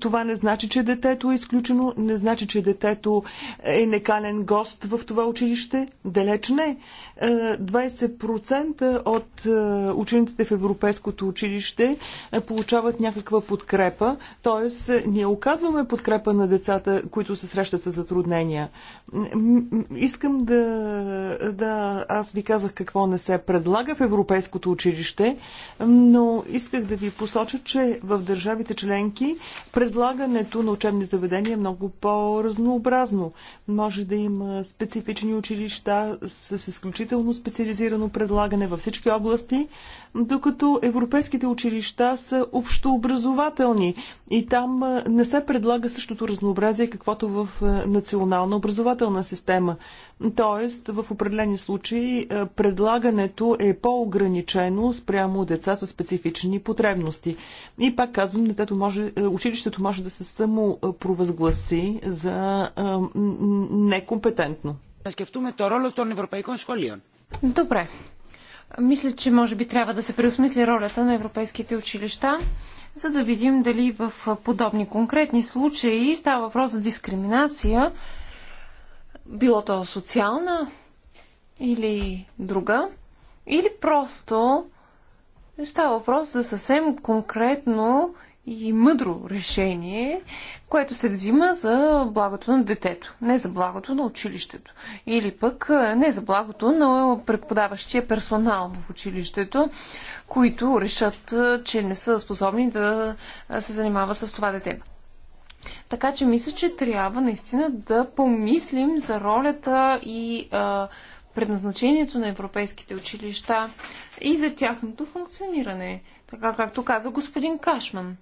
Това не значи, че детето е изключено, не значи, че детето е неканен гост в това училище. Далеч не. 20% е, от е, учениците в Европейското училище е, получават някаква подкрепа, т.е. ние оказваме подкрепа на децата, които се срещат с затруднения. Искам да, да... Аз ви казах какво не се предлага в Европейското училище, но исках да ви посоча, че в държавите членки предлагането на учебни заведения е много по-разнообразно. Може да има специфични училища с изключително специализирано предлагане във всички области, докато европейските училища са общообразователни и там не се предлага същото разнообразие, каквото в национална образователна система. Тоест, в определени случаи предлагането е по-ограничено спрямо деца с специфични потребности. И пак казвам, детето може, е, училището може да се само провъзгласи за некомпетентно. Добре, мисля, че може би трябва да се преосмисли ролята на европейските училища, за да видим дали в подобни конкретни случаи става въпрос за дискриминация, било то социална или друга, или просто става въпрос за съвсем конкретно и мъдро решение, което се взима за благото на детето, не за благото на училището. Или пък е, не за благото на преподаващия персонал в училището, които решат, е, че не са способни да е, се занимават с това дете. Така че мисля, че трябва наистина да помислим за ролята и предназначението на европейските училища и за тяхното функциониране, така както каза господин Кашман.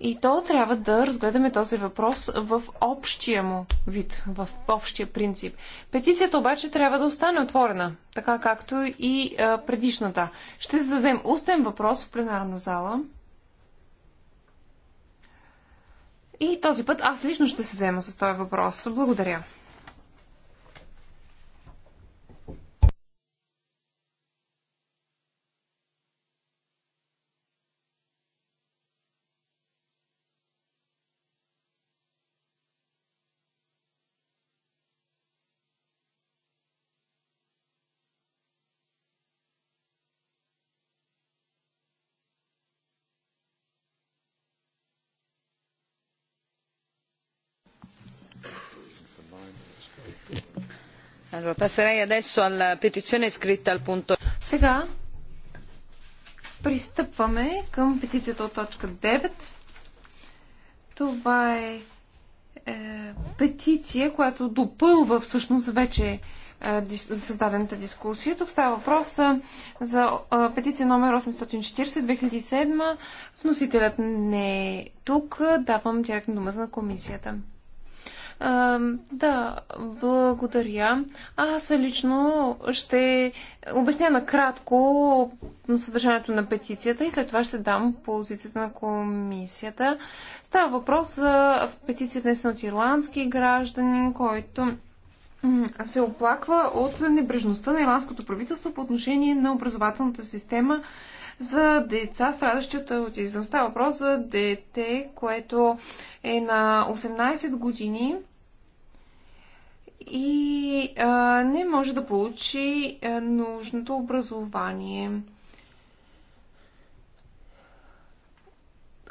И то трябва да разгледаме този въпрос в общия му вид, в общия принцип. Петицията обаче трябва да остане отворена, така както и предишната. Ще зададем устен въпрос в пленарна зала. И този път аз лично ще се взема с този въпрос. Благодаря. Сега пристъпваме към петицията от точка 9. Това е, е петиция, която допълва всъщност вече е, създадената дискусия. Тук става въпрос е, за е, петиция номер 840-2007. Вносителят не е тук. Давам директно думата на комисията. Да, благодаря. Аз лично ще обясня накратко съдържанието на петицията и след това ще дам позицията на комисията. Става въпрос за петицията на от ирландски гражданин, който се оплаква от небрежността на ирландското правителство по отношение на образователната система за деца, страдащи от аутизъм. Става въпрос за дете, което е на 18 години и а, не може да получи а, нужното образование.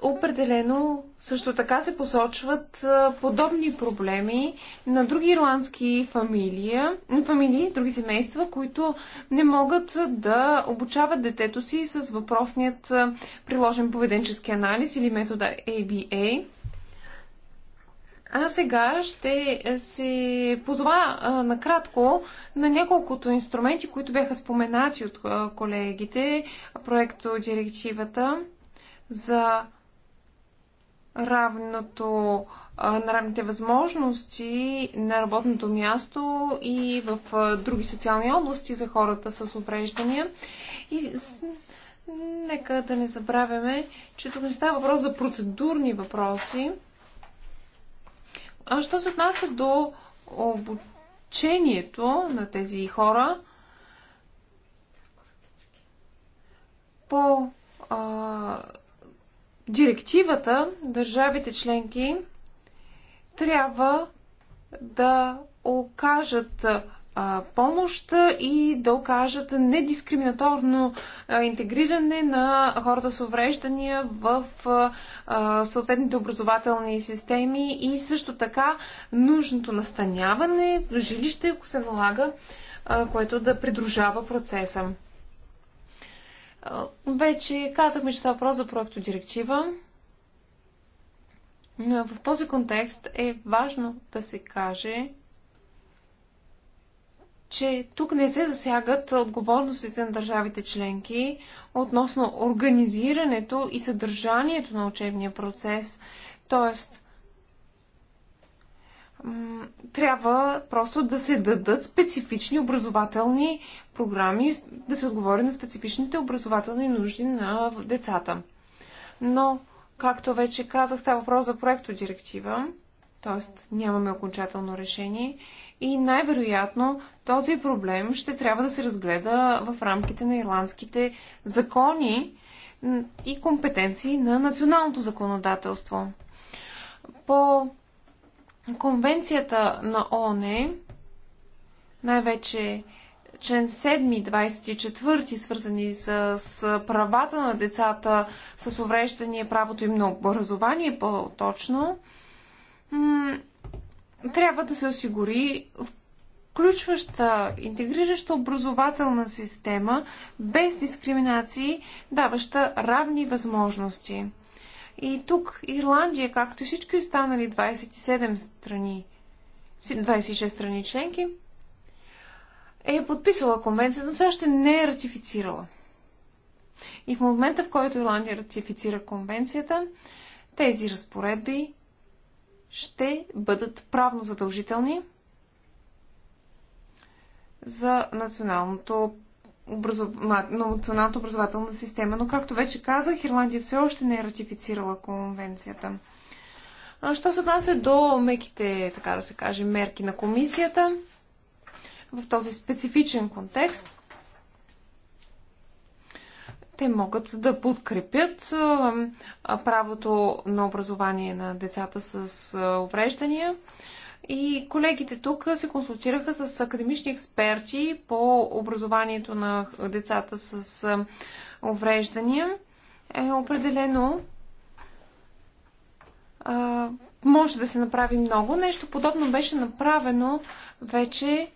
определено също така се посочват подобни проблеми на други ирландски фамилия, фамилии, други семейства, които не могат да обучават детето си с въпросният приложен поведенчески анализ или метода ABA. А сега ще се позова накратко на няколкото инструменти, които бяха споменати от колегите, проекто директивата за равното, на равните възможности на работното място и в други социални области за хората с увреждания. И нека да не забравяме, че тук не става въпрос за процедурни въпроси. А що се отнася до обучението на тези хора по а, директивата държавите членки трябва да окажат помощ и да окажат недискриминаторно интегриране на хората с увреждания в съответните образователни системи и също така нужното настаняване, жилище, ако се налага, което да придружава процеса. Вече казахме, че това въпрос за проекто директива. Но в този контекст е важно да се каже, че тук не се засягат отговорностите на държавите членки относно организирането и съдържанието на учебния процес. Тоест, трябва просто да се дадат специфични образователни програми, да се отговори на специфичните образователни нужди на децата. Но, както вече казах, става въпрос за проекто директива, т.е. нямаме окончателно решение и най-вероятно този проблем ще трябва да се разгледа в рамките на ирландските закони и компетенции на националното законодателство. По Конвенцията на ООН, най-вече член 7, 24, свързани с, с правата на децата с увреждания, правото им на образование по-точно, трябва да се осигури включваща, интегрираща образователна система без дискриминации, даваща равни възможности. И тук Ирландия, както и всички останали 27 страни, 26 страни членки, е подписала конвенцията, но все още не е ратифицирала. И в момента, в който Ирландия ратифицира конвенцията, тези разпоредби ще бъдат правно задължителни за националното образова... националната образователна система. Но, както вече казах, Ирландия все още не е ратифицирала конвенцията. Що се отнася до меките, така да се каже, мерки на комисията в този специфичен контекст, те могат да подкрепят правото на образование на децата с увреждания и колегите тук се консултираха с академични експерти по образованието на децата с увреждания. Е, определено е, може да се направи много. Нещо подобно беше направено вече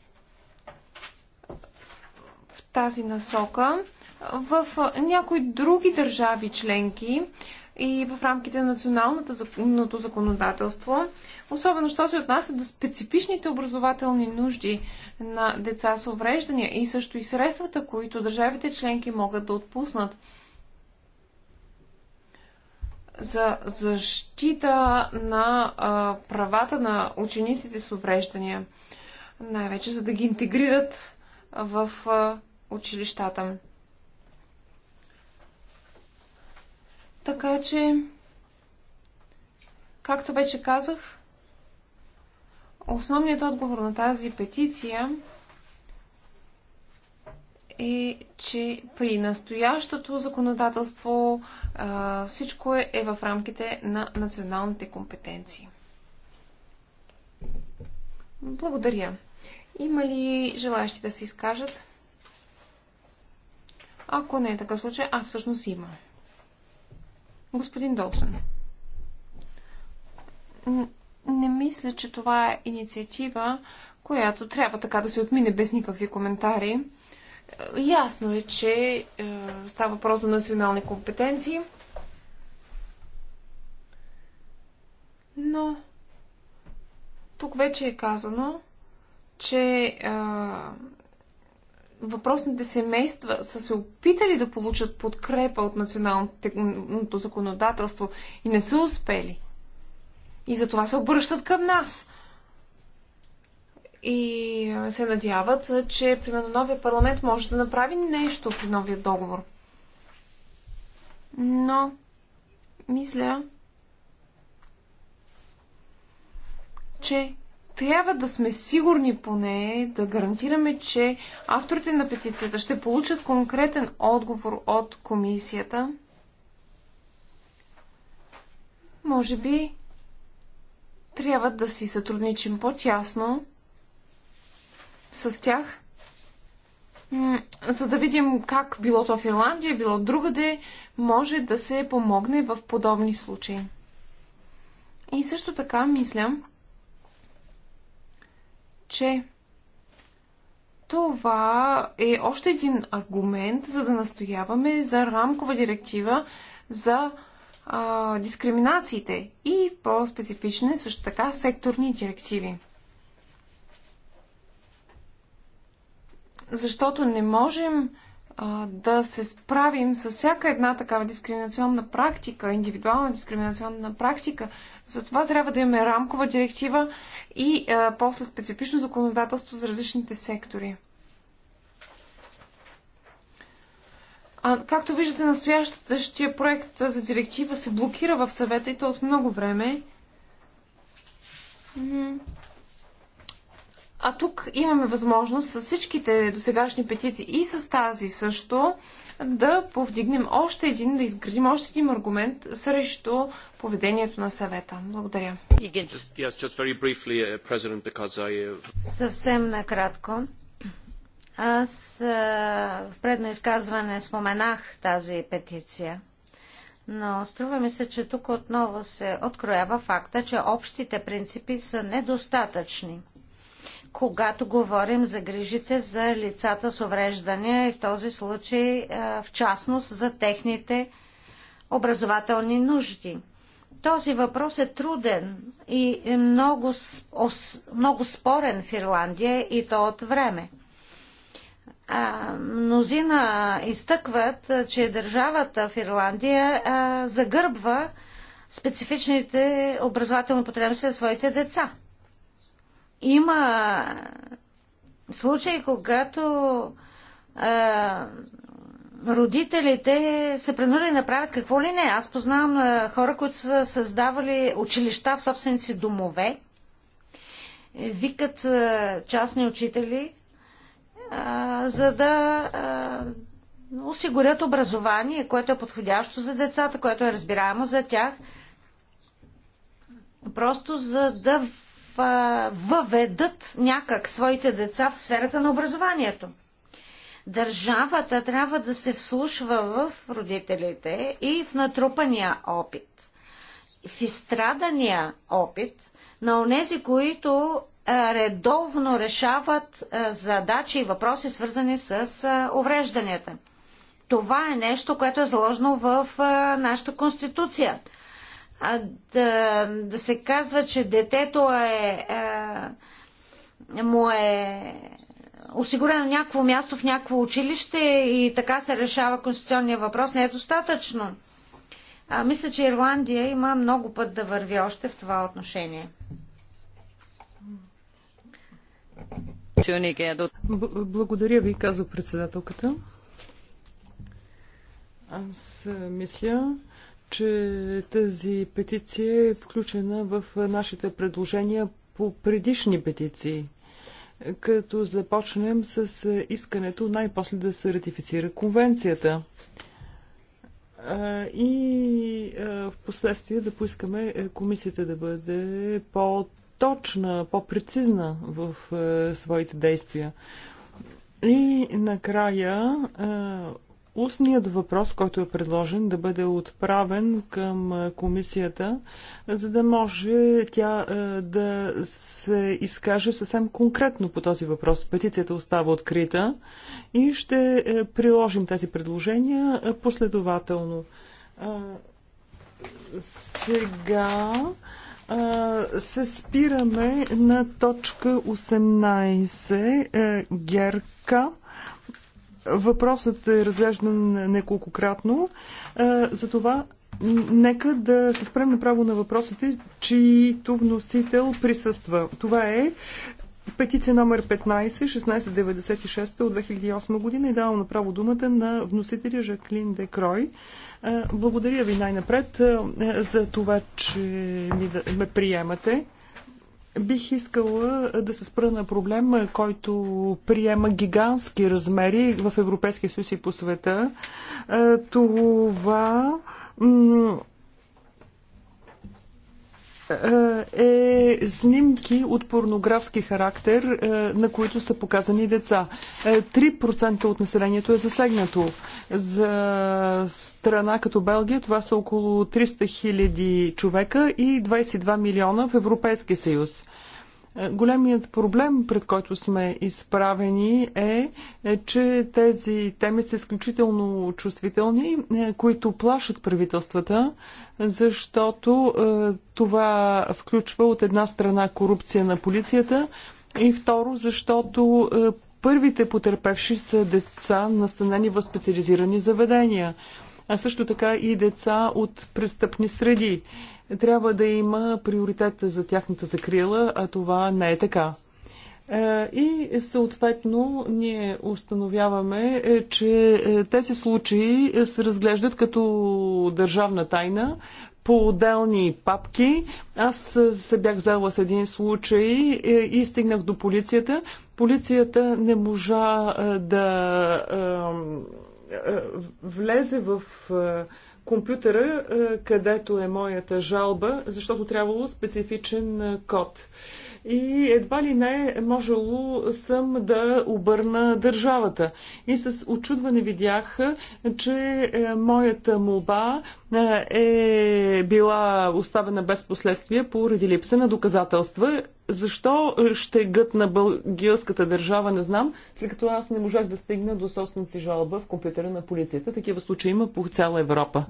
в тази насока в някои други държави членки и в рамките на националното законодателство особено що се отнася до специфичните образователни нужди на деца с увреждания и също и средствата, които държавите членки могат да отпуснат за защита на а, правата на учениците с увреждания, най-вече за да ги интегрират в а, училищата. Така че, както вече казах, Основният отговор на тази петиция е, че при настоящото законодателство всичко е, е, в рамките на националните компетенции. Благодаря. Има ли желаящи да се изкажат? Ако не е така случай, а всъщност има. Господин Долсън не мисля, че това е инициатива, която трябва така да се отмине без никакви коментари. Е, ясно е, че е, става въпрос за национални компетенции. Но тук вече е казано, че а, е, въпросните семейства са се опитали да получат подкрепа от националното законодателство и не са успели. И затова се обръщат към нас. И се надяват, че примерно новия парламент може да направи нещо при новия договор. Но, мисля, че трябва да сме сигурни поне, да гарантираме, че авторите на петицията ще получат конкретен отговор от комисията. Може би трябва да си сътрудничим по-тясно с тях, за да видим как било то в Ирландия, било другаде, може да се помогне в подобни случаи. И също така мисля, че това е още един аргумент, за да настояваме за рамкова директива за а, дискриминациите и по-специфични също така секторни директиви. Защото не можем а, да се справим с всяка една такава дискриминационна практика, индивидуална дискриминационна практика. Затова трябва да имаме рамкова директива и а, после специфично законодателство за различните сектори. А, както виждате, настоящия проект за директива се блокира в съвета и то от много време. А тук имаме възможност с всичките досегашни петиции и с тази също да повдигнем още един, да изградим още един аргумент срещу поведението на съвета. Благодаря. Yes, briefly, uh, I... Uh, Съвсем накратко. Аз е, в предно изказване споменах тази петиция, но струва ми се, че тук отново се откроява факта, че общите принципи са недостатъчни когато говорим за грижите за лицата с увреждания и в този случай е, в частност за техните образователни нужди. Този въпрос е труден и е много, много спорен в Ирландия и то от време а, мнозина изтъкват, че държавата в Ирландия а, загърбва специфичните образователни потребности на своите деца. Има случаи, когато а, родителите са принудени да направят какво ли не. Аз познавам а, хора, които са създавали училища в собствените си домове, викат а, частни учители – за да осигурят образование, което е подходящо за децата, което е разбираемо за тях, просто за да въведат някак своите деца в сферата на образованието. Държавата трябва да се вслушва в родителите и в натрупания опит, в изстрадания опит на онези, които редовно решават задачи и въпроси, свързани с уврежданията. Това е нещо, което е заложено в нашата конституция. А да, да се казва, че детето е, е му е осигурено някакво място в някакво училище и така се решава конституционния въпрос, не е достатъчно. А, мисля, че Ирландия има много път да върви още в това отношение. Благодаря ви, казва председателката. Аз мисля, че тази петиция е включена в нашите предложения по предишни петиции, като започнем с искането най-после да се ратифицира конвенцията и в последствие да поискаме е, комисията да бъде под по-точна, по-прецизна в е, своите действия. И накрая е, устният въпрос, който е предложен да бъде отправен към комисията, за да може тя е, да се изкаже съвсем конкретно по този въпрос. Петицията остава открита и ще приложим тези предложения последователно. Сега се спираме на точка 18 е, Герка. Въпросът е разглеждан неколкократно. Е, Затова нека да се спрем направо на въпросите, чието вносител присъства. Това е Петиция номер 15, 1696 от 2008 година и давам направо думата на вносителя Жаклин Декрой. Благодаря ви най-напред за това, че ми да, ме приемате. Бих искала да се спра на проблем, който приема гигантски размери в Европейския съюз и по света. Това е, е снимки от порнографски характер, е, на които са показани деца. 3% е, от населението е засегнато. За страна като Белгия това са около 300 000 човека и 22 милиона в Европейския съюз. Големият проблем, пред който сме изправени е, е че тези теми са изключително чувствителни, е, които плашат правителствата, защото е, това включва от една страна корупция на полицията и второ, защото първите потерпевши са деца, настанени в специализирани заведения, а също така и деца от престъпни среди трябва да има приоритет за тяхната закрила, а това не е така. Е, и съответно ние установяваме, е, че е, тези случаи се разглеждат като държавна тайна по отделни папки. Аз се бях взела с един случай и стигнах до полицията. Полицията не можа да влезе в компютъра, е, където е моята жалба, защото трябвало специфичен е, код и едва ли не можело съм да обърна държавата. И с очудване видях, че е, моята молба е, е била оставена без последствия поради липса на доказателства. Защо е, ще гът на българската държава, не знам, след като аз не можах да стигна до собственици жалба в компютъра на полицията. Такива случаи има по цяла Европа.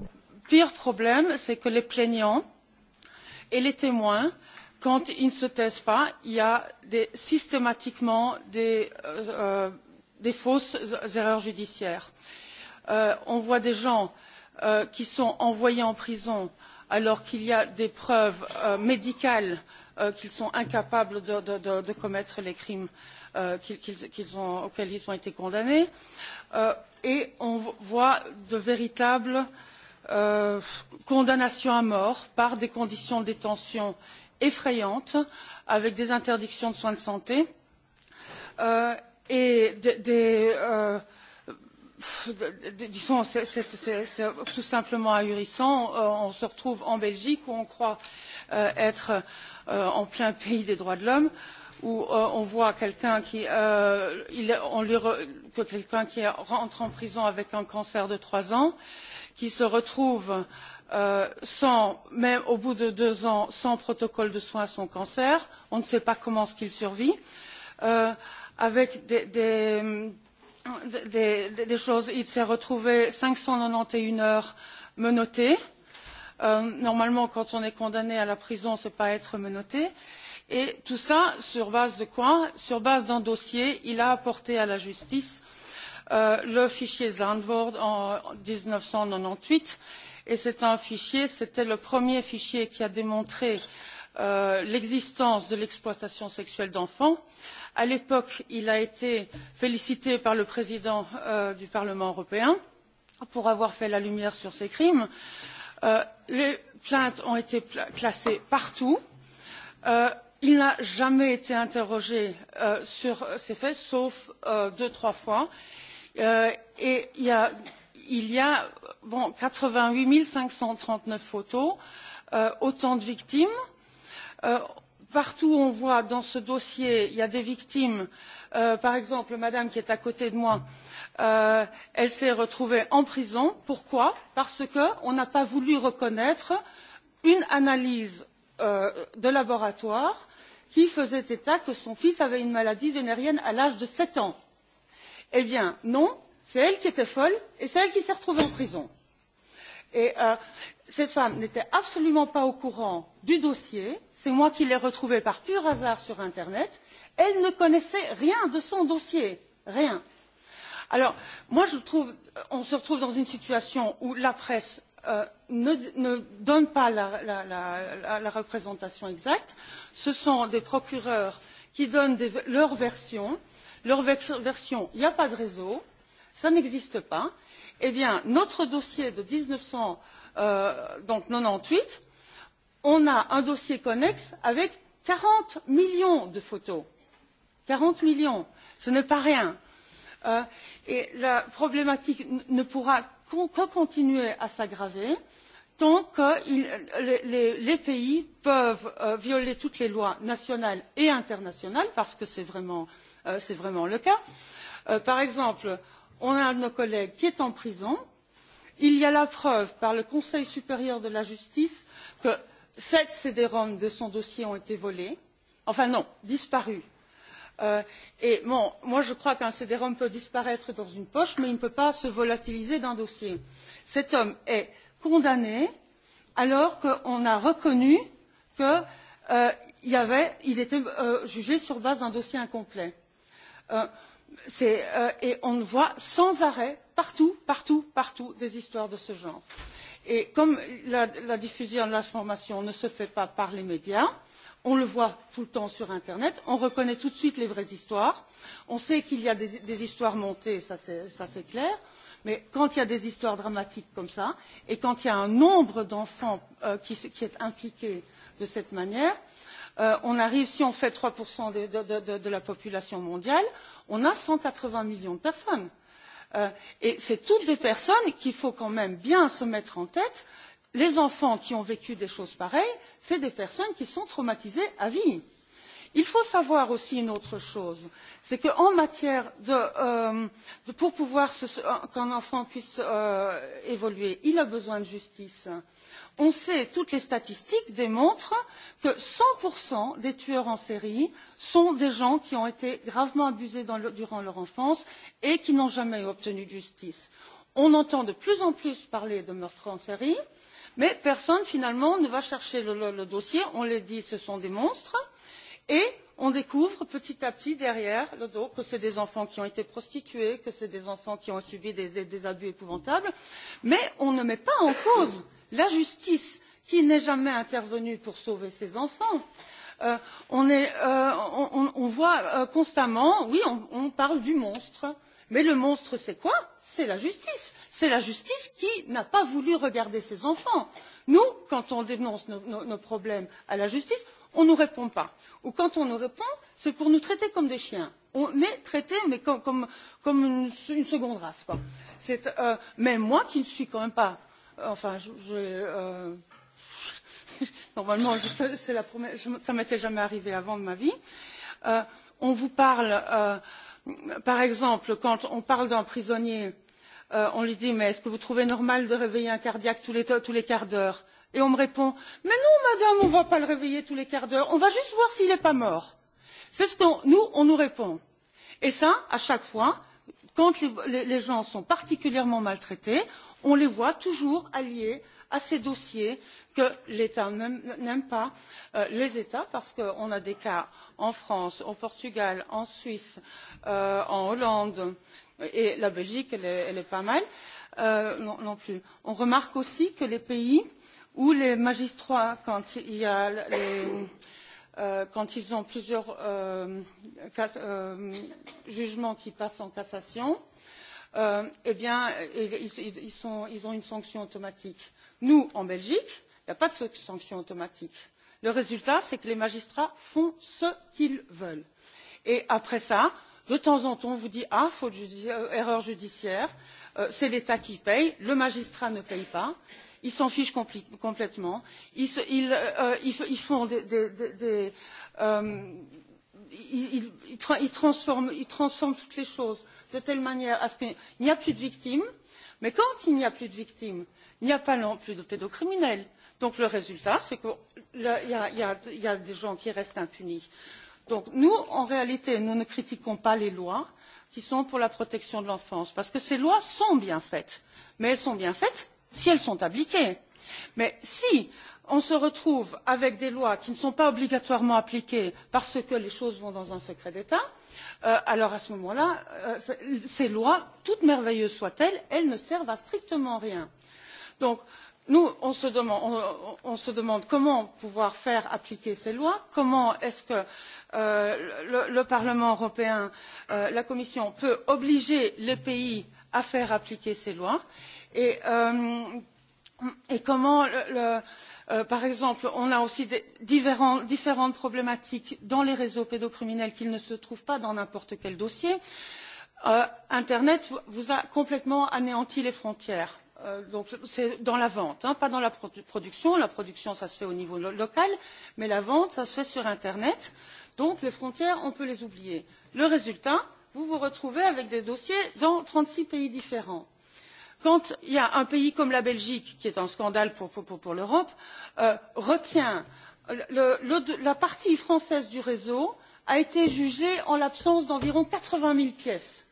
Пир проблем е че les plaignants et les témoins quand ils ne se taisent pas, il y a systématiquement des, fausses erreurs judiciaires. on voit des gens qui sont envoyés en prison alors qu'il y a des preuves médicales qu'ils sont incapables de, commettre les crimes auxquels ils ont été condamnés. et on voit de véritables condamnations à mort par des conditions de détention effrayante, avec des interdictions de soins de santé et des disons, c'est tout simplement ahurissant. On se retrouve en Belgique où on croit être en plein pays des droits de l'homme, où on voit quelqu'un qui, que quelqu'un qui rentre en prison avec un cancer de trois ans, qui se retrouve euh, même au bout de deux ans sans protocole de soins à son cancer on ne sait pas comment il survit avec des choses il s'est retrouvé cinq cent quatre vingt et heures menotté normalement quand on est condamné à la prison ce n'est pas être menotté et tout cela sur base de quoi? sur base d'un dossier il a apporté à la justice le fichier zandvoort en mille neuf cent quatre vingt dix huit et c'est un fichier c'était le premier fichier qui a démontré l'existence de l'exploitation sexuelle d'enfants. à l'époque il a été félicité par le président du parlement européen pour avoir fait la lumière sur ces crimes. les plaintes ont été classées partout. il n'a jamais été interrogé sur ces faits sauf deux trois fois et il y a il y a quatre vingt huit cinq cent trente neuf photos autant de victimes. partout on voit dans ce dossier il y a des victimes par exemple madame qui est à côté de moi elle s'est retrouvée en prison pourquoi? parce qu'on n'a pas voulu reconnaître une analyse de laboratoire qui faisait état que son fils avait une maladie vénérienne à l'âge de sept ans. eh bien non c'est elle qui était folle et c'est elle qui s'est retrouvée en prison. Et cette femme n'était absolument pas au courant du dossier. C'est moi qui l'ai retrouvée par pur hasard sur Internet. Elle ne connaissait rien de son dossier. Rien. Alors, moi, je trouve, on se retrouve dans une situation où la presse ne, donne pas la, représentation exacte. Ce sont des procureurs qui donnent leur version. Leur version, il n'y a pas de réseau ça n'existe pas. Eh bien, notre dossier de mille neuf cent quatre-vingt-dix huit on a un dossier connexe avec quarante millions de photos. quarante millions, ce n'est pas rien. et la problématique ne pourra que continuer à s'aggraver tant que les, pays peuvent violer toutes les lois nationales et internationales, parce que c'est vraiment, le cas. par exemple, on a un de nos collègues qui est en prison. Il y a la preuve par le Conseil supérieur de la justice que sept CD-ROM de son dossier ont été volés, enfin non, disparus. et bon, moi je crois qu'un CD-ROM peut disparaître dans une poche, mais il ne peut pas se volatiliser d'un dossier. Cet homme est condamné alors qu'on a reconnu qu'il était jugé sur base d'un dossier incomplet et on voit sans arrêt partout, partout, partout des histoires de ce genre. Et comme la, diffusion de l'information ne se fait pas par les médias, on le voit tout le temps sur Internet, on reconnaît tout de suite les vraies histoires, on sait qu'il y a des, histoires montées, ça c'est clair, mais quand il y a des histoires dramatiques comme cela et quand il y a un nombre d'enfants qui, est impliqué de cette manière, on arrive, si on fait trois de la population mondiale, on a cent quatre vingts millions de personnes et c'est toutes des personnes qu'il faut quand même bien se mettre en tête les enfants qui ont vécu des choses pareilles ce sont des personnes qui sont traumatisées à vie. il faut savoir aussi une autre chose c'est qu'en matière de pour pouvoir qu'un enfant puisse évoluer il a besoin de justice on sait, toutes les statistiques démontrent que cent des tueurs en série sont des gens qui ont été gravement abusés durant leur enfance et qui n'ont jamais obtenu justice. On entend de plus en plus parler de meurtres en série, mais personne finalement ne va chercher le, dossier. On les dit, ce sont des monstres. Et on découvre petit à petit derrière le dos que ce sont des enfants qui ont été prostitués, que ce sont des enfants qui ont subi des abus épouvantables. Mais on ne met pas en cause la justice qui n'est jamais intervenue pour sauver ses enfants on, voit constamment oui on, parle du monstre mais le monstre c'est quoi c'est la justice c'est la justice qui n'a pas voulu regarder ses enfants. nous quand on dénonce nos, problèmes à la justice on ne nous répond pas ou quand on nous répond c'est pour nous traiter comme des chiens on est traité mais comme, une, seconde race quoi. mais moi qui ne suis quand même pas Enfin, je, normalement, c'est la première, ça m'était jamais arrivé avant de ma vie. on vous parle, par exemple, quand on parle d'un prisonnier, on lui dit mais est-ce que vous trouvez normal de réveiller un cardiaque tous les, tous les quarts d'heure Et on me répond mais non, madame, on ne va pas le réveiller tous les quarts d'heure, on va juste voir s'il n'est pas mort. C'est ce que nous, on nous répond. Et ça, à chaque fois, quand les gens sont particulièrement maltraités, on les voit toujours alliés à ces dossiers que l'État n'aime pas, les États, parce qu'on a des cas en France, au Portugal, en Suisse, en Hollande, et la Belgique, elle, est pas mal non, plus. On remarque aussi que les pays où les magistrats, quand ils ont plusieurs jugements qui passent en cassation, eh bien, ils, ont une sanction automatique. Nous, en Belgique, il n'y a pas de sanction automatique. Le résultat, c'est que les magistrats font ce qu'ils veulent. Et après cela, de temps en temps, on vous dit Ah, faute erreur judiciaire, c'est l'État qui paye, le magistrat ne paye pas ils s'en fichent complètement ils font il, transforme, toutes les choses de telle manière à ce qu'il n'y a plus de victimes. Mais quand il n'y a plus de victimes, il n'y a pas non plus de pédocriminels. Donc le résultat, c'est qu'il y, a des gens qui restent impunis. Donc nous, en réalité, nous ne critiquons pas les lois qui sont pour la protection de l'enfance, parce que ces lois sont bien faites. Mais elles sont bien faites si elles sont appliquées. Mais si on se retrouve avec des lois qui ne sont pas obligatoirement appliquées parce que les choses vont dans un secret d'état alors à ce moment là ces lois toutes merveilleuses soient elles elles ne servent à strictement rien. donc nous on se demande comment pouvoir faire appliquer ces lois comment est ce que le parlement européen la commission peut obliger les pays à faire appliquer ces lois et comment par exemple on a aussi différentes problématiques dans les réseaux pédocriminels qui ne se trouvent pas dans n'importe quel dossier. internet vous a complètement anéanti les frontières c'est dans la vente pas dans la production la production ça se fait au niveau local mais la vente ça se fait sur internet donc les frontières on peut les oublier. le résultat vous vous retrouvez avec des dossiers dans trente six pays différents quand il y a un pays comme la belgique qui est un scandale pour l'europe retient la partie française du réseau a été jugée en l'absence d'environ quatre vingts zéro pièces.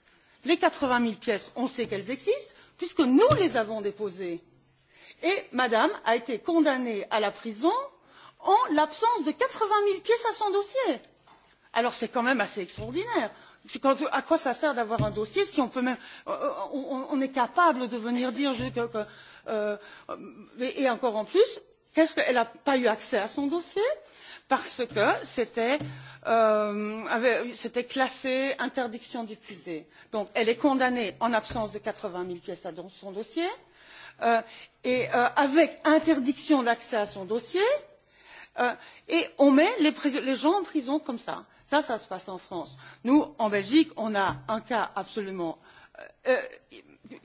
les quatre vingts zéro pièces on sait qu'elles existent puisque nous les avons déposées et madame a été condamnée à la prison en l'absence de quatre vingts zéro pièces à son dossier. alors c'est quand même assez extraordinaire à quoi ça sert d'avoir un dossier si on peut même on, est capable de venir dire que, et encore en plus qu'est-ce qu'elle n'a pas eu accès à son dossier parce que c'était classé interdiction d'épuiser. Donc elle est condamnée en absence de quatre 80 000 pièces dans son dossier et avec interdiction d'accès à son dossier et on met les gens en prison comme ça Ça, ça se passe en France. Nous, en Belgique, on a un cas absolument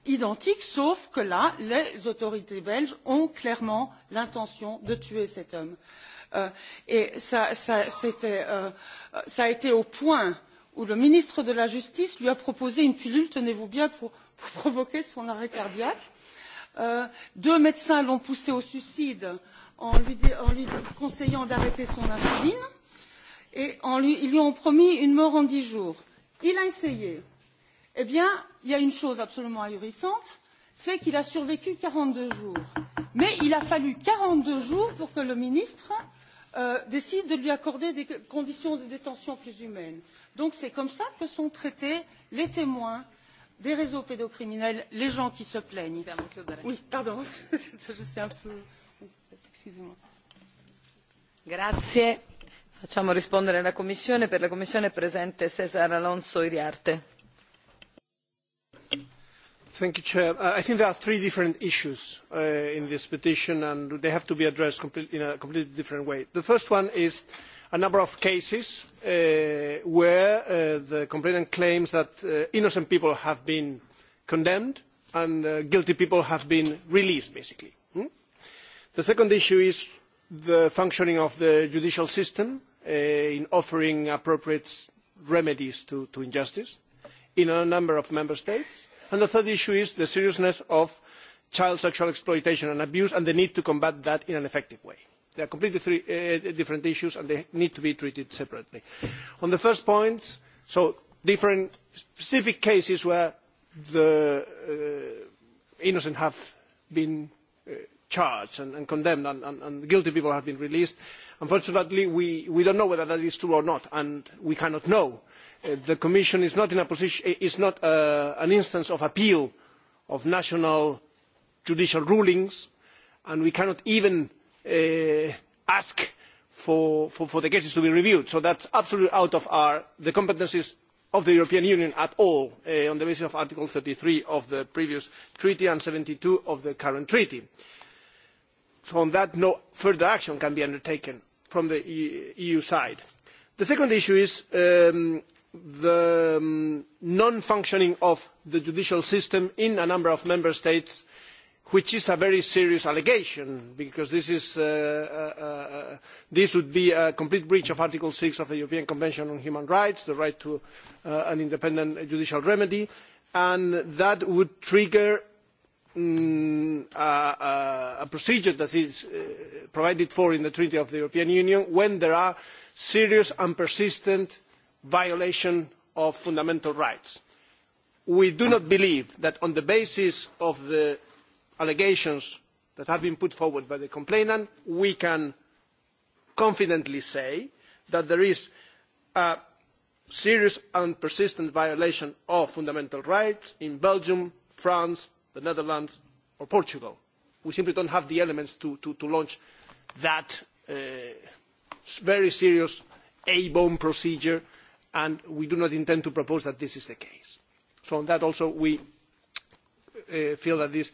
identique, sauf que là, les autorités belges ont clairement l'intention de tuer cet homme. et ça, a été au point où le ministre de la Justice lui a proposé une pilule, tenez-vous bien, pour, provoquer son arrêt cardiaque. deux médecins l'ont poussé au suicide en lui conseillant d'arrêter son insuline et ils lui ont promis une mort en dix jours. Il a essayé. Eh bien, il y a une chose absolument ahurissante, c'est qu'il a survécu quarante deux jours. Mais il a fallu quarante deux jours pour que le ministre décide de lui accorder des conditions de détention plus humaines. Donc c'est comme cela que sont traités les témoins des réseaux pédocriminels, les gens qui se plaignent. Oui, pardon, je suis un peu. Excusez-moi. Grazie Facciamo rispondere la Commissione. Per la Commissione è presente Cesar Alonso Iriarte. I think there are three different issues in this petition, and they have to be addressed in a completely different way. The first one is a number of cases where the complainant claims that innocent people have been condemned and guilty people have been released, basically. The second issue is the functioning of the judicial system in offering appropriate remedies to, injustice in a number of member states. And the third issue is the seriousness of child sexual exploitation and abuse and the need to combat that in an effective way. They are completely different issues and they need to be treated separately. On the first point, so different specific cases where the innocent have been charged and, condemned and, guilty people have been released. Unfortunately, we, we don't know whether that is true or not, and we cannot know. the Commission is not, in a position, is not an instance of appeal of national judicial rulings, and we cannot even ask for, the cases to be reviewed. So that's absolutely out of our, the competencies of the European Union at all on the basis of Article thirty three of the previous treaty and seventy two of the current treaty So on that, no further action can be undertaken from the EU side. The second issue is the non-functioning of the judicial system in a number of member states, which is a very serious allegation, because this, would be a complete breach of Article six of the European Convention on Human Rights, the right to an independent judicial remedy, and that would trigger a procedure that is provided for in the Treaty of the European Union when there are serious and persistent violations of fundamental rights. We do not believe that on the basis of the allegations that have been put forward by the complainant, we can confidently say that there is a serious and persistent violation of fundamental rights in Belgium, France, the Netherlands, or Portugal. We simply don't have the elements to, to, to launch that very serious A-bomb procedure, and we do not intend to propose that this is the case. So on that also, we feel that this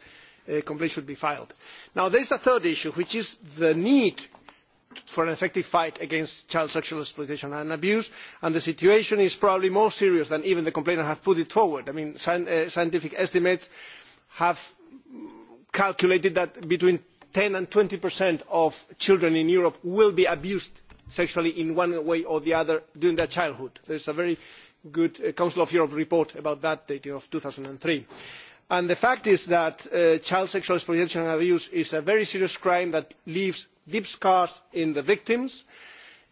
complaint should be filed. Now, there is a third issue, which is the need for an effective fight against child sexual exploitation and abuse, and the situation is probably more serious than even the complainant has put it forward. I mean, scientific estimates uh, have calculated that between ten and 20% of children in Europe will be abused sexually in one way or the other during their childhood. There is a very good Council of Europe report about that dating of two thousand three. And the fact is that child sexual exploitation and abuse is a very serious crime that leaves deep scars in the victims.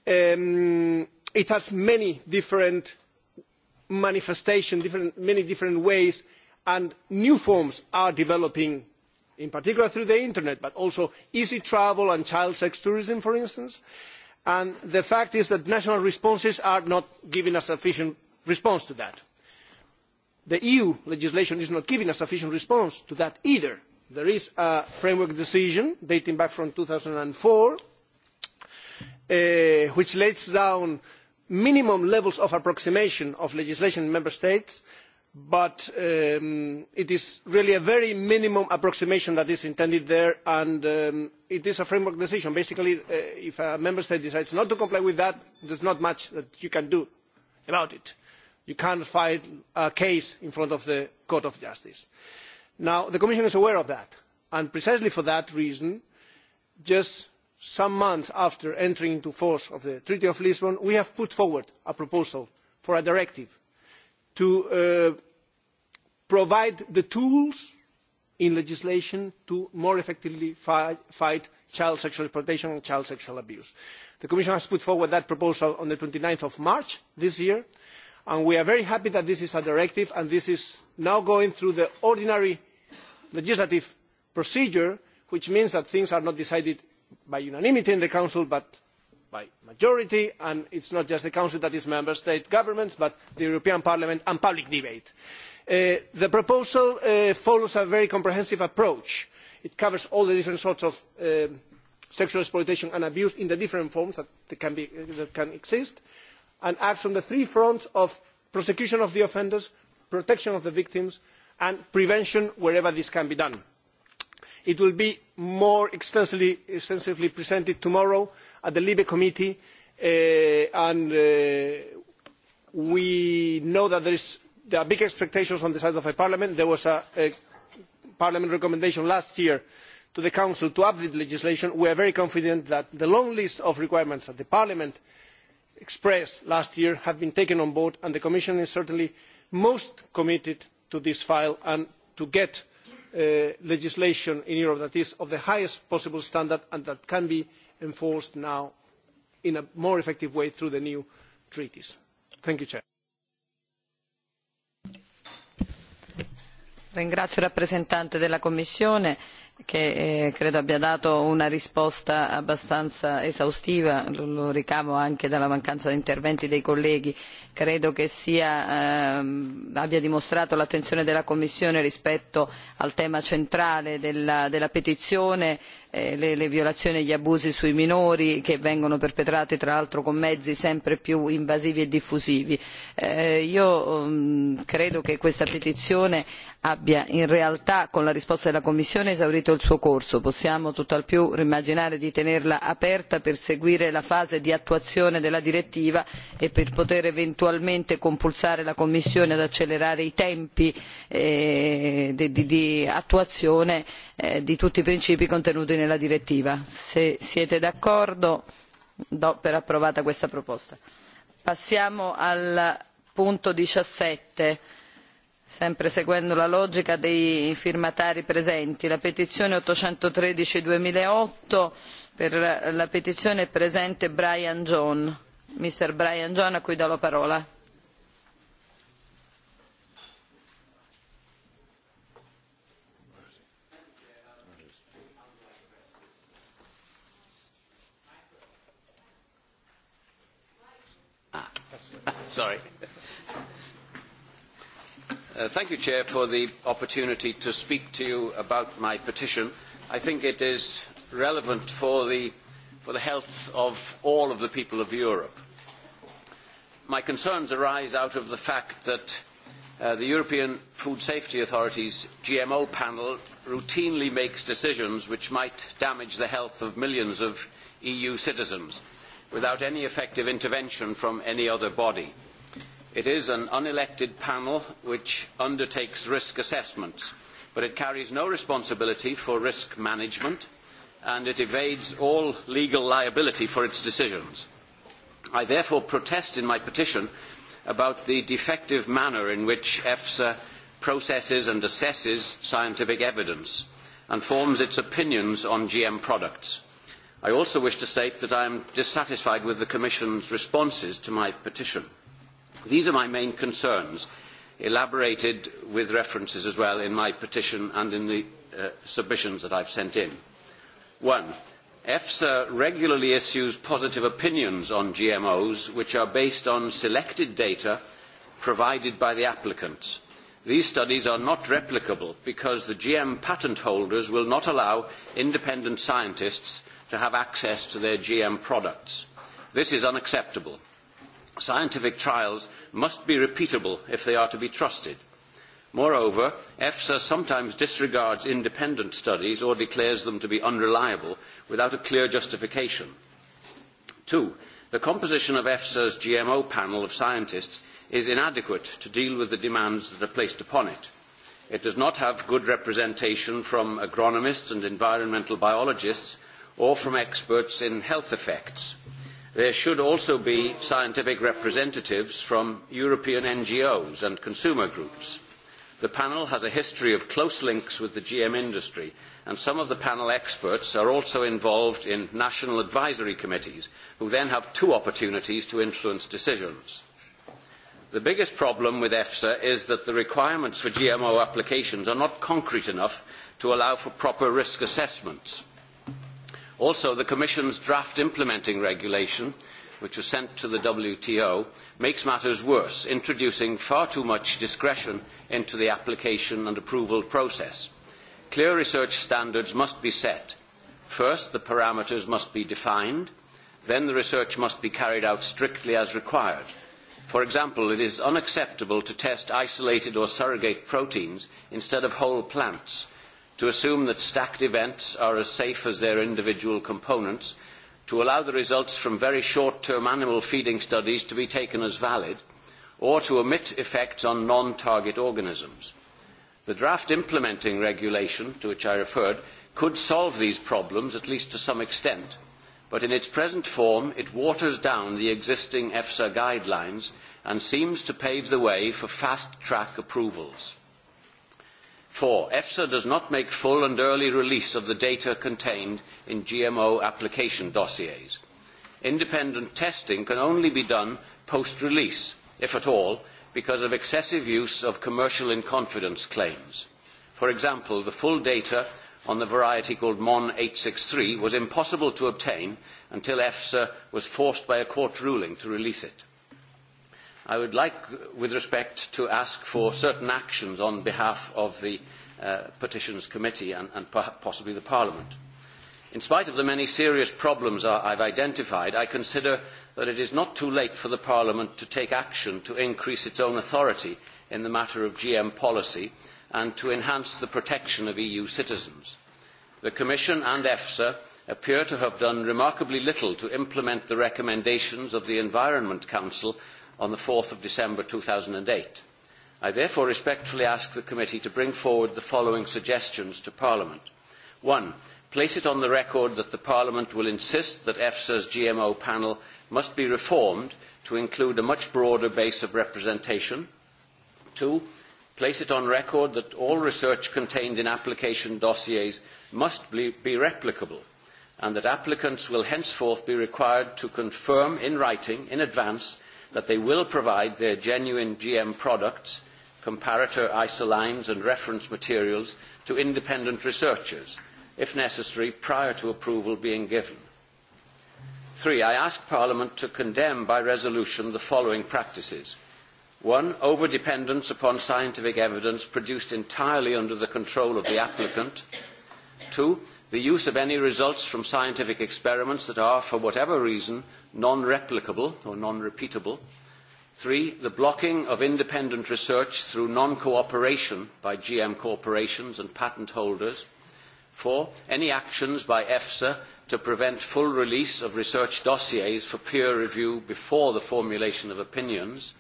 it has many different manifestations, many different ways and new forms are developing in particular through the internet but also easy travel and child sex tourism for instance and the fact is that national responses are not giving a sufficient response to that. the eu legislation is not giving a sufficient response to that either. there is a framework decision dating back from two thousand and four which lays down minimum levels of approximation of legislation in member states but it is really a very minimum approximation that is intended there, and it is a framework decision. Basically, if a member state decides not to comply with that, there is not much that you can do about it. You cannot file a case in front of the Court of Justice. Now, the Commission is aware of that, and precisely for that reason, just some months after entering into force of the Treaty of Lisbon, we have put forward a proposal for a directive to provide the tools in legislation to more effectively fight child sexual exploitation and child sexual abuse. The Commission has put forward that proposal on the nine of March this year, and we are very happy that this is a directive and this is now going through the ordinary legislative procedure, which means that things are not decided by unanimity in the Council, but by majority, and it is not just the Council that is member state governments, but the European Parliament and public debate the proposal follows a very comprehensive approach. It covers all the different sorts of sexual exploitation and abuse in the different forms that can, exist, and acts on the three fronts of prosecution of the offenders, protection of the victims, and prevention wherever this can be done. It will be more extensively, presented tomorrow at the LIBE committee, and we know that there is there are big expectations on the side of parliament. there was a parliament recommendation last year to the council to update legislation. we are very confident that the long list of requirements that parliament expressed last year have been taken on board and the commission is certainly most committed to this file and to getting legislation in europe that is of the highest possible standard and that can be enforced now in a more effective way through the new treaties. thank you. ringrazio il rappresentante della Commissione che credo abbia dato una risposta abbastanza esaustiva, lo, ricavo anche dalla mancanza di interventi dei colleghi. Credo che abbia dimostrato l'attenzione della Commissione rispetto al tema centrale della petizione le violazioni e gli abusi sui minori che vengono perpetrati tra l'altro con mezzi sempre più invasivi e diffusivi. io credo che questa petizione abbia in realtà con la risposta della commissione esaurito il suo corso possiamo tutt'al più immaginare di tenerla aperta per seguire la fase di attuazione della direttiva e per poter eventualmente compulsare la commissione ad accelerare i tempi di attuazione di tutti i principi contenuti nella direttiva. se siete d'accordo do per approvata questa proposta. passiamo al punto diciassette sempre seguendo la logica dei firmatari presenti la petizione ottocentotredici duemilaotto per la petizione è presente brian john mister brian john a cui do la parola. Sorry. Uh, thank you, Chair, for the opportunity to speak to you about my petition. I think it is relevant for the, for the health of all of the people of Europe. My concerns arise out of the fact that the European Food Safety Authority's GMO panel routinely makes decisions which might damage the health of millions of EU citizens without any effective intervention from any other body. It is an unelected panel which undertakes risk assessments, but it carries no responsibility for risk management and it evades all legal liability for its decisions. I therefore protest in my petition about the defective manner in which EFSA processes and assesses scientific evidence and forms its opinions on GM products. I also wish to state that I am dissatisfied with the Commission's responses to my petition. These are my main concerns, elaborated with references as well in my petition and in the submissions that I have sent in. One, EFSA regularly issues positive opinions on GMOs, which are based on selected data provided by the applicants. These studies are not replicable because the GM patent holders will not allow independent scientists to have access to their GM products. This is unacceptable. Scientific trials must be repeatable if they are to be trusted. Moreover, EFSA sometimes disregards independent studies or declares them to be unreliable without a clear justification. Two, the composition of EFSA's GMO panel of scientists is inadequate to deal with the demands that are placed upon it. It does not have good representation from agronomists and environmental biologists or from experts in health effects. There should also be scientific representatives from European NGOs and consumer groups. The panel has a history of close links with the GM industry, and some of the panel experts are also involved in national advisory committees, who then have two opportunities to influence decisions. The biggest problem with EFSA is that the requirements for GMO applications are not concrete enough to allow for proper risk assessments Also, the Commission's draft implementing regulation, which was sent to the WTO, makes matters worse, introducing far too much discretion into the application and approval process. Clear research standards must be set. First, the parameters must be defined. Then the research must be carried out strictly as required. For example, it is unacceptable to test isolated or surrogate proteins instead of whole plants to assume that stacked events are as safe as their individual components, to allow the results from very short-term animal feeding studies to be taken as valid, or to omit effects on non-target organisms. The draft implementing regulation, to which I referred, could solve these problems, at least to some extent, but in its present form it waters down the existing EFSA guidelines and seems to pave the way for fast-track approvals. Four, EFSA does not make full and early release of the data contained in GMO application dossiers. Independent testing can only be done post-release, if at all, because of excessive use of commercial in confidence claims. For example, the full data on the variety called MON 863 was impossible to obtain until EFSA was forced by a court ruling to release it. I would like, with respect, to ask for certain actions on behalf of the Petitions Committee and, and possibly the Parliament. In spite of the many serious problems I have identified, I consider that it is not too late for Parliament to take action to increase its own authority in the matter of GM policy and to enhance the protection of EU citizens. The Commission and EFSA appear to have done remarkably little to implement the recommendations of the Environment Council on the 4th of December 2008. I therefore respectfully ask the committee to bring forward the following suggestions to Parliament. One, place it on the record that the Parliament will insist that EFSA's GMO panel must be reformed to include a much broader base of representation. Two, place it on record that all research contained in application dossiers must be, replicable and that applicants will henceforth be required to confirm in writing in advance that they will provide their genuine GM products, comparator isolines and reference materials to independent researchers, if necessary, prior to approval being given. Three, I ask Parliament to condemn by resolution the following practices. One, over-dependence upon scientific evidence produced entirely under the control of the applicant. Two, the use of any results from scientific experiments that are, for whatever reason, non-replicable or non-repeatable. Three, the blocking of independent research through non-cooperation by GM corporations and patent holders. Four, any actions by EFSA to prevent full release of research dossiers for peer review before the formulation of opinions.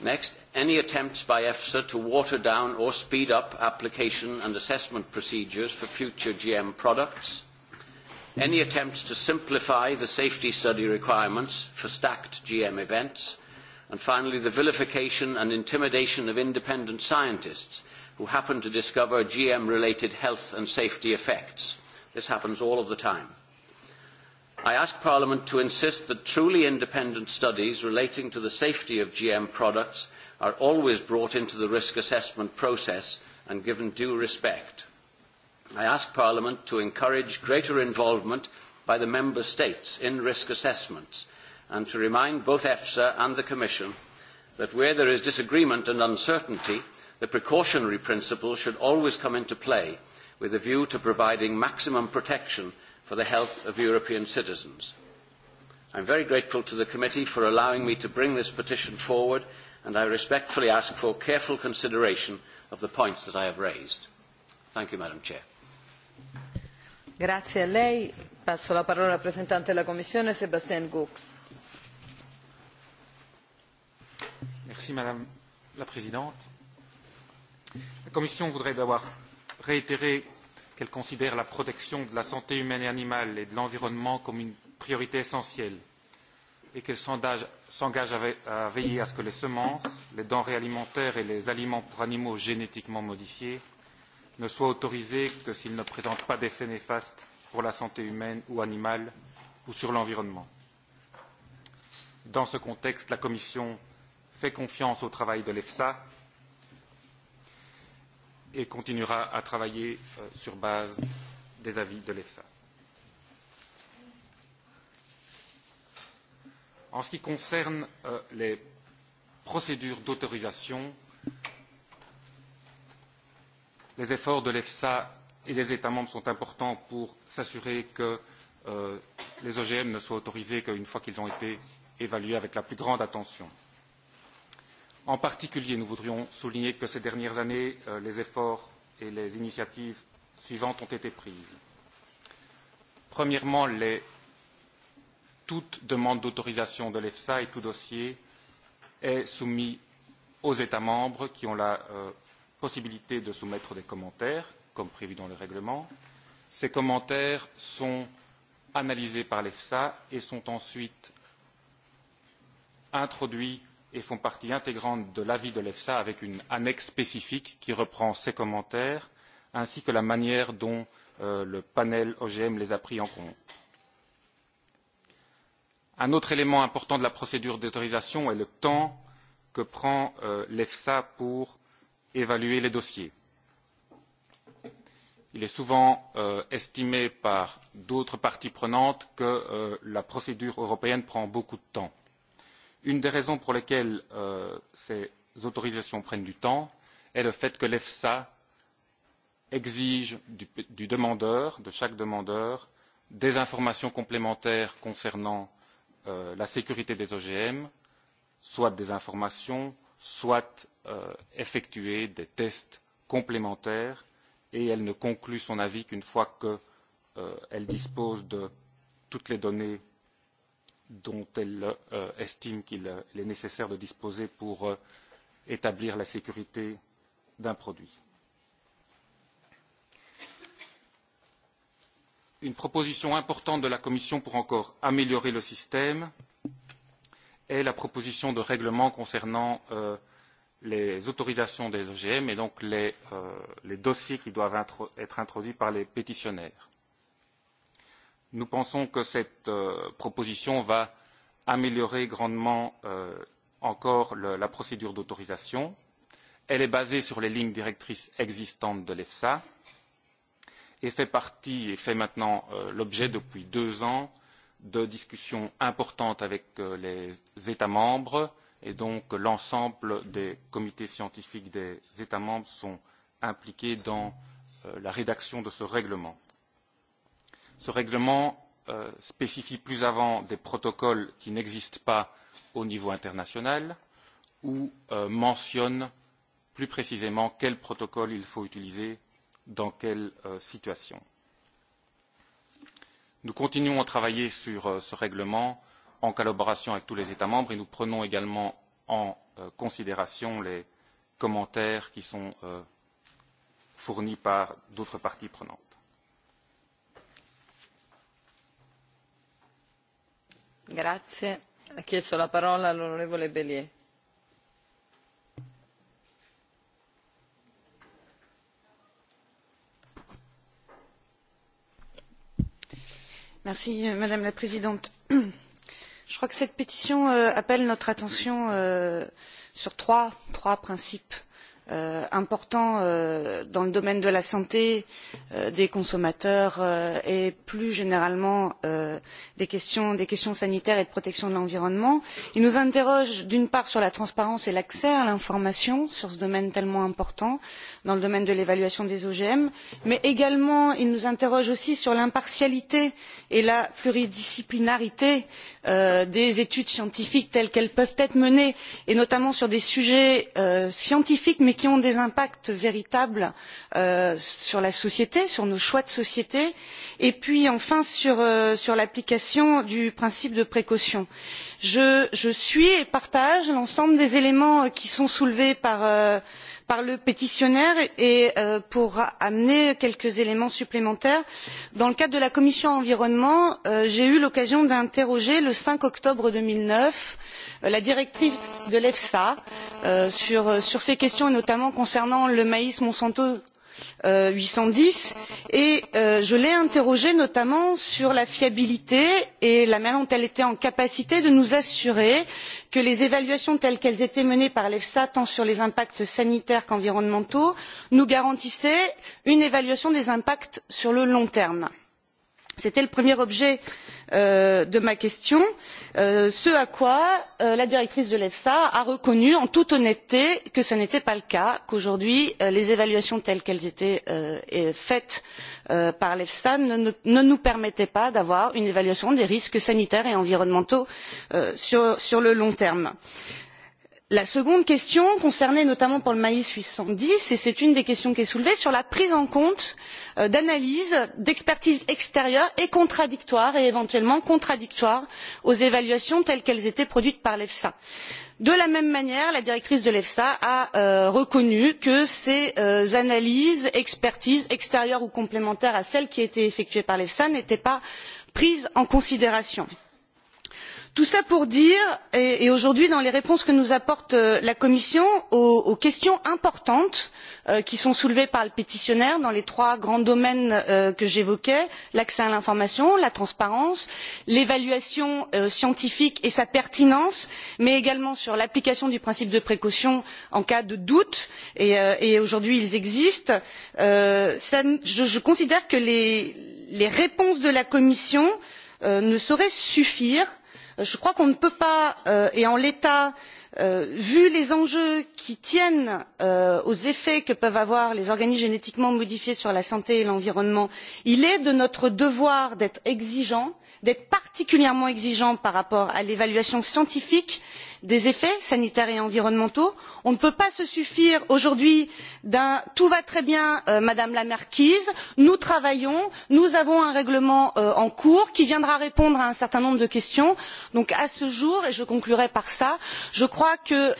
Next, any attempts by EFSA to water down or speed up application and assessment procedures for future GM products. Any attempts to simplify the safety study requirements for stacked GM events. And finally, the vilification and intimidation of independent scientists who happen to discover GM-related health and safety effects. This happens all of the time. I ask Parliament to insist that truly independent studies relating to the safety of GM products are always brought into the risk assessment process and given due respect. I ask Parliament to encourage greater involvement by the Member States in risk assessments and to remind both EFSA and the Commission that where there is disagreement and uncertainty, the precautionary principle should always come into play with a view to providing maximum protection for the health of European citizens. I am very grateful to the committee for allowing me to bring this petition forward and I respectfully ask for careful consideration of the points that I have raised. Thank you, Madam Chair. Passo la parola al rappresentante della Commissione, Sébastien Goux. Merci Madame la Présidente. La Commission voudrait d'abord réitérer qu'elle considère la protection de la santé humaine et animale et de l'environnement comme une priorité essentielle et qu'elle s'engage à veiller à ce que les semences, les denrées alimentaires et les aliments pour animaux génétiquement modifiés ne soit autorisé que s'il ne présente pas d'effet néfaste pour la santé humaine ou animale ou sur l'environnement. Dans ce contexte, la Commission fait confiance au travail de l'EFSA et continuera à travailler sur base des avis de l'EFSA. En ce qui concerne les procédures d'autorisation, Les efforts de l'EFSA et des États membres sont importants pour s'assurer que les OGM ne soient autorisés qu'une fois qu'ils ont été évalués avec la plus grande attention. En particulier, nous voudrions souligner que ces dernières années, les efforts et les initiatives suivantes ont été prises. Premièrement, toute demande d'autorisation de l'EFSA et tout dossier est soumis aux États membres qui ont la possibilité de soumettre des commentaires, comme prévu dans le règlement. Ces commentaires sont analysés par l'EFSA et sont ensuite introduits et font partie intégrante de l'avis de l'EFSA avec une annexe spécifique qui reprend ces commentaires ainsi que la manière dont le panel OGM les a pris en compte. Un autre élément important de la procédure d'autorisation est le temps que prend l'EFSA pour évaluer les dossiers. Il est souvent estimé par d'autres parties prenantes que la procédure européenne prend beaucoup de temps. Une des raisons pour lesquelles ces autorisations prennent du temps est le fait que l'EFSA exige du, demandeur, de chaque demandeur, des informations complémentaires concernant la sécurité des OGM, soit des informations, soit effectuer des tests complémentaires et elle ne conclut son avis qu'une fois qu'elle dispose de toutes les données dont elle estime qu'il est nécessaire de disposer pour établir la sécurité d'un produit. Une proposition importante de la Commission pour encore améliorer le système est la proposition de règlement concernant euh, les autorisations des OGM et donc les, euh, les dossiers qui doivent intro être introduits par les pétitionnaires. Nous pensons que cette euh, proposition va améliorer grandement euh, encore le, la procédure d'autorisation. Elle est basée sur les lignes directrices existantes de l'EFSA et fait partie et fait maintenant euh, l'objet depuis deux ans de discussions importantes avec euh, les États membres et donc l'ensemble des comités scientifiques des États membres sont impliqués dans la rédaction de ce règlement. Ce règlement spécifie plus avant des protocoles qui n'existent pas au niveau international ou mentionne plus précisément quel protocole il faut utiliser dans quelle situation. Nous continuons à travailler sur ce règlement en collaboration avec tous les États membres et nous prenons également en considération les commentaires qui sont fournis par d'autres parties prenantes. madame la présidente je voudrais tout d'abord remercier m je crois que cette pétition appelle notre attention sur trois principes important dans le domaine de la santé des consommateurs et plus généralement des questions, sanitaires et de protection de l'environnement. Il nous interroge d'une part sur la transparence et l'accès à l'information sur ce domaine tellement important dans le domaine de l'évaluation des OGM, mais également il nous interroge aussi sur l'impartialité et la pluridisciplinarité des études scientifiques telles qu'elles peuvent être menées et notamment sur des sujets scientifiques mais qui ont des impacts véritables sur la société, sur nos choix de société, et puis enfin sur, l'application du principe de précaution. Je, suis et partage l'ensemble des éléments qui sont soulevés par par le pétitionnaire et pour amener quelques éléments supplémentaires dans le cadre de la commission environnement j'ai eu l'occasion d'interroger le cinq octobre deux mille neuf la directrice de l'efsa sur ces questions et notamment concernant le maïs monsanto huit cent dix et je l'ai interrogée notamment sur la fiabilité et la manière dont elle était en capacité de nous assurer que les évaluations telles qu'elles étaient menées par l'efsa tant sur les impacts sanitaires qu'environnementaux nous garantissaient une évaluation des impacts sur le long terme. c'était le premier objet de de ma question ce à quoi la directrice de l'efsa a reconnu en toute honnêteté que ce n'était pas le cas qu'aujourd'hui les évaluations telles qu'elles étaient faites par l'efsa ne nous permettaient pas d'avoir une évaluation des risques sanitaires et environnementaux sur le long terme la seconde question concernait notamment pour le maïs huit cent dix et c'est une des questions qui est soulevée la prise en compte d'analyses d'expertises extérieures et contradictoires et éventuellement contradictoires aux évaluations telles qu'elles étaient produites par l'efsa. de la même manière la directrice de l'efsa a reconnu que ces analyses expertises extérieures ou complémentaires à celles qui étaient effectuées par l'efsa n'étaient pas prises en considération tout cela pour dire et aujourd'hui dans les réponses que nous apporte la commission aux questions importantes qui sont soulevées par le pétitionnaire dans les trois grands domaines que j'évoquais l'accès à l'information la transparence l'évaluation scientifique et sa pertinence mais également sur l'application du principe de précaution en cas de doute et aujourd'hui ils existent je considère que les réponses de la commission ne sauraient suffire je crois qu'on ne peut pas et en l'état vu les enjeux qui tiennent aux effets que peuvent avoir les organismes génétiquement modifiés sur la santé et l'environnement il est de notre devoir d'être exigeants d'être particulièrement exigeants par rapport à l'évaluation scientifique et des effets sanitaires et environnementaux. on ne peut pas se suffire aujourd'hui d'un tout va très bien madame la marquise nous travaillons nous avons un règlement en cours qui viendra répondre à un certain nombre de questions. donc à ce jour et je conclurai par cela je crois que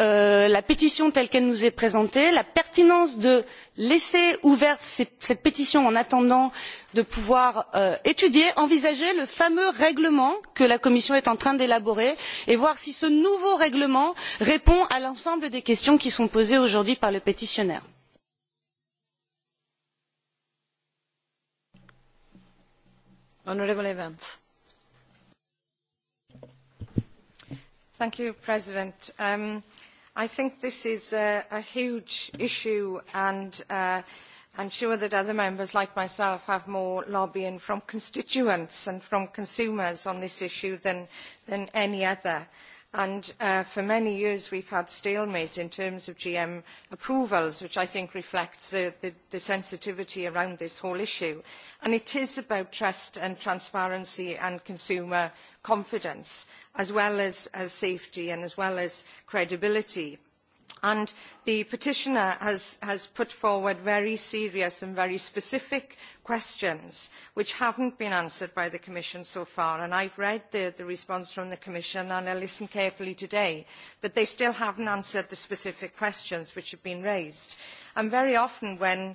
la pétition telle qu'elle nous est présentée la pertinence de laisser ouverte cette pétition en attendant de pouvoir étudier envisager le fameux règlement que la commission est en train d'élaborer et voir si ce nouveau règlement répond à l'ensemble des questions qui sont posées aujourd'hui par le pétitionnaire. madam president i think this is a huge issue and i am sure that other members like myself have more lobbying from constituents and from consumers on this issue than any other. And for many years we have had stalemate in terms of GM approvals, which I think reflects the, sensitivity around this whole issue. it is about trust and transparency and consumer confidence, as well as, safety and as well as credibility. And the petitioner has, put forward very serious and very specific questions which have not been answered by the Commission so far. And have read the, response from the Commission and I listened carefully today, but they still have not answered the specific questions which have been raised. And very often when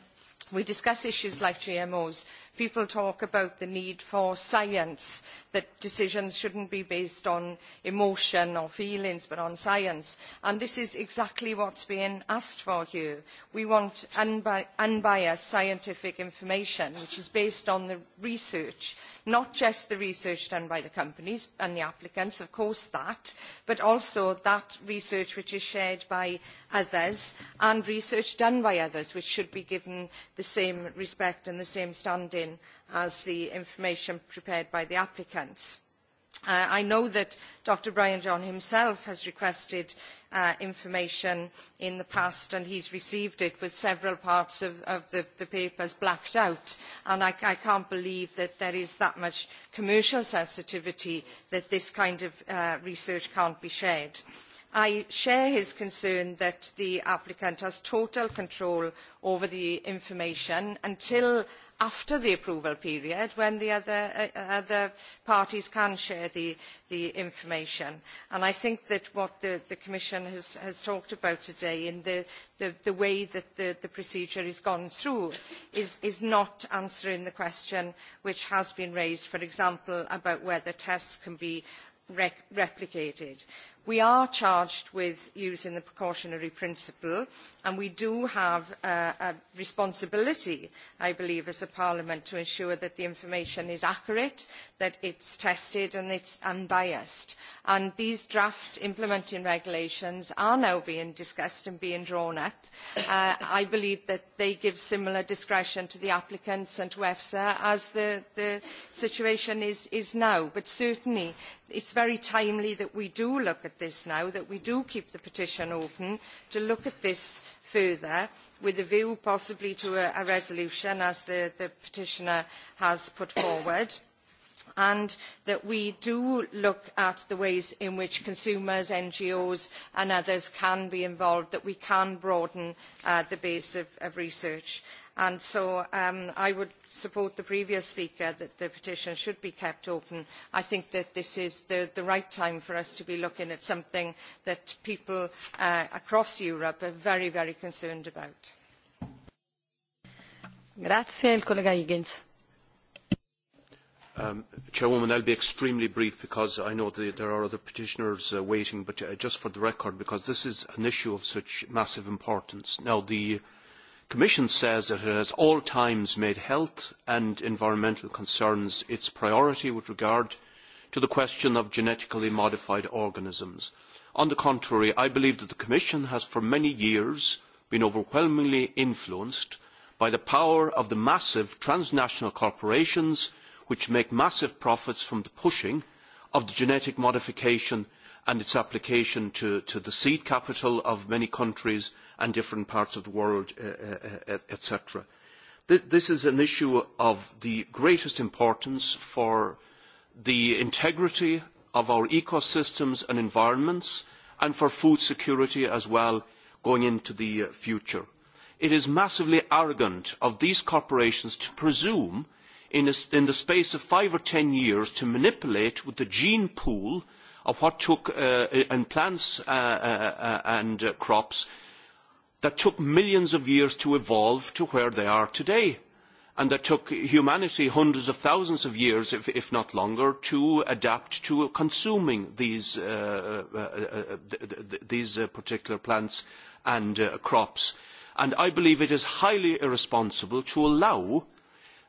we discuss issues like GMOs, people talk about the need for science that decisions shouldn't be based on emotion or feelings but on science. And this is exactly what's being asked for here. We want unbiased scientific information which is based on the research, not just the research done by the companies and the applicants, of course that, but also that research which is shared by others and research done by others which should be given the same respect and the same standing as the information prepared by the applicants. I know that Dr Brian John himself has requested information in the past and he has received it with several parts of, the, papers blacked out and I, I can't believe that there is that much commercial sensitivity that this kind of research cannot be shared. I share his concern that the applicant has total control over the information until after the approval period when the other, uh, other parties can share the, the information. And I think that what the, the Commission has, has talked about today in the, the, the way that the, the procedure has gone through is, is not answering the question which has been raised, for example, about whether tests can be replicated We are charged with using the precautionary principle and we do have a responsibility, I believe, as a Parliament to ensure that the information is accurate, that it is tested and it is unbiased. these draft implementing regulations are now being discussed and being drawn up. I believe that they give similar discretion to the applicants and to EFSA as the, situation is, now. But certainly it is very timely that we do look at at this now, that we do keep the petition open to look at this further with a view possibly to a, resolution as the, the petitioner has put forward and that we do look at the ways in which consumers, NGOs and others can be involved, that we can broaden the base of, research. And so I would support the previous speaker that the petition should be kept open. I think that this is the, right time for us to be looking at something that people across Europe are very, very concerned about. Chairwoman, I'll be extremely brief because I know that there are other petitioners waiting, but just for the record, because this is an issue of such massive importance. Now, the Commission says that it has at all times made health and environmental concerns its priority with regard to the question of genetically modified organisms. On the contrary, I believe that the Commission has for many years been overwhelmingly influenced by the power of the massive transnational corporations which make massive profits from the pushing of the genetic modification and its application to, the seed capital of many countries and different parts of the world, etc. This is an issue of the greatest importance for the integrity of our ecosystems and environments and for food security as well going into the future. It is massively arrogant of these corporations to presume in, the space of five or ten years to manipulate with the gene pool of what took in plants and crops that took millions of years to evolve to where they are today and that took humanity hundreds of thousands of years, if, if not longer, to adapt to consuming these, particular plants and crops. And I believe it is highly irresponsible to allow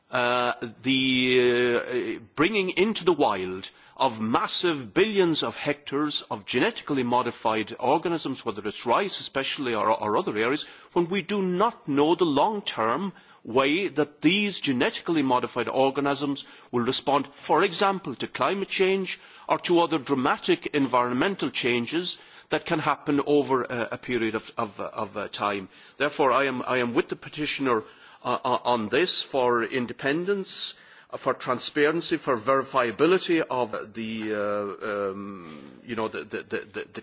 the bringing into the wild of massive billions of hectares of genetically modified organisms, whether it is rice especially or, other areas, when we do not know the long-term way that these genetically modified organisms will respond, for example, to climate change or to other dramatic environmental changes that can happen over a, period of, time. Therefore, I am, with the petitioner on this for independence, for transparency, for verifiability of the,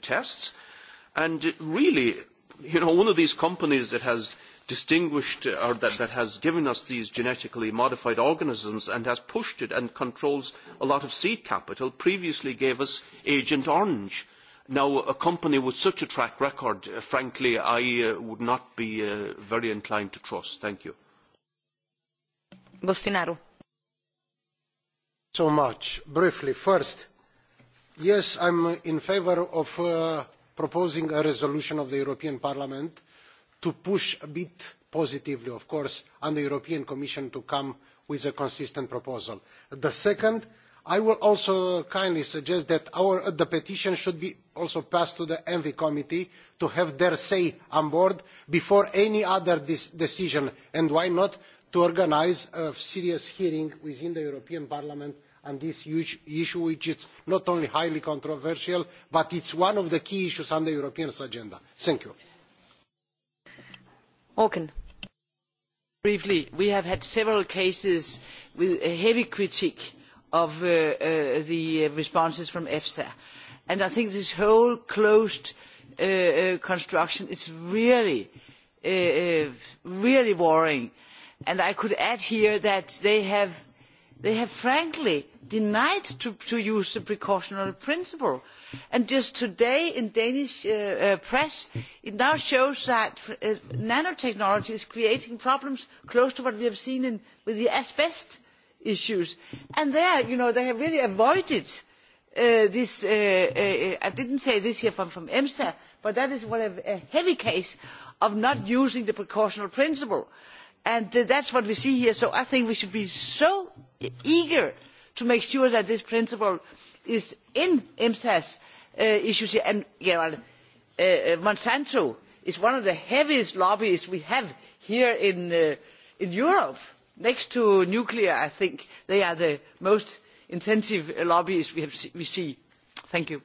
tests. And really, you know one of these companies that has distinguished or that, has given us these genetically modified organisms and has pushed it and controls a lot of seed capital previously gave us Agent Orange. Now, a company with such a track record, frankly, I would not be very inclined to trust. Thank you. Bostinaru so much. Briefly, first, yes, I am in favour of proposing a resolution of the European Parliament to push a bit positively, of course, on the European Commission to come with a consistent proposal. The second, I will also kindly suggest that the petition should be also passed to the ENVI committee to have their say on board before any other decision, and why not to organise a serious hearing within the European Parliament and this issue which is not only highly controversial but it is one of the key issues on the european agenda. thank you. briefly we have had several cases with a heavy critique of the responses from efsa and i think this whole closed construction is really really worrying and i could add here that they have frankly denied to use the precautionary principle and just today in danish press it now shows that nanotechnology is creating problems close to what we have seen with the asbestos issues and there you know they have really avoided this i did not say this here from emsa but that is what a heavy case of not using the precautionary principle and that is what we see here so i think we should be so eager to make sure that this principle is in MSAS issues. And Monsanto is one of the heaviest lobbyists we have here in, Europe. Next to nuclear, I think they are the most intensive lobbyists we, see. Thank you.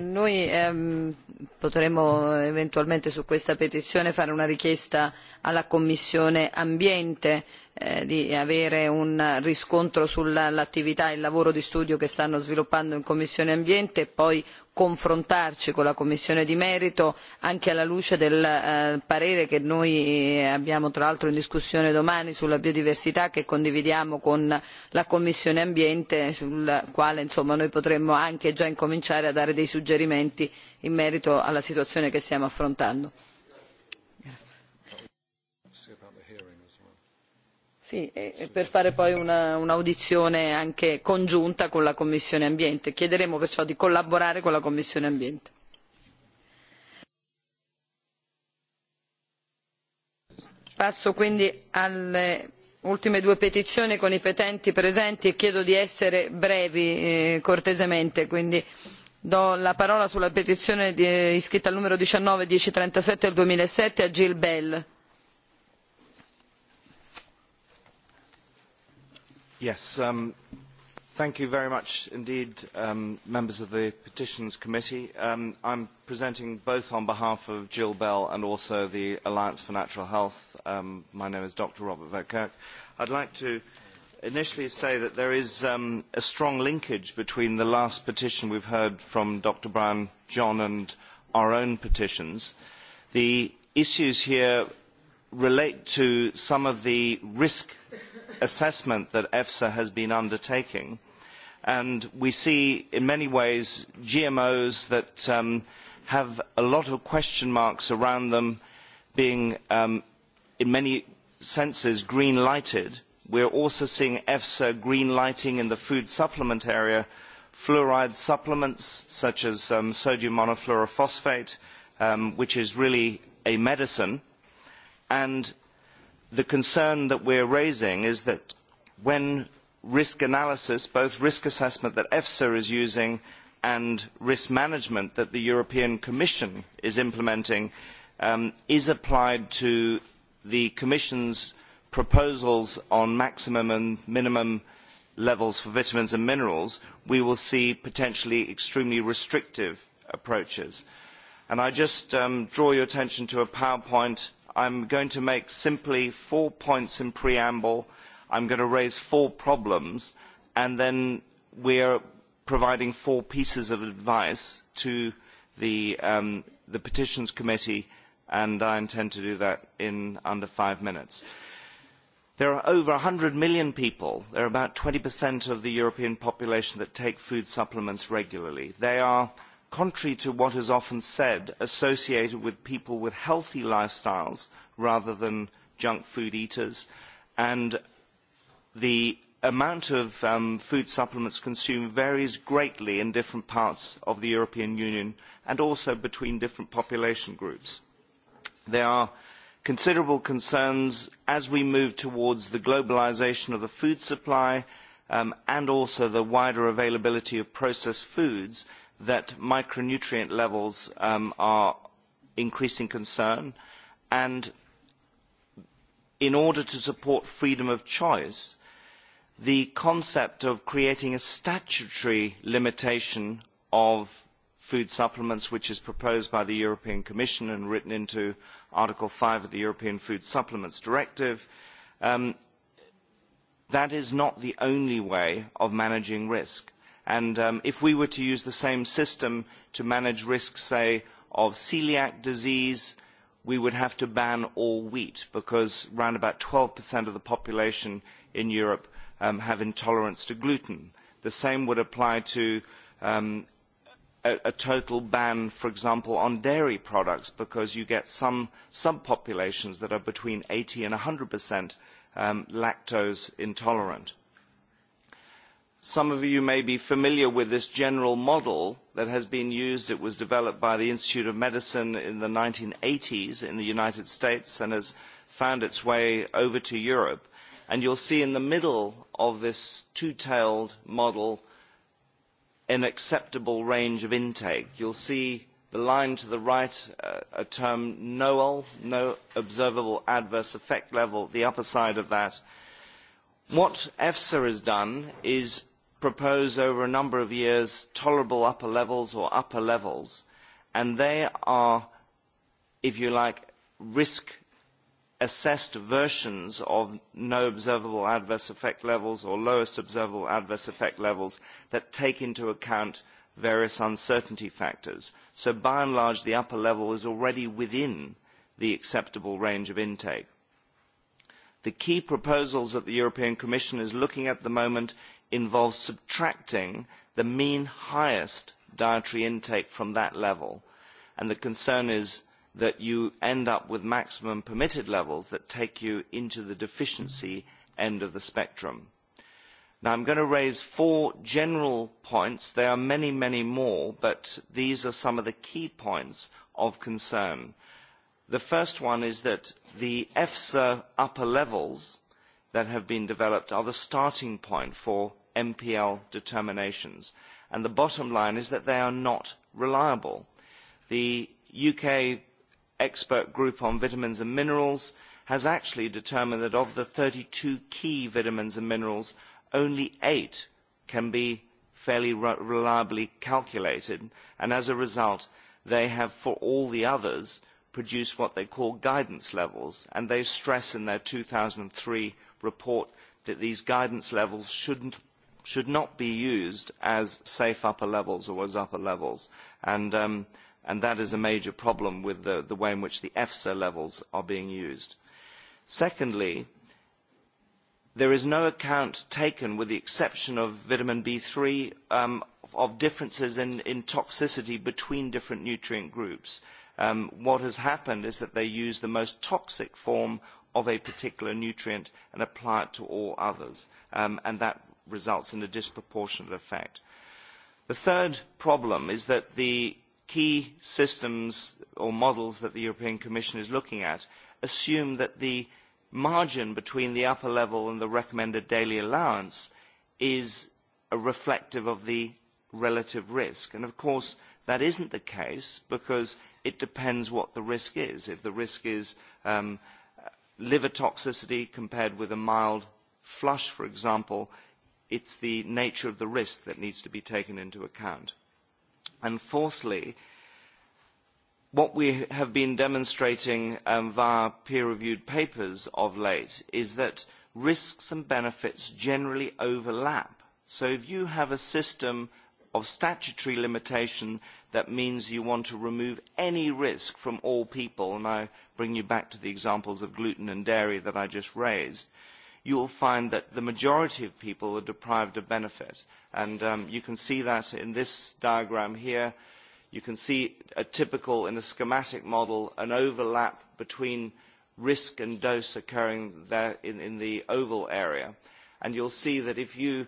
noi potremmo eventualmente su questa petizione fare una richiesta alla Commissione Ambiente di avere un riscontro sull'attività e il lavoro di studio che stanno sviluppando in Commissione Ambiente e poi confrontarci con la Commissione di merito anche alla luce del parere che noi abbiamo tra l'altro in discussione domani sulla biodiversità che condividiamo con la Commissione Ambiente sul quale insomma noi potremmo anche già incominciare a dare dei suggerimenti in merito alla situazione che stiamo affrontando. Sì, per fare poi un'audizione anche congiunta con la Commissione Ambiente. Chiederemo perciò di collaborare con la Commissione Ambiente. Passo quindi alle ultime due petizioni con i petenti presenti e chiedo di essere brevi cortesemente. Quindi do la parola sulla petizione iscritta al numero 19 1037 del 2007 a Gil Bell Yes, um, thank you very much indeed, um, members of the Petitions Committee. Um, I'm presenting both on behalf of Jill Bell and also the Alliance for Natural Health. Um, my name is Dr. Robert Verkirk. I'd like to initially say that there is a strong linkage between the last petition we have heard from Dr. Brown John and our own petitions. The issues here relate to some of the risk assessment that EFSA has been undertaking. And we see, in many ways, GMOs that have a lot of question marks around them being, in many senses, green-lighted. We are also seeing EFSA green-lighting in the food supplement area fluoride supplements such as sodium monofluorophosphate, which is really a medicine and the concern that we are raising is that when risk analysis, both risk assessment that EFSA is using and risk management that the European Commission is implementing, is applied to the Commission's proposals on maximum and minimum levels for vitamins and minerals, we will see potentially extremely restrictive approaches. I just draw your attention to a PowerPoint I am going to make simply four points in preamble. I am going to raise four problems, and then we are providing four pieces of advice to the, Petitions Committee, and I intend to do that in under five minutes. There are over one hundred million people. There are about twenty of the European population that take food supplements regularly. They are contrary to what is often said, associated with people with healthy lifestyles rather than junk food eaters. And the amount of food supplements consumed varies greatly in different parts of the European Union and also between different population groups. There are considerable concerns as we move towards the globalisation of the food supply and also the wider availability of processed foods that micronutrient levels are increasing concern and in order to support freedom of choice, the concept of creating a statutory limitation of food supplements, which is proposed by the European Commission and written into Article five of the European Food Supplements Directive, that is not the only way of managing risk And if we were to use the same system to manage risks, say, of celiac disease, we would have to ban all wheat because around about 12% of the population in Europe have intolerance to gluten. The same would apply to a, total ban, for example, on dairy products because you get some subpopulations that are between 80 and 100% um, lactose intolerant Some of you may be familiar with this general model that has been used. It was developed by the Institute of Medicine in the eighty s in the United States and has found its way over to Europe. And will see in the middle of this two-tailed model an acceptable range of intake. You will see the line to the right, a term NOEL, no observable adverse effect level, the upper side of that, What EFSA has done is propose over a number of years tolerable upper levels or upper levels, and they are, if you like, risk assessed versions of no observable adverse effect levels or lowest observable adverse effect levels that take into account various uncertainty factors. So by and large, the upper level is already within the acceptable range of intake the key proposals that the european commission is looking at at the moment involve subtracting the mean highest dietary intake from that level and the concern is that you end up with maximum permitted levels that take you into the deficiency end of the spectrum. Now I'm going to raise four general points. There are many, many more, but these are some of the key points of concern. The first one is that the EFSA upper levels that have been developed are the starting point for MPL determinations. And the bottom line is that they are not reliable. The UK expert group on vitamins and minerals has actually determined that of the thirty two key vitamins and minerals, only eight can be fairly reliably calculated. And as a result, they have, for all the others, produce what they call guidance levels, and they stress in their two thousand three report that these guidance levels shouldn't should not be used as safe upper levels or as upper levels. And, um, and that is a major problem with the, the way in which the EFSA levels are being used. Secondly, there is no account taken, with the exception of vitamin b three um, of differences in, in toxicity between different nutrient groups what has happened is that they use the most toxic form of a particular nutrient and apply it to all others, and that results in a disproportionate effect. The third problem is that the key systems or models that the European Commission is looking at assume that the margin between the upper level and the recommended daily allowance is reflective of the relative risk. And of course, that isn't the case because it depends what the risk is. If the risk is liver toxicity compared with a mild flush, for example, it is the nature of the risk that needs to be taken into account. And fourthly, what we have been demonstrating via peer-reviewed papers of late is that risks and benefits generally overlap. So if you have a system of statutory limitation that means you want to remove any risk from all people, and I bring you back to the examples of gluten and dairy that I just raised, you will find that the majority of people are deprived of benefit. And you can see that in this diagram here. You can see a typical, in a schematic model, an overlap between risk and dose occurring there in, in the oval area. And you'll see that if you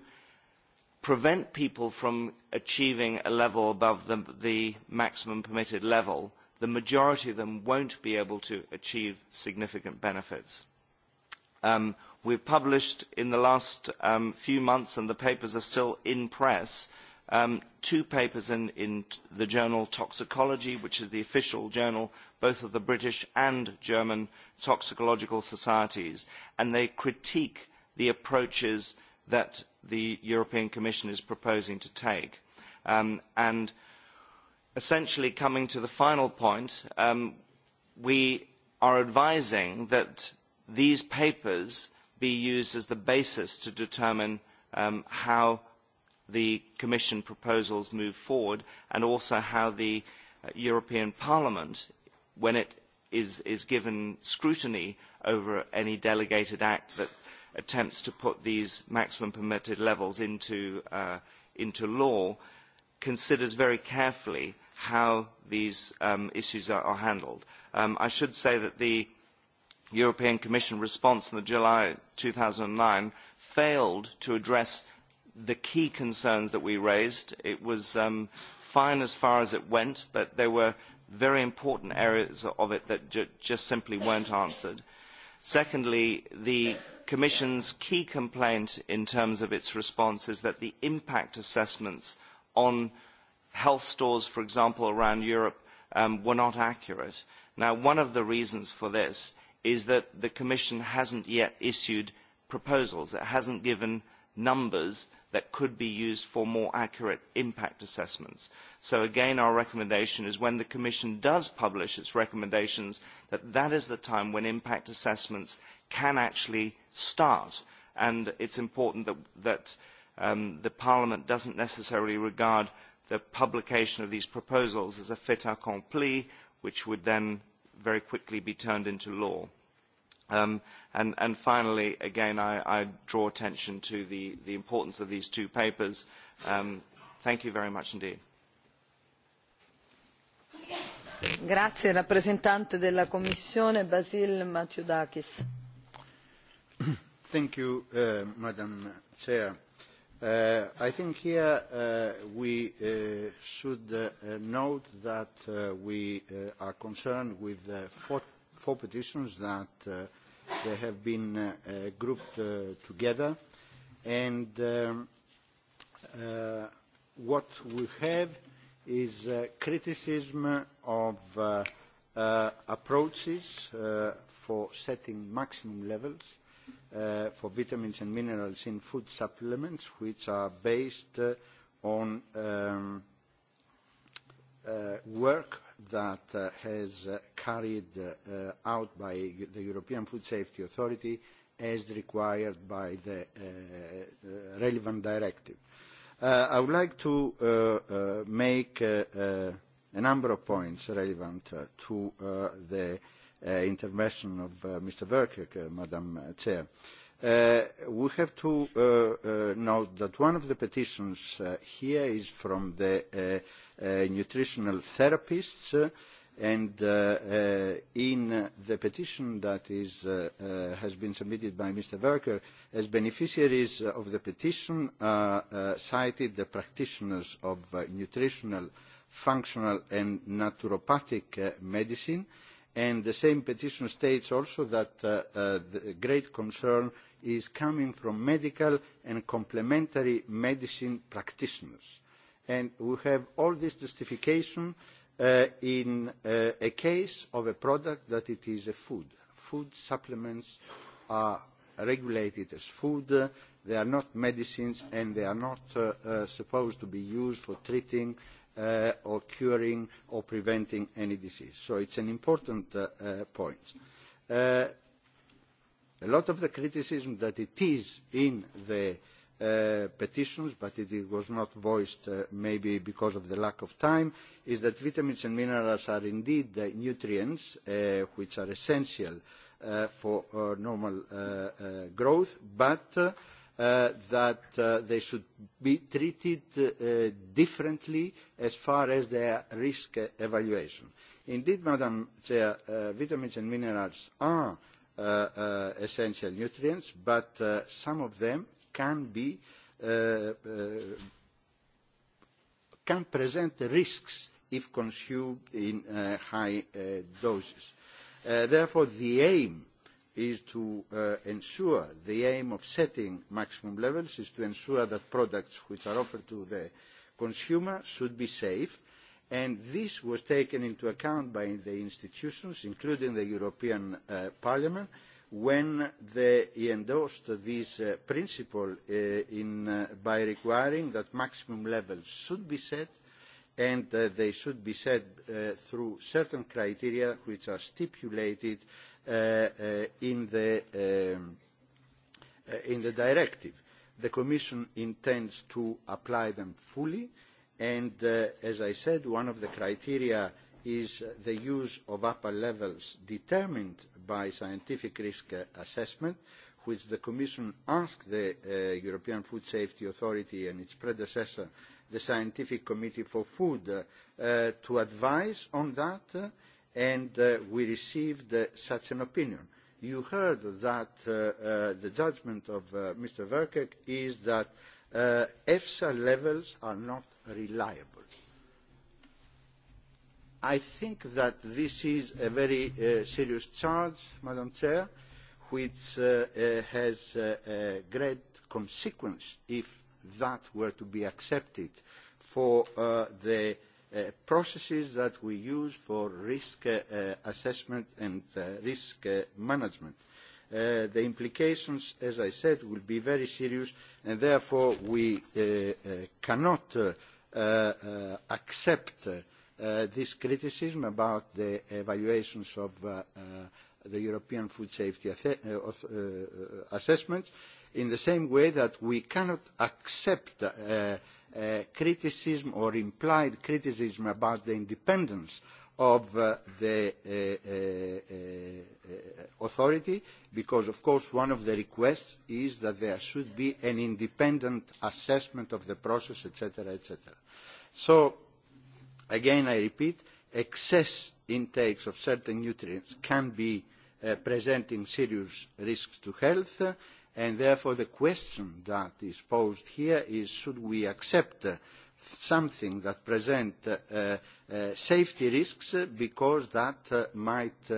prevent people from achieving a level above the, the maximum permitted level, the majority of them won't be able to achieve significant benefits. Um, we've published in the last um, few months, and the papers are still in press, um, two papers in, in the journal Toxicology, which is the official journal both of the British and German toxicological societies, and they critique the approaches that the European Commission is proposing to take. and essentially coming to the final point, we are advising that these papers be used as the basis to determine how the Commission proposals move forward and also how the European Parliament, when it is, given scrutiny over any delegated act that attempts to put these maximum permitted levels into, uh, into law considers very carefully how these um, issues are, are handled. Um, I should say that the European Commission response in the July 2009 failed to address the key concerns that we raised. It was um, fine as far as it went, but there were very important areas of it that ju just simply weren't answered. Secondly, the Commission's key complaint in terms of its response is that the impact assessments on health stores, for example, around Europe were not accurate. Now, one of the reasons for this is that the Commission has not yet issued proposals. It has not given numbers that could be used for more accurate impact assessments. So again, our recommendation is when the Commission does publish its recommendations, that that is the time when impact assessments can actually start. And it's important that, that um, the Parliament doesn't necessarily regard the publication of these proposals as a fait accompli, which would then very quickly be turned into law and, and finally, again, I, I draw attention to the, the importance of these two papers. Um, thank you very much indeed. Grazie, rappresentante della Commissione, Basil Thank you, uh, Madam Chair. Uh, I think here uh, we uh, should uh, note that uh, we uh, are concerned with the four, four petitions that uh, They have been uh, grouped uh, together. And um, uh, what we have is uh, criticism of uh, uh, approaches uh, for setting maximum levels uh, for vitamins and minerals in food supplements, which are based uh, on um, uh, work that has carried out by the European Food Safety Authority as required by the relevant directive. I would like to make a number of points relevant to the intervention of Mr. Berkek, Madam Chair we have to note that one of the petitions here is from the nutritional therapists, and in the petition that has been submitted by Mr. Werker, as beneficiaries of the petition cited the practitioners of nutritional, functional and naturopathic medicine, and the same petition states also that great concern is coming from medical and complementary medicine practitioners. And we have all this justification in a case of a product that it is a food. Food supplements are regulated as food. They are not medicines and they are not supposed to be used for treating or curing or preventing any disease. So it's an important point A lot of the criticism that it is in the petitions, but it was not voiced maybe because of the lack of time, is that vitamins and minerals are indeed the nutrients which are essential for normal growth, but that they should be treated differently as far as their risk evaluation. Indeed, Madam Chair, vitamins and minerals are essential nutrients, but some of them can be can present risks if consumed in high doses. therefore, the aim is to ensure the aim of setting maximum levels is to ensure that products which are offered to the consumer should be safe and this was taken into account by the institutions, including the European Parliament, when they endorsed this principle by requiring that maximum levels should be set and they should be set through certain criteria which are stipulated in the directive. The Commission intends to apply them fully And as I said, one of the criteria is the use of upper levels determined by scientific risk assessment, which the Commission asked the European Food Safety Authority and its predecessor, the Scientific Committee for Food, to advise on that, and we received such an opinion. You heard that the judgment of Mr. Verkek is that EFSA levels are not reliable. I think that this is a very uh, serious charge, Madam Chair, which uh, uh, has uh, a great consequence if that were to be accepted for uh, the uh, processes that we use for risk uh, uh, assessment and uh, risk uh, management. Uh, the implications, as I said, will be very serious, and therefore we uh, uh, cannot uh, accept this criticism about the evaluations of the European Food Safety Assessments in the same way that we cannot accept criticism or implied criticism about the independence of the authority because, of course, one of the requests is that there should be an independent assessment of the process, etc., etc. So, again, I repeat, excess intakes of certain nutrients can be presenting serious risks to health, and therefore the question that is posed here is should we accept something that present safety risks because that might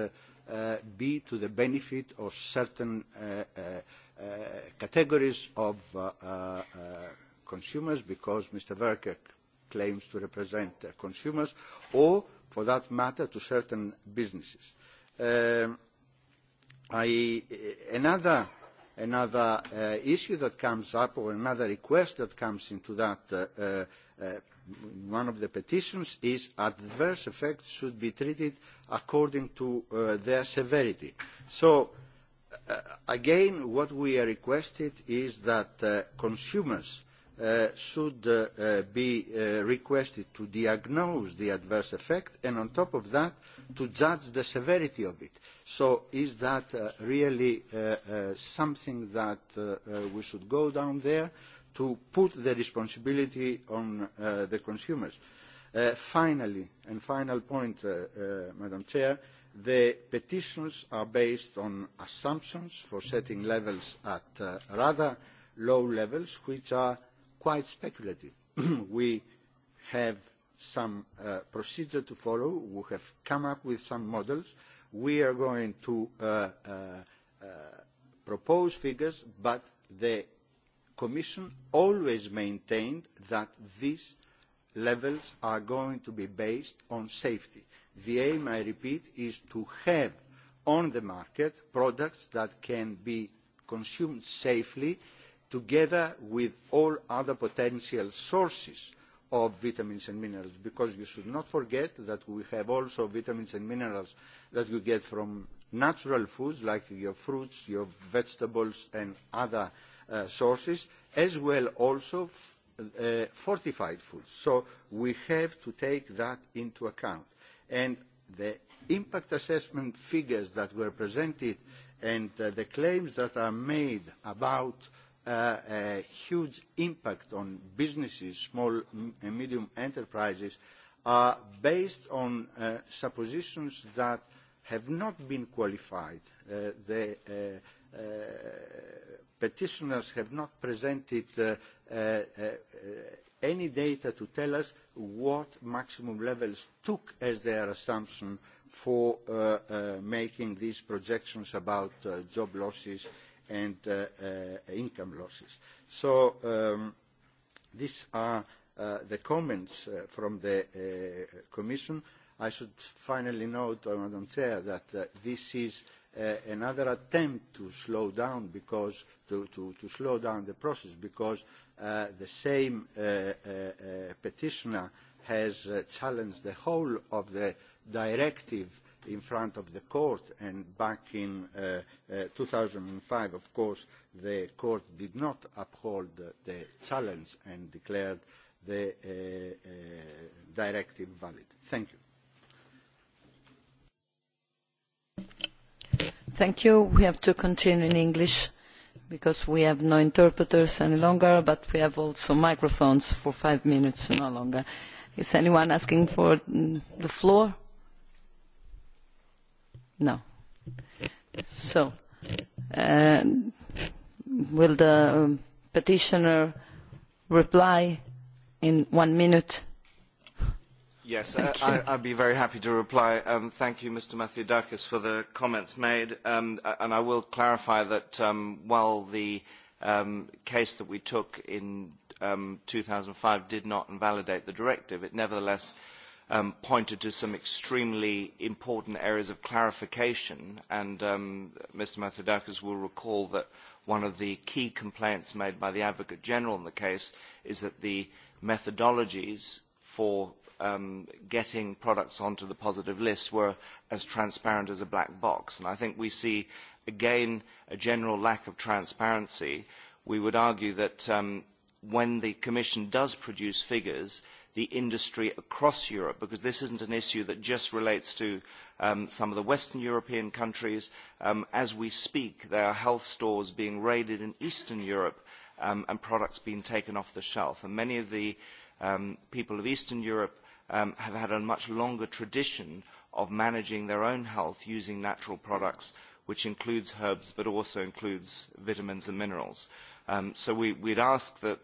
be to the benefit of certain categories of consumers because Mr. Werker claims to represent consumers or for that matter to certain businesses. another another issue that comes up or another request that comes into that one of the petitions is adverse effects should be treated according to their severity. So again, what we are requested is that consumers should be requested to diagnose the adverse effect and on top of that to judge the severity of it. So is that uh, really uh, uh, something that uh, uh, we should go down there to put the responsibility on uh, the consumers? Uh, finally, and final point, uh, uh, Madam Chair, the petitions are based on assumptions for setting levels at uh, rather low levels, which are quite speculative. we have some procedure to follow. We have come up with some models. We are going to propose figures, but the Commission always maintained that these levels are going to be based on safety. The aim, I repeat, is to have on the market products that can be consumed safely together with all other potential sources of vitamins and minerals because you should not forget that we have also vitamins and minerals that you get from natural foods like your fruits, your vegetables and other uh, sources as well also uh, fortified foods. So we have to take that into account. And the impact assessment figures that were presented and uh, the claims that are made about uh, a huge impact on businesses, small and medium enterprises, are based on suppositions that have not been qualified. the petitioners have not presented any data to tell us what maximum levels took as their assumption for making these projections about job losses and income losses. So these are the comments from the Commission. I should finally note, Madam Chair, that this is another attempt to slow down because to, to, to slow down the process because uh, the same uh, uh, petitioner has uh, challenged the whole of the directive in front of the court and back in two thousand and five, of course, the court did not uphold the challenge and declared the directive valid. Thank you. Thank you. We have to continue in English because we have no interpreters any longer, but we have also microphones for five minutes no longer. Is anyone asking for the floor? No. So, uh, will the um, petitioner reply in one minute? Yes, I, I'd be very happy to reply. Um, thank you, Mr. Mathiodakis, for the comments made. Um, and I will clarify that um, while the um, case that we took in um, 2005 did not invalidate the directive, it nevertheless pointed to some extremely important areas of clarification, and Mr. Mathodakis will recall that one of the key complaints made by the Advocate General in the case is that the methodologies for getting products onto the positive list were as transparent as a black box. And I think we see, again, a general lack of transparency. We would argue that when the Commission does produce figures, the industry across Europe, because this is not an issue that just relates to some of the Western European countries. as we speak, there are health stores being raided in Eastern Europe and products being taken off the shelf. And many of the people of Eastern Europe have had a much longer tradition of managing their own health using natural products, which includes herbs but also includes vitamins and minerals. so we, would ask that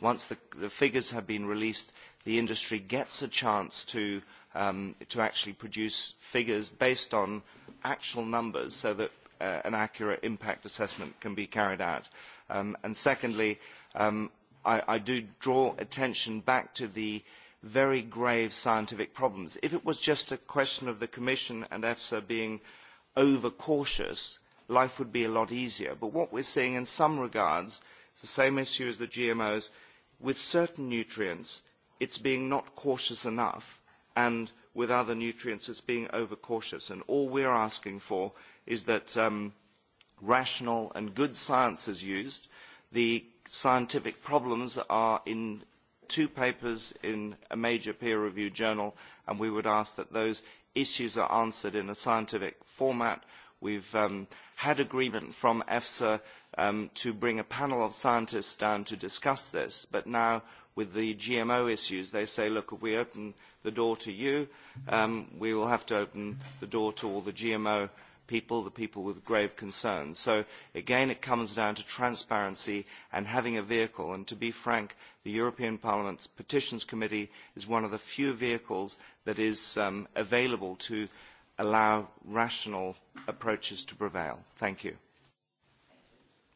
once the, figures have been released, the industry gets a chance to, to actually produce figures based on actual numbers so that an accurate impact assessment can be carried out. and secondly, I, I do draw attention back to the very grave scientific problems. If it was just a question of the Commission and EFSA being overcautious, life would be a lot easier. But what we are seeing in some regards, is the same issue as the GMOs, with certain nutrients, is being not cautious enough, and with other nutrients, it is being over And all we are asking for is that um, rational and good science is used. The scientific problems are in two papers in a major peer-reviewed journal, and we would ask that those issues are answered in a scientific format. We've um, – had agreement from EFSA to bring a panel of scientists down to discuss this, but now with the GMO issues, they say, look, if we open the door to you, we will have to open the door to all the GMO people, the people with grave concerns. So again, it comes down to transparency and having a vehicle. And to be frank, the European Parliament's Petitions Committee is one of the few vehicles that is available to allow rational approaches to prevail. Thank you.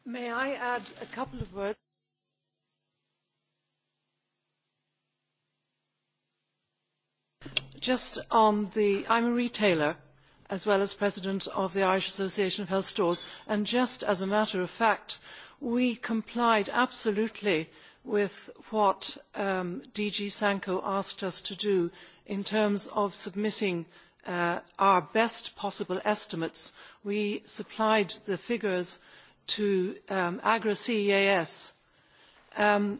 May I add a couple of words? Just on the, I'm a retailer as well as president of the Irish Association of Health Stores, and just as a matter of fact, we complied absolutely with what DG Sanco asked us to do in terms of submitting our best possible estimates. We supplied the figures to AGRA-CEAS, who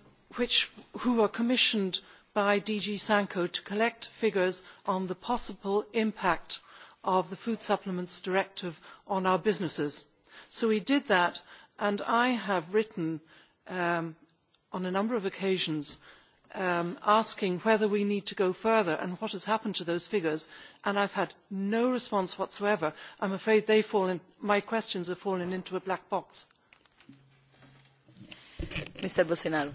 were commissioned by DG Sanco to collect figures on the possible impact of the Food Supplements Directive on our businesses. So we did that, and I have written on a number of occasions asking whether we need to go further and what has happened to those figures, and I have had no response whatsoever. I am afraid they fall in, my questions have fallen into a black box. Mr. Bolsonaro.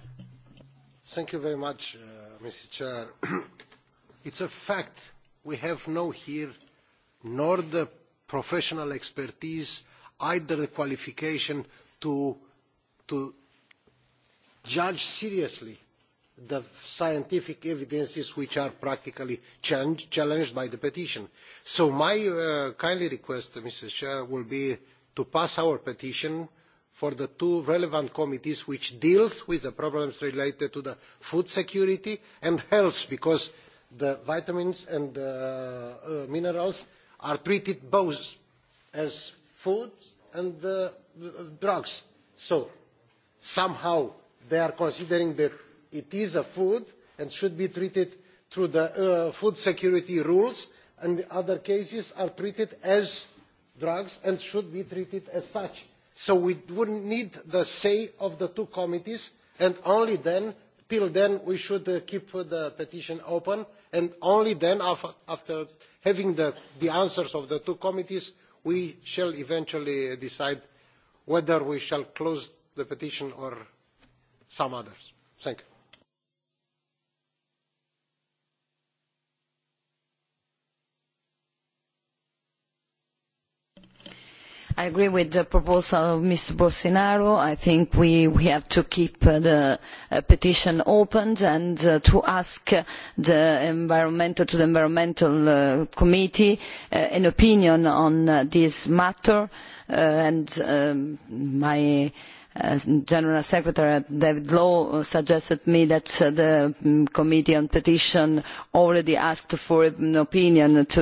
Thank you very much, Mr. Chair. It's a fact we have no here, nor the professional expertise, either the qualification to, to judge seriously the scientific evidences which are practically challenged by the petition. So my kindly request, Mr Chair, will be to pass our petition for the two relevant committees which deal with the problems related to the food security and health because the vitamins and the minerals are treated both as food and drugs. So somehow they are considering that it is a food and should be treated through the food security rules and other cases are treated as drugs and should be treated as such. so we would not need the say of the two committees and only then until then we should keep the petition open and only then after having the answers of the two committees we shall eventually decide whether we shall close the petition or some others. thank I agree with the proposal of Mr. Bolsonaro. I think we, we have to keep the petition open and to ask the environmental, to the environmental committee an opinion on this matter. and my General Secretary David Law suggested to me that the Committee on Petition already asked for an opinion to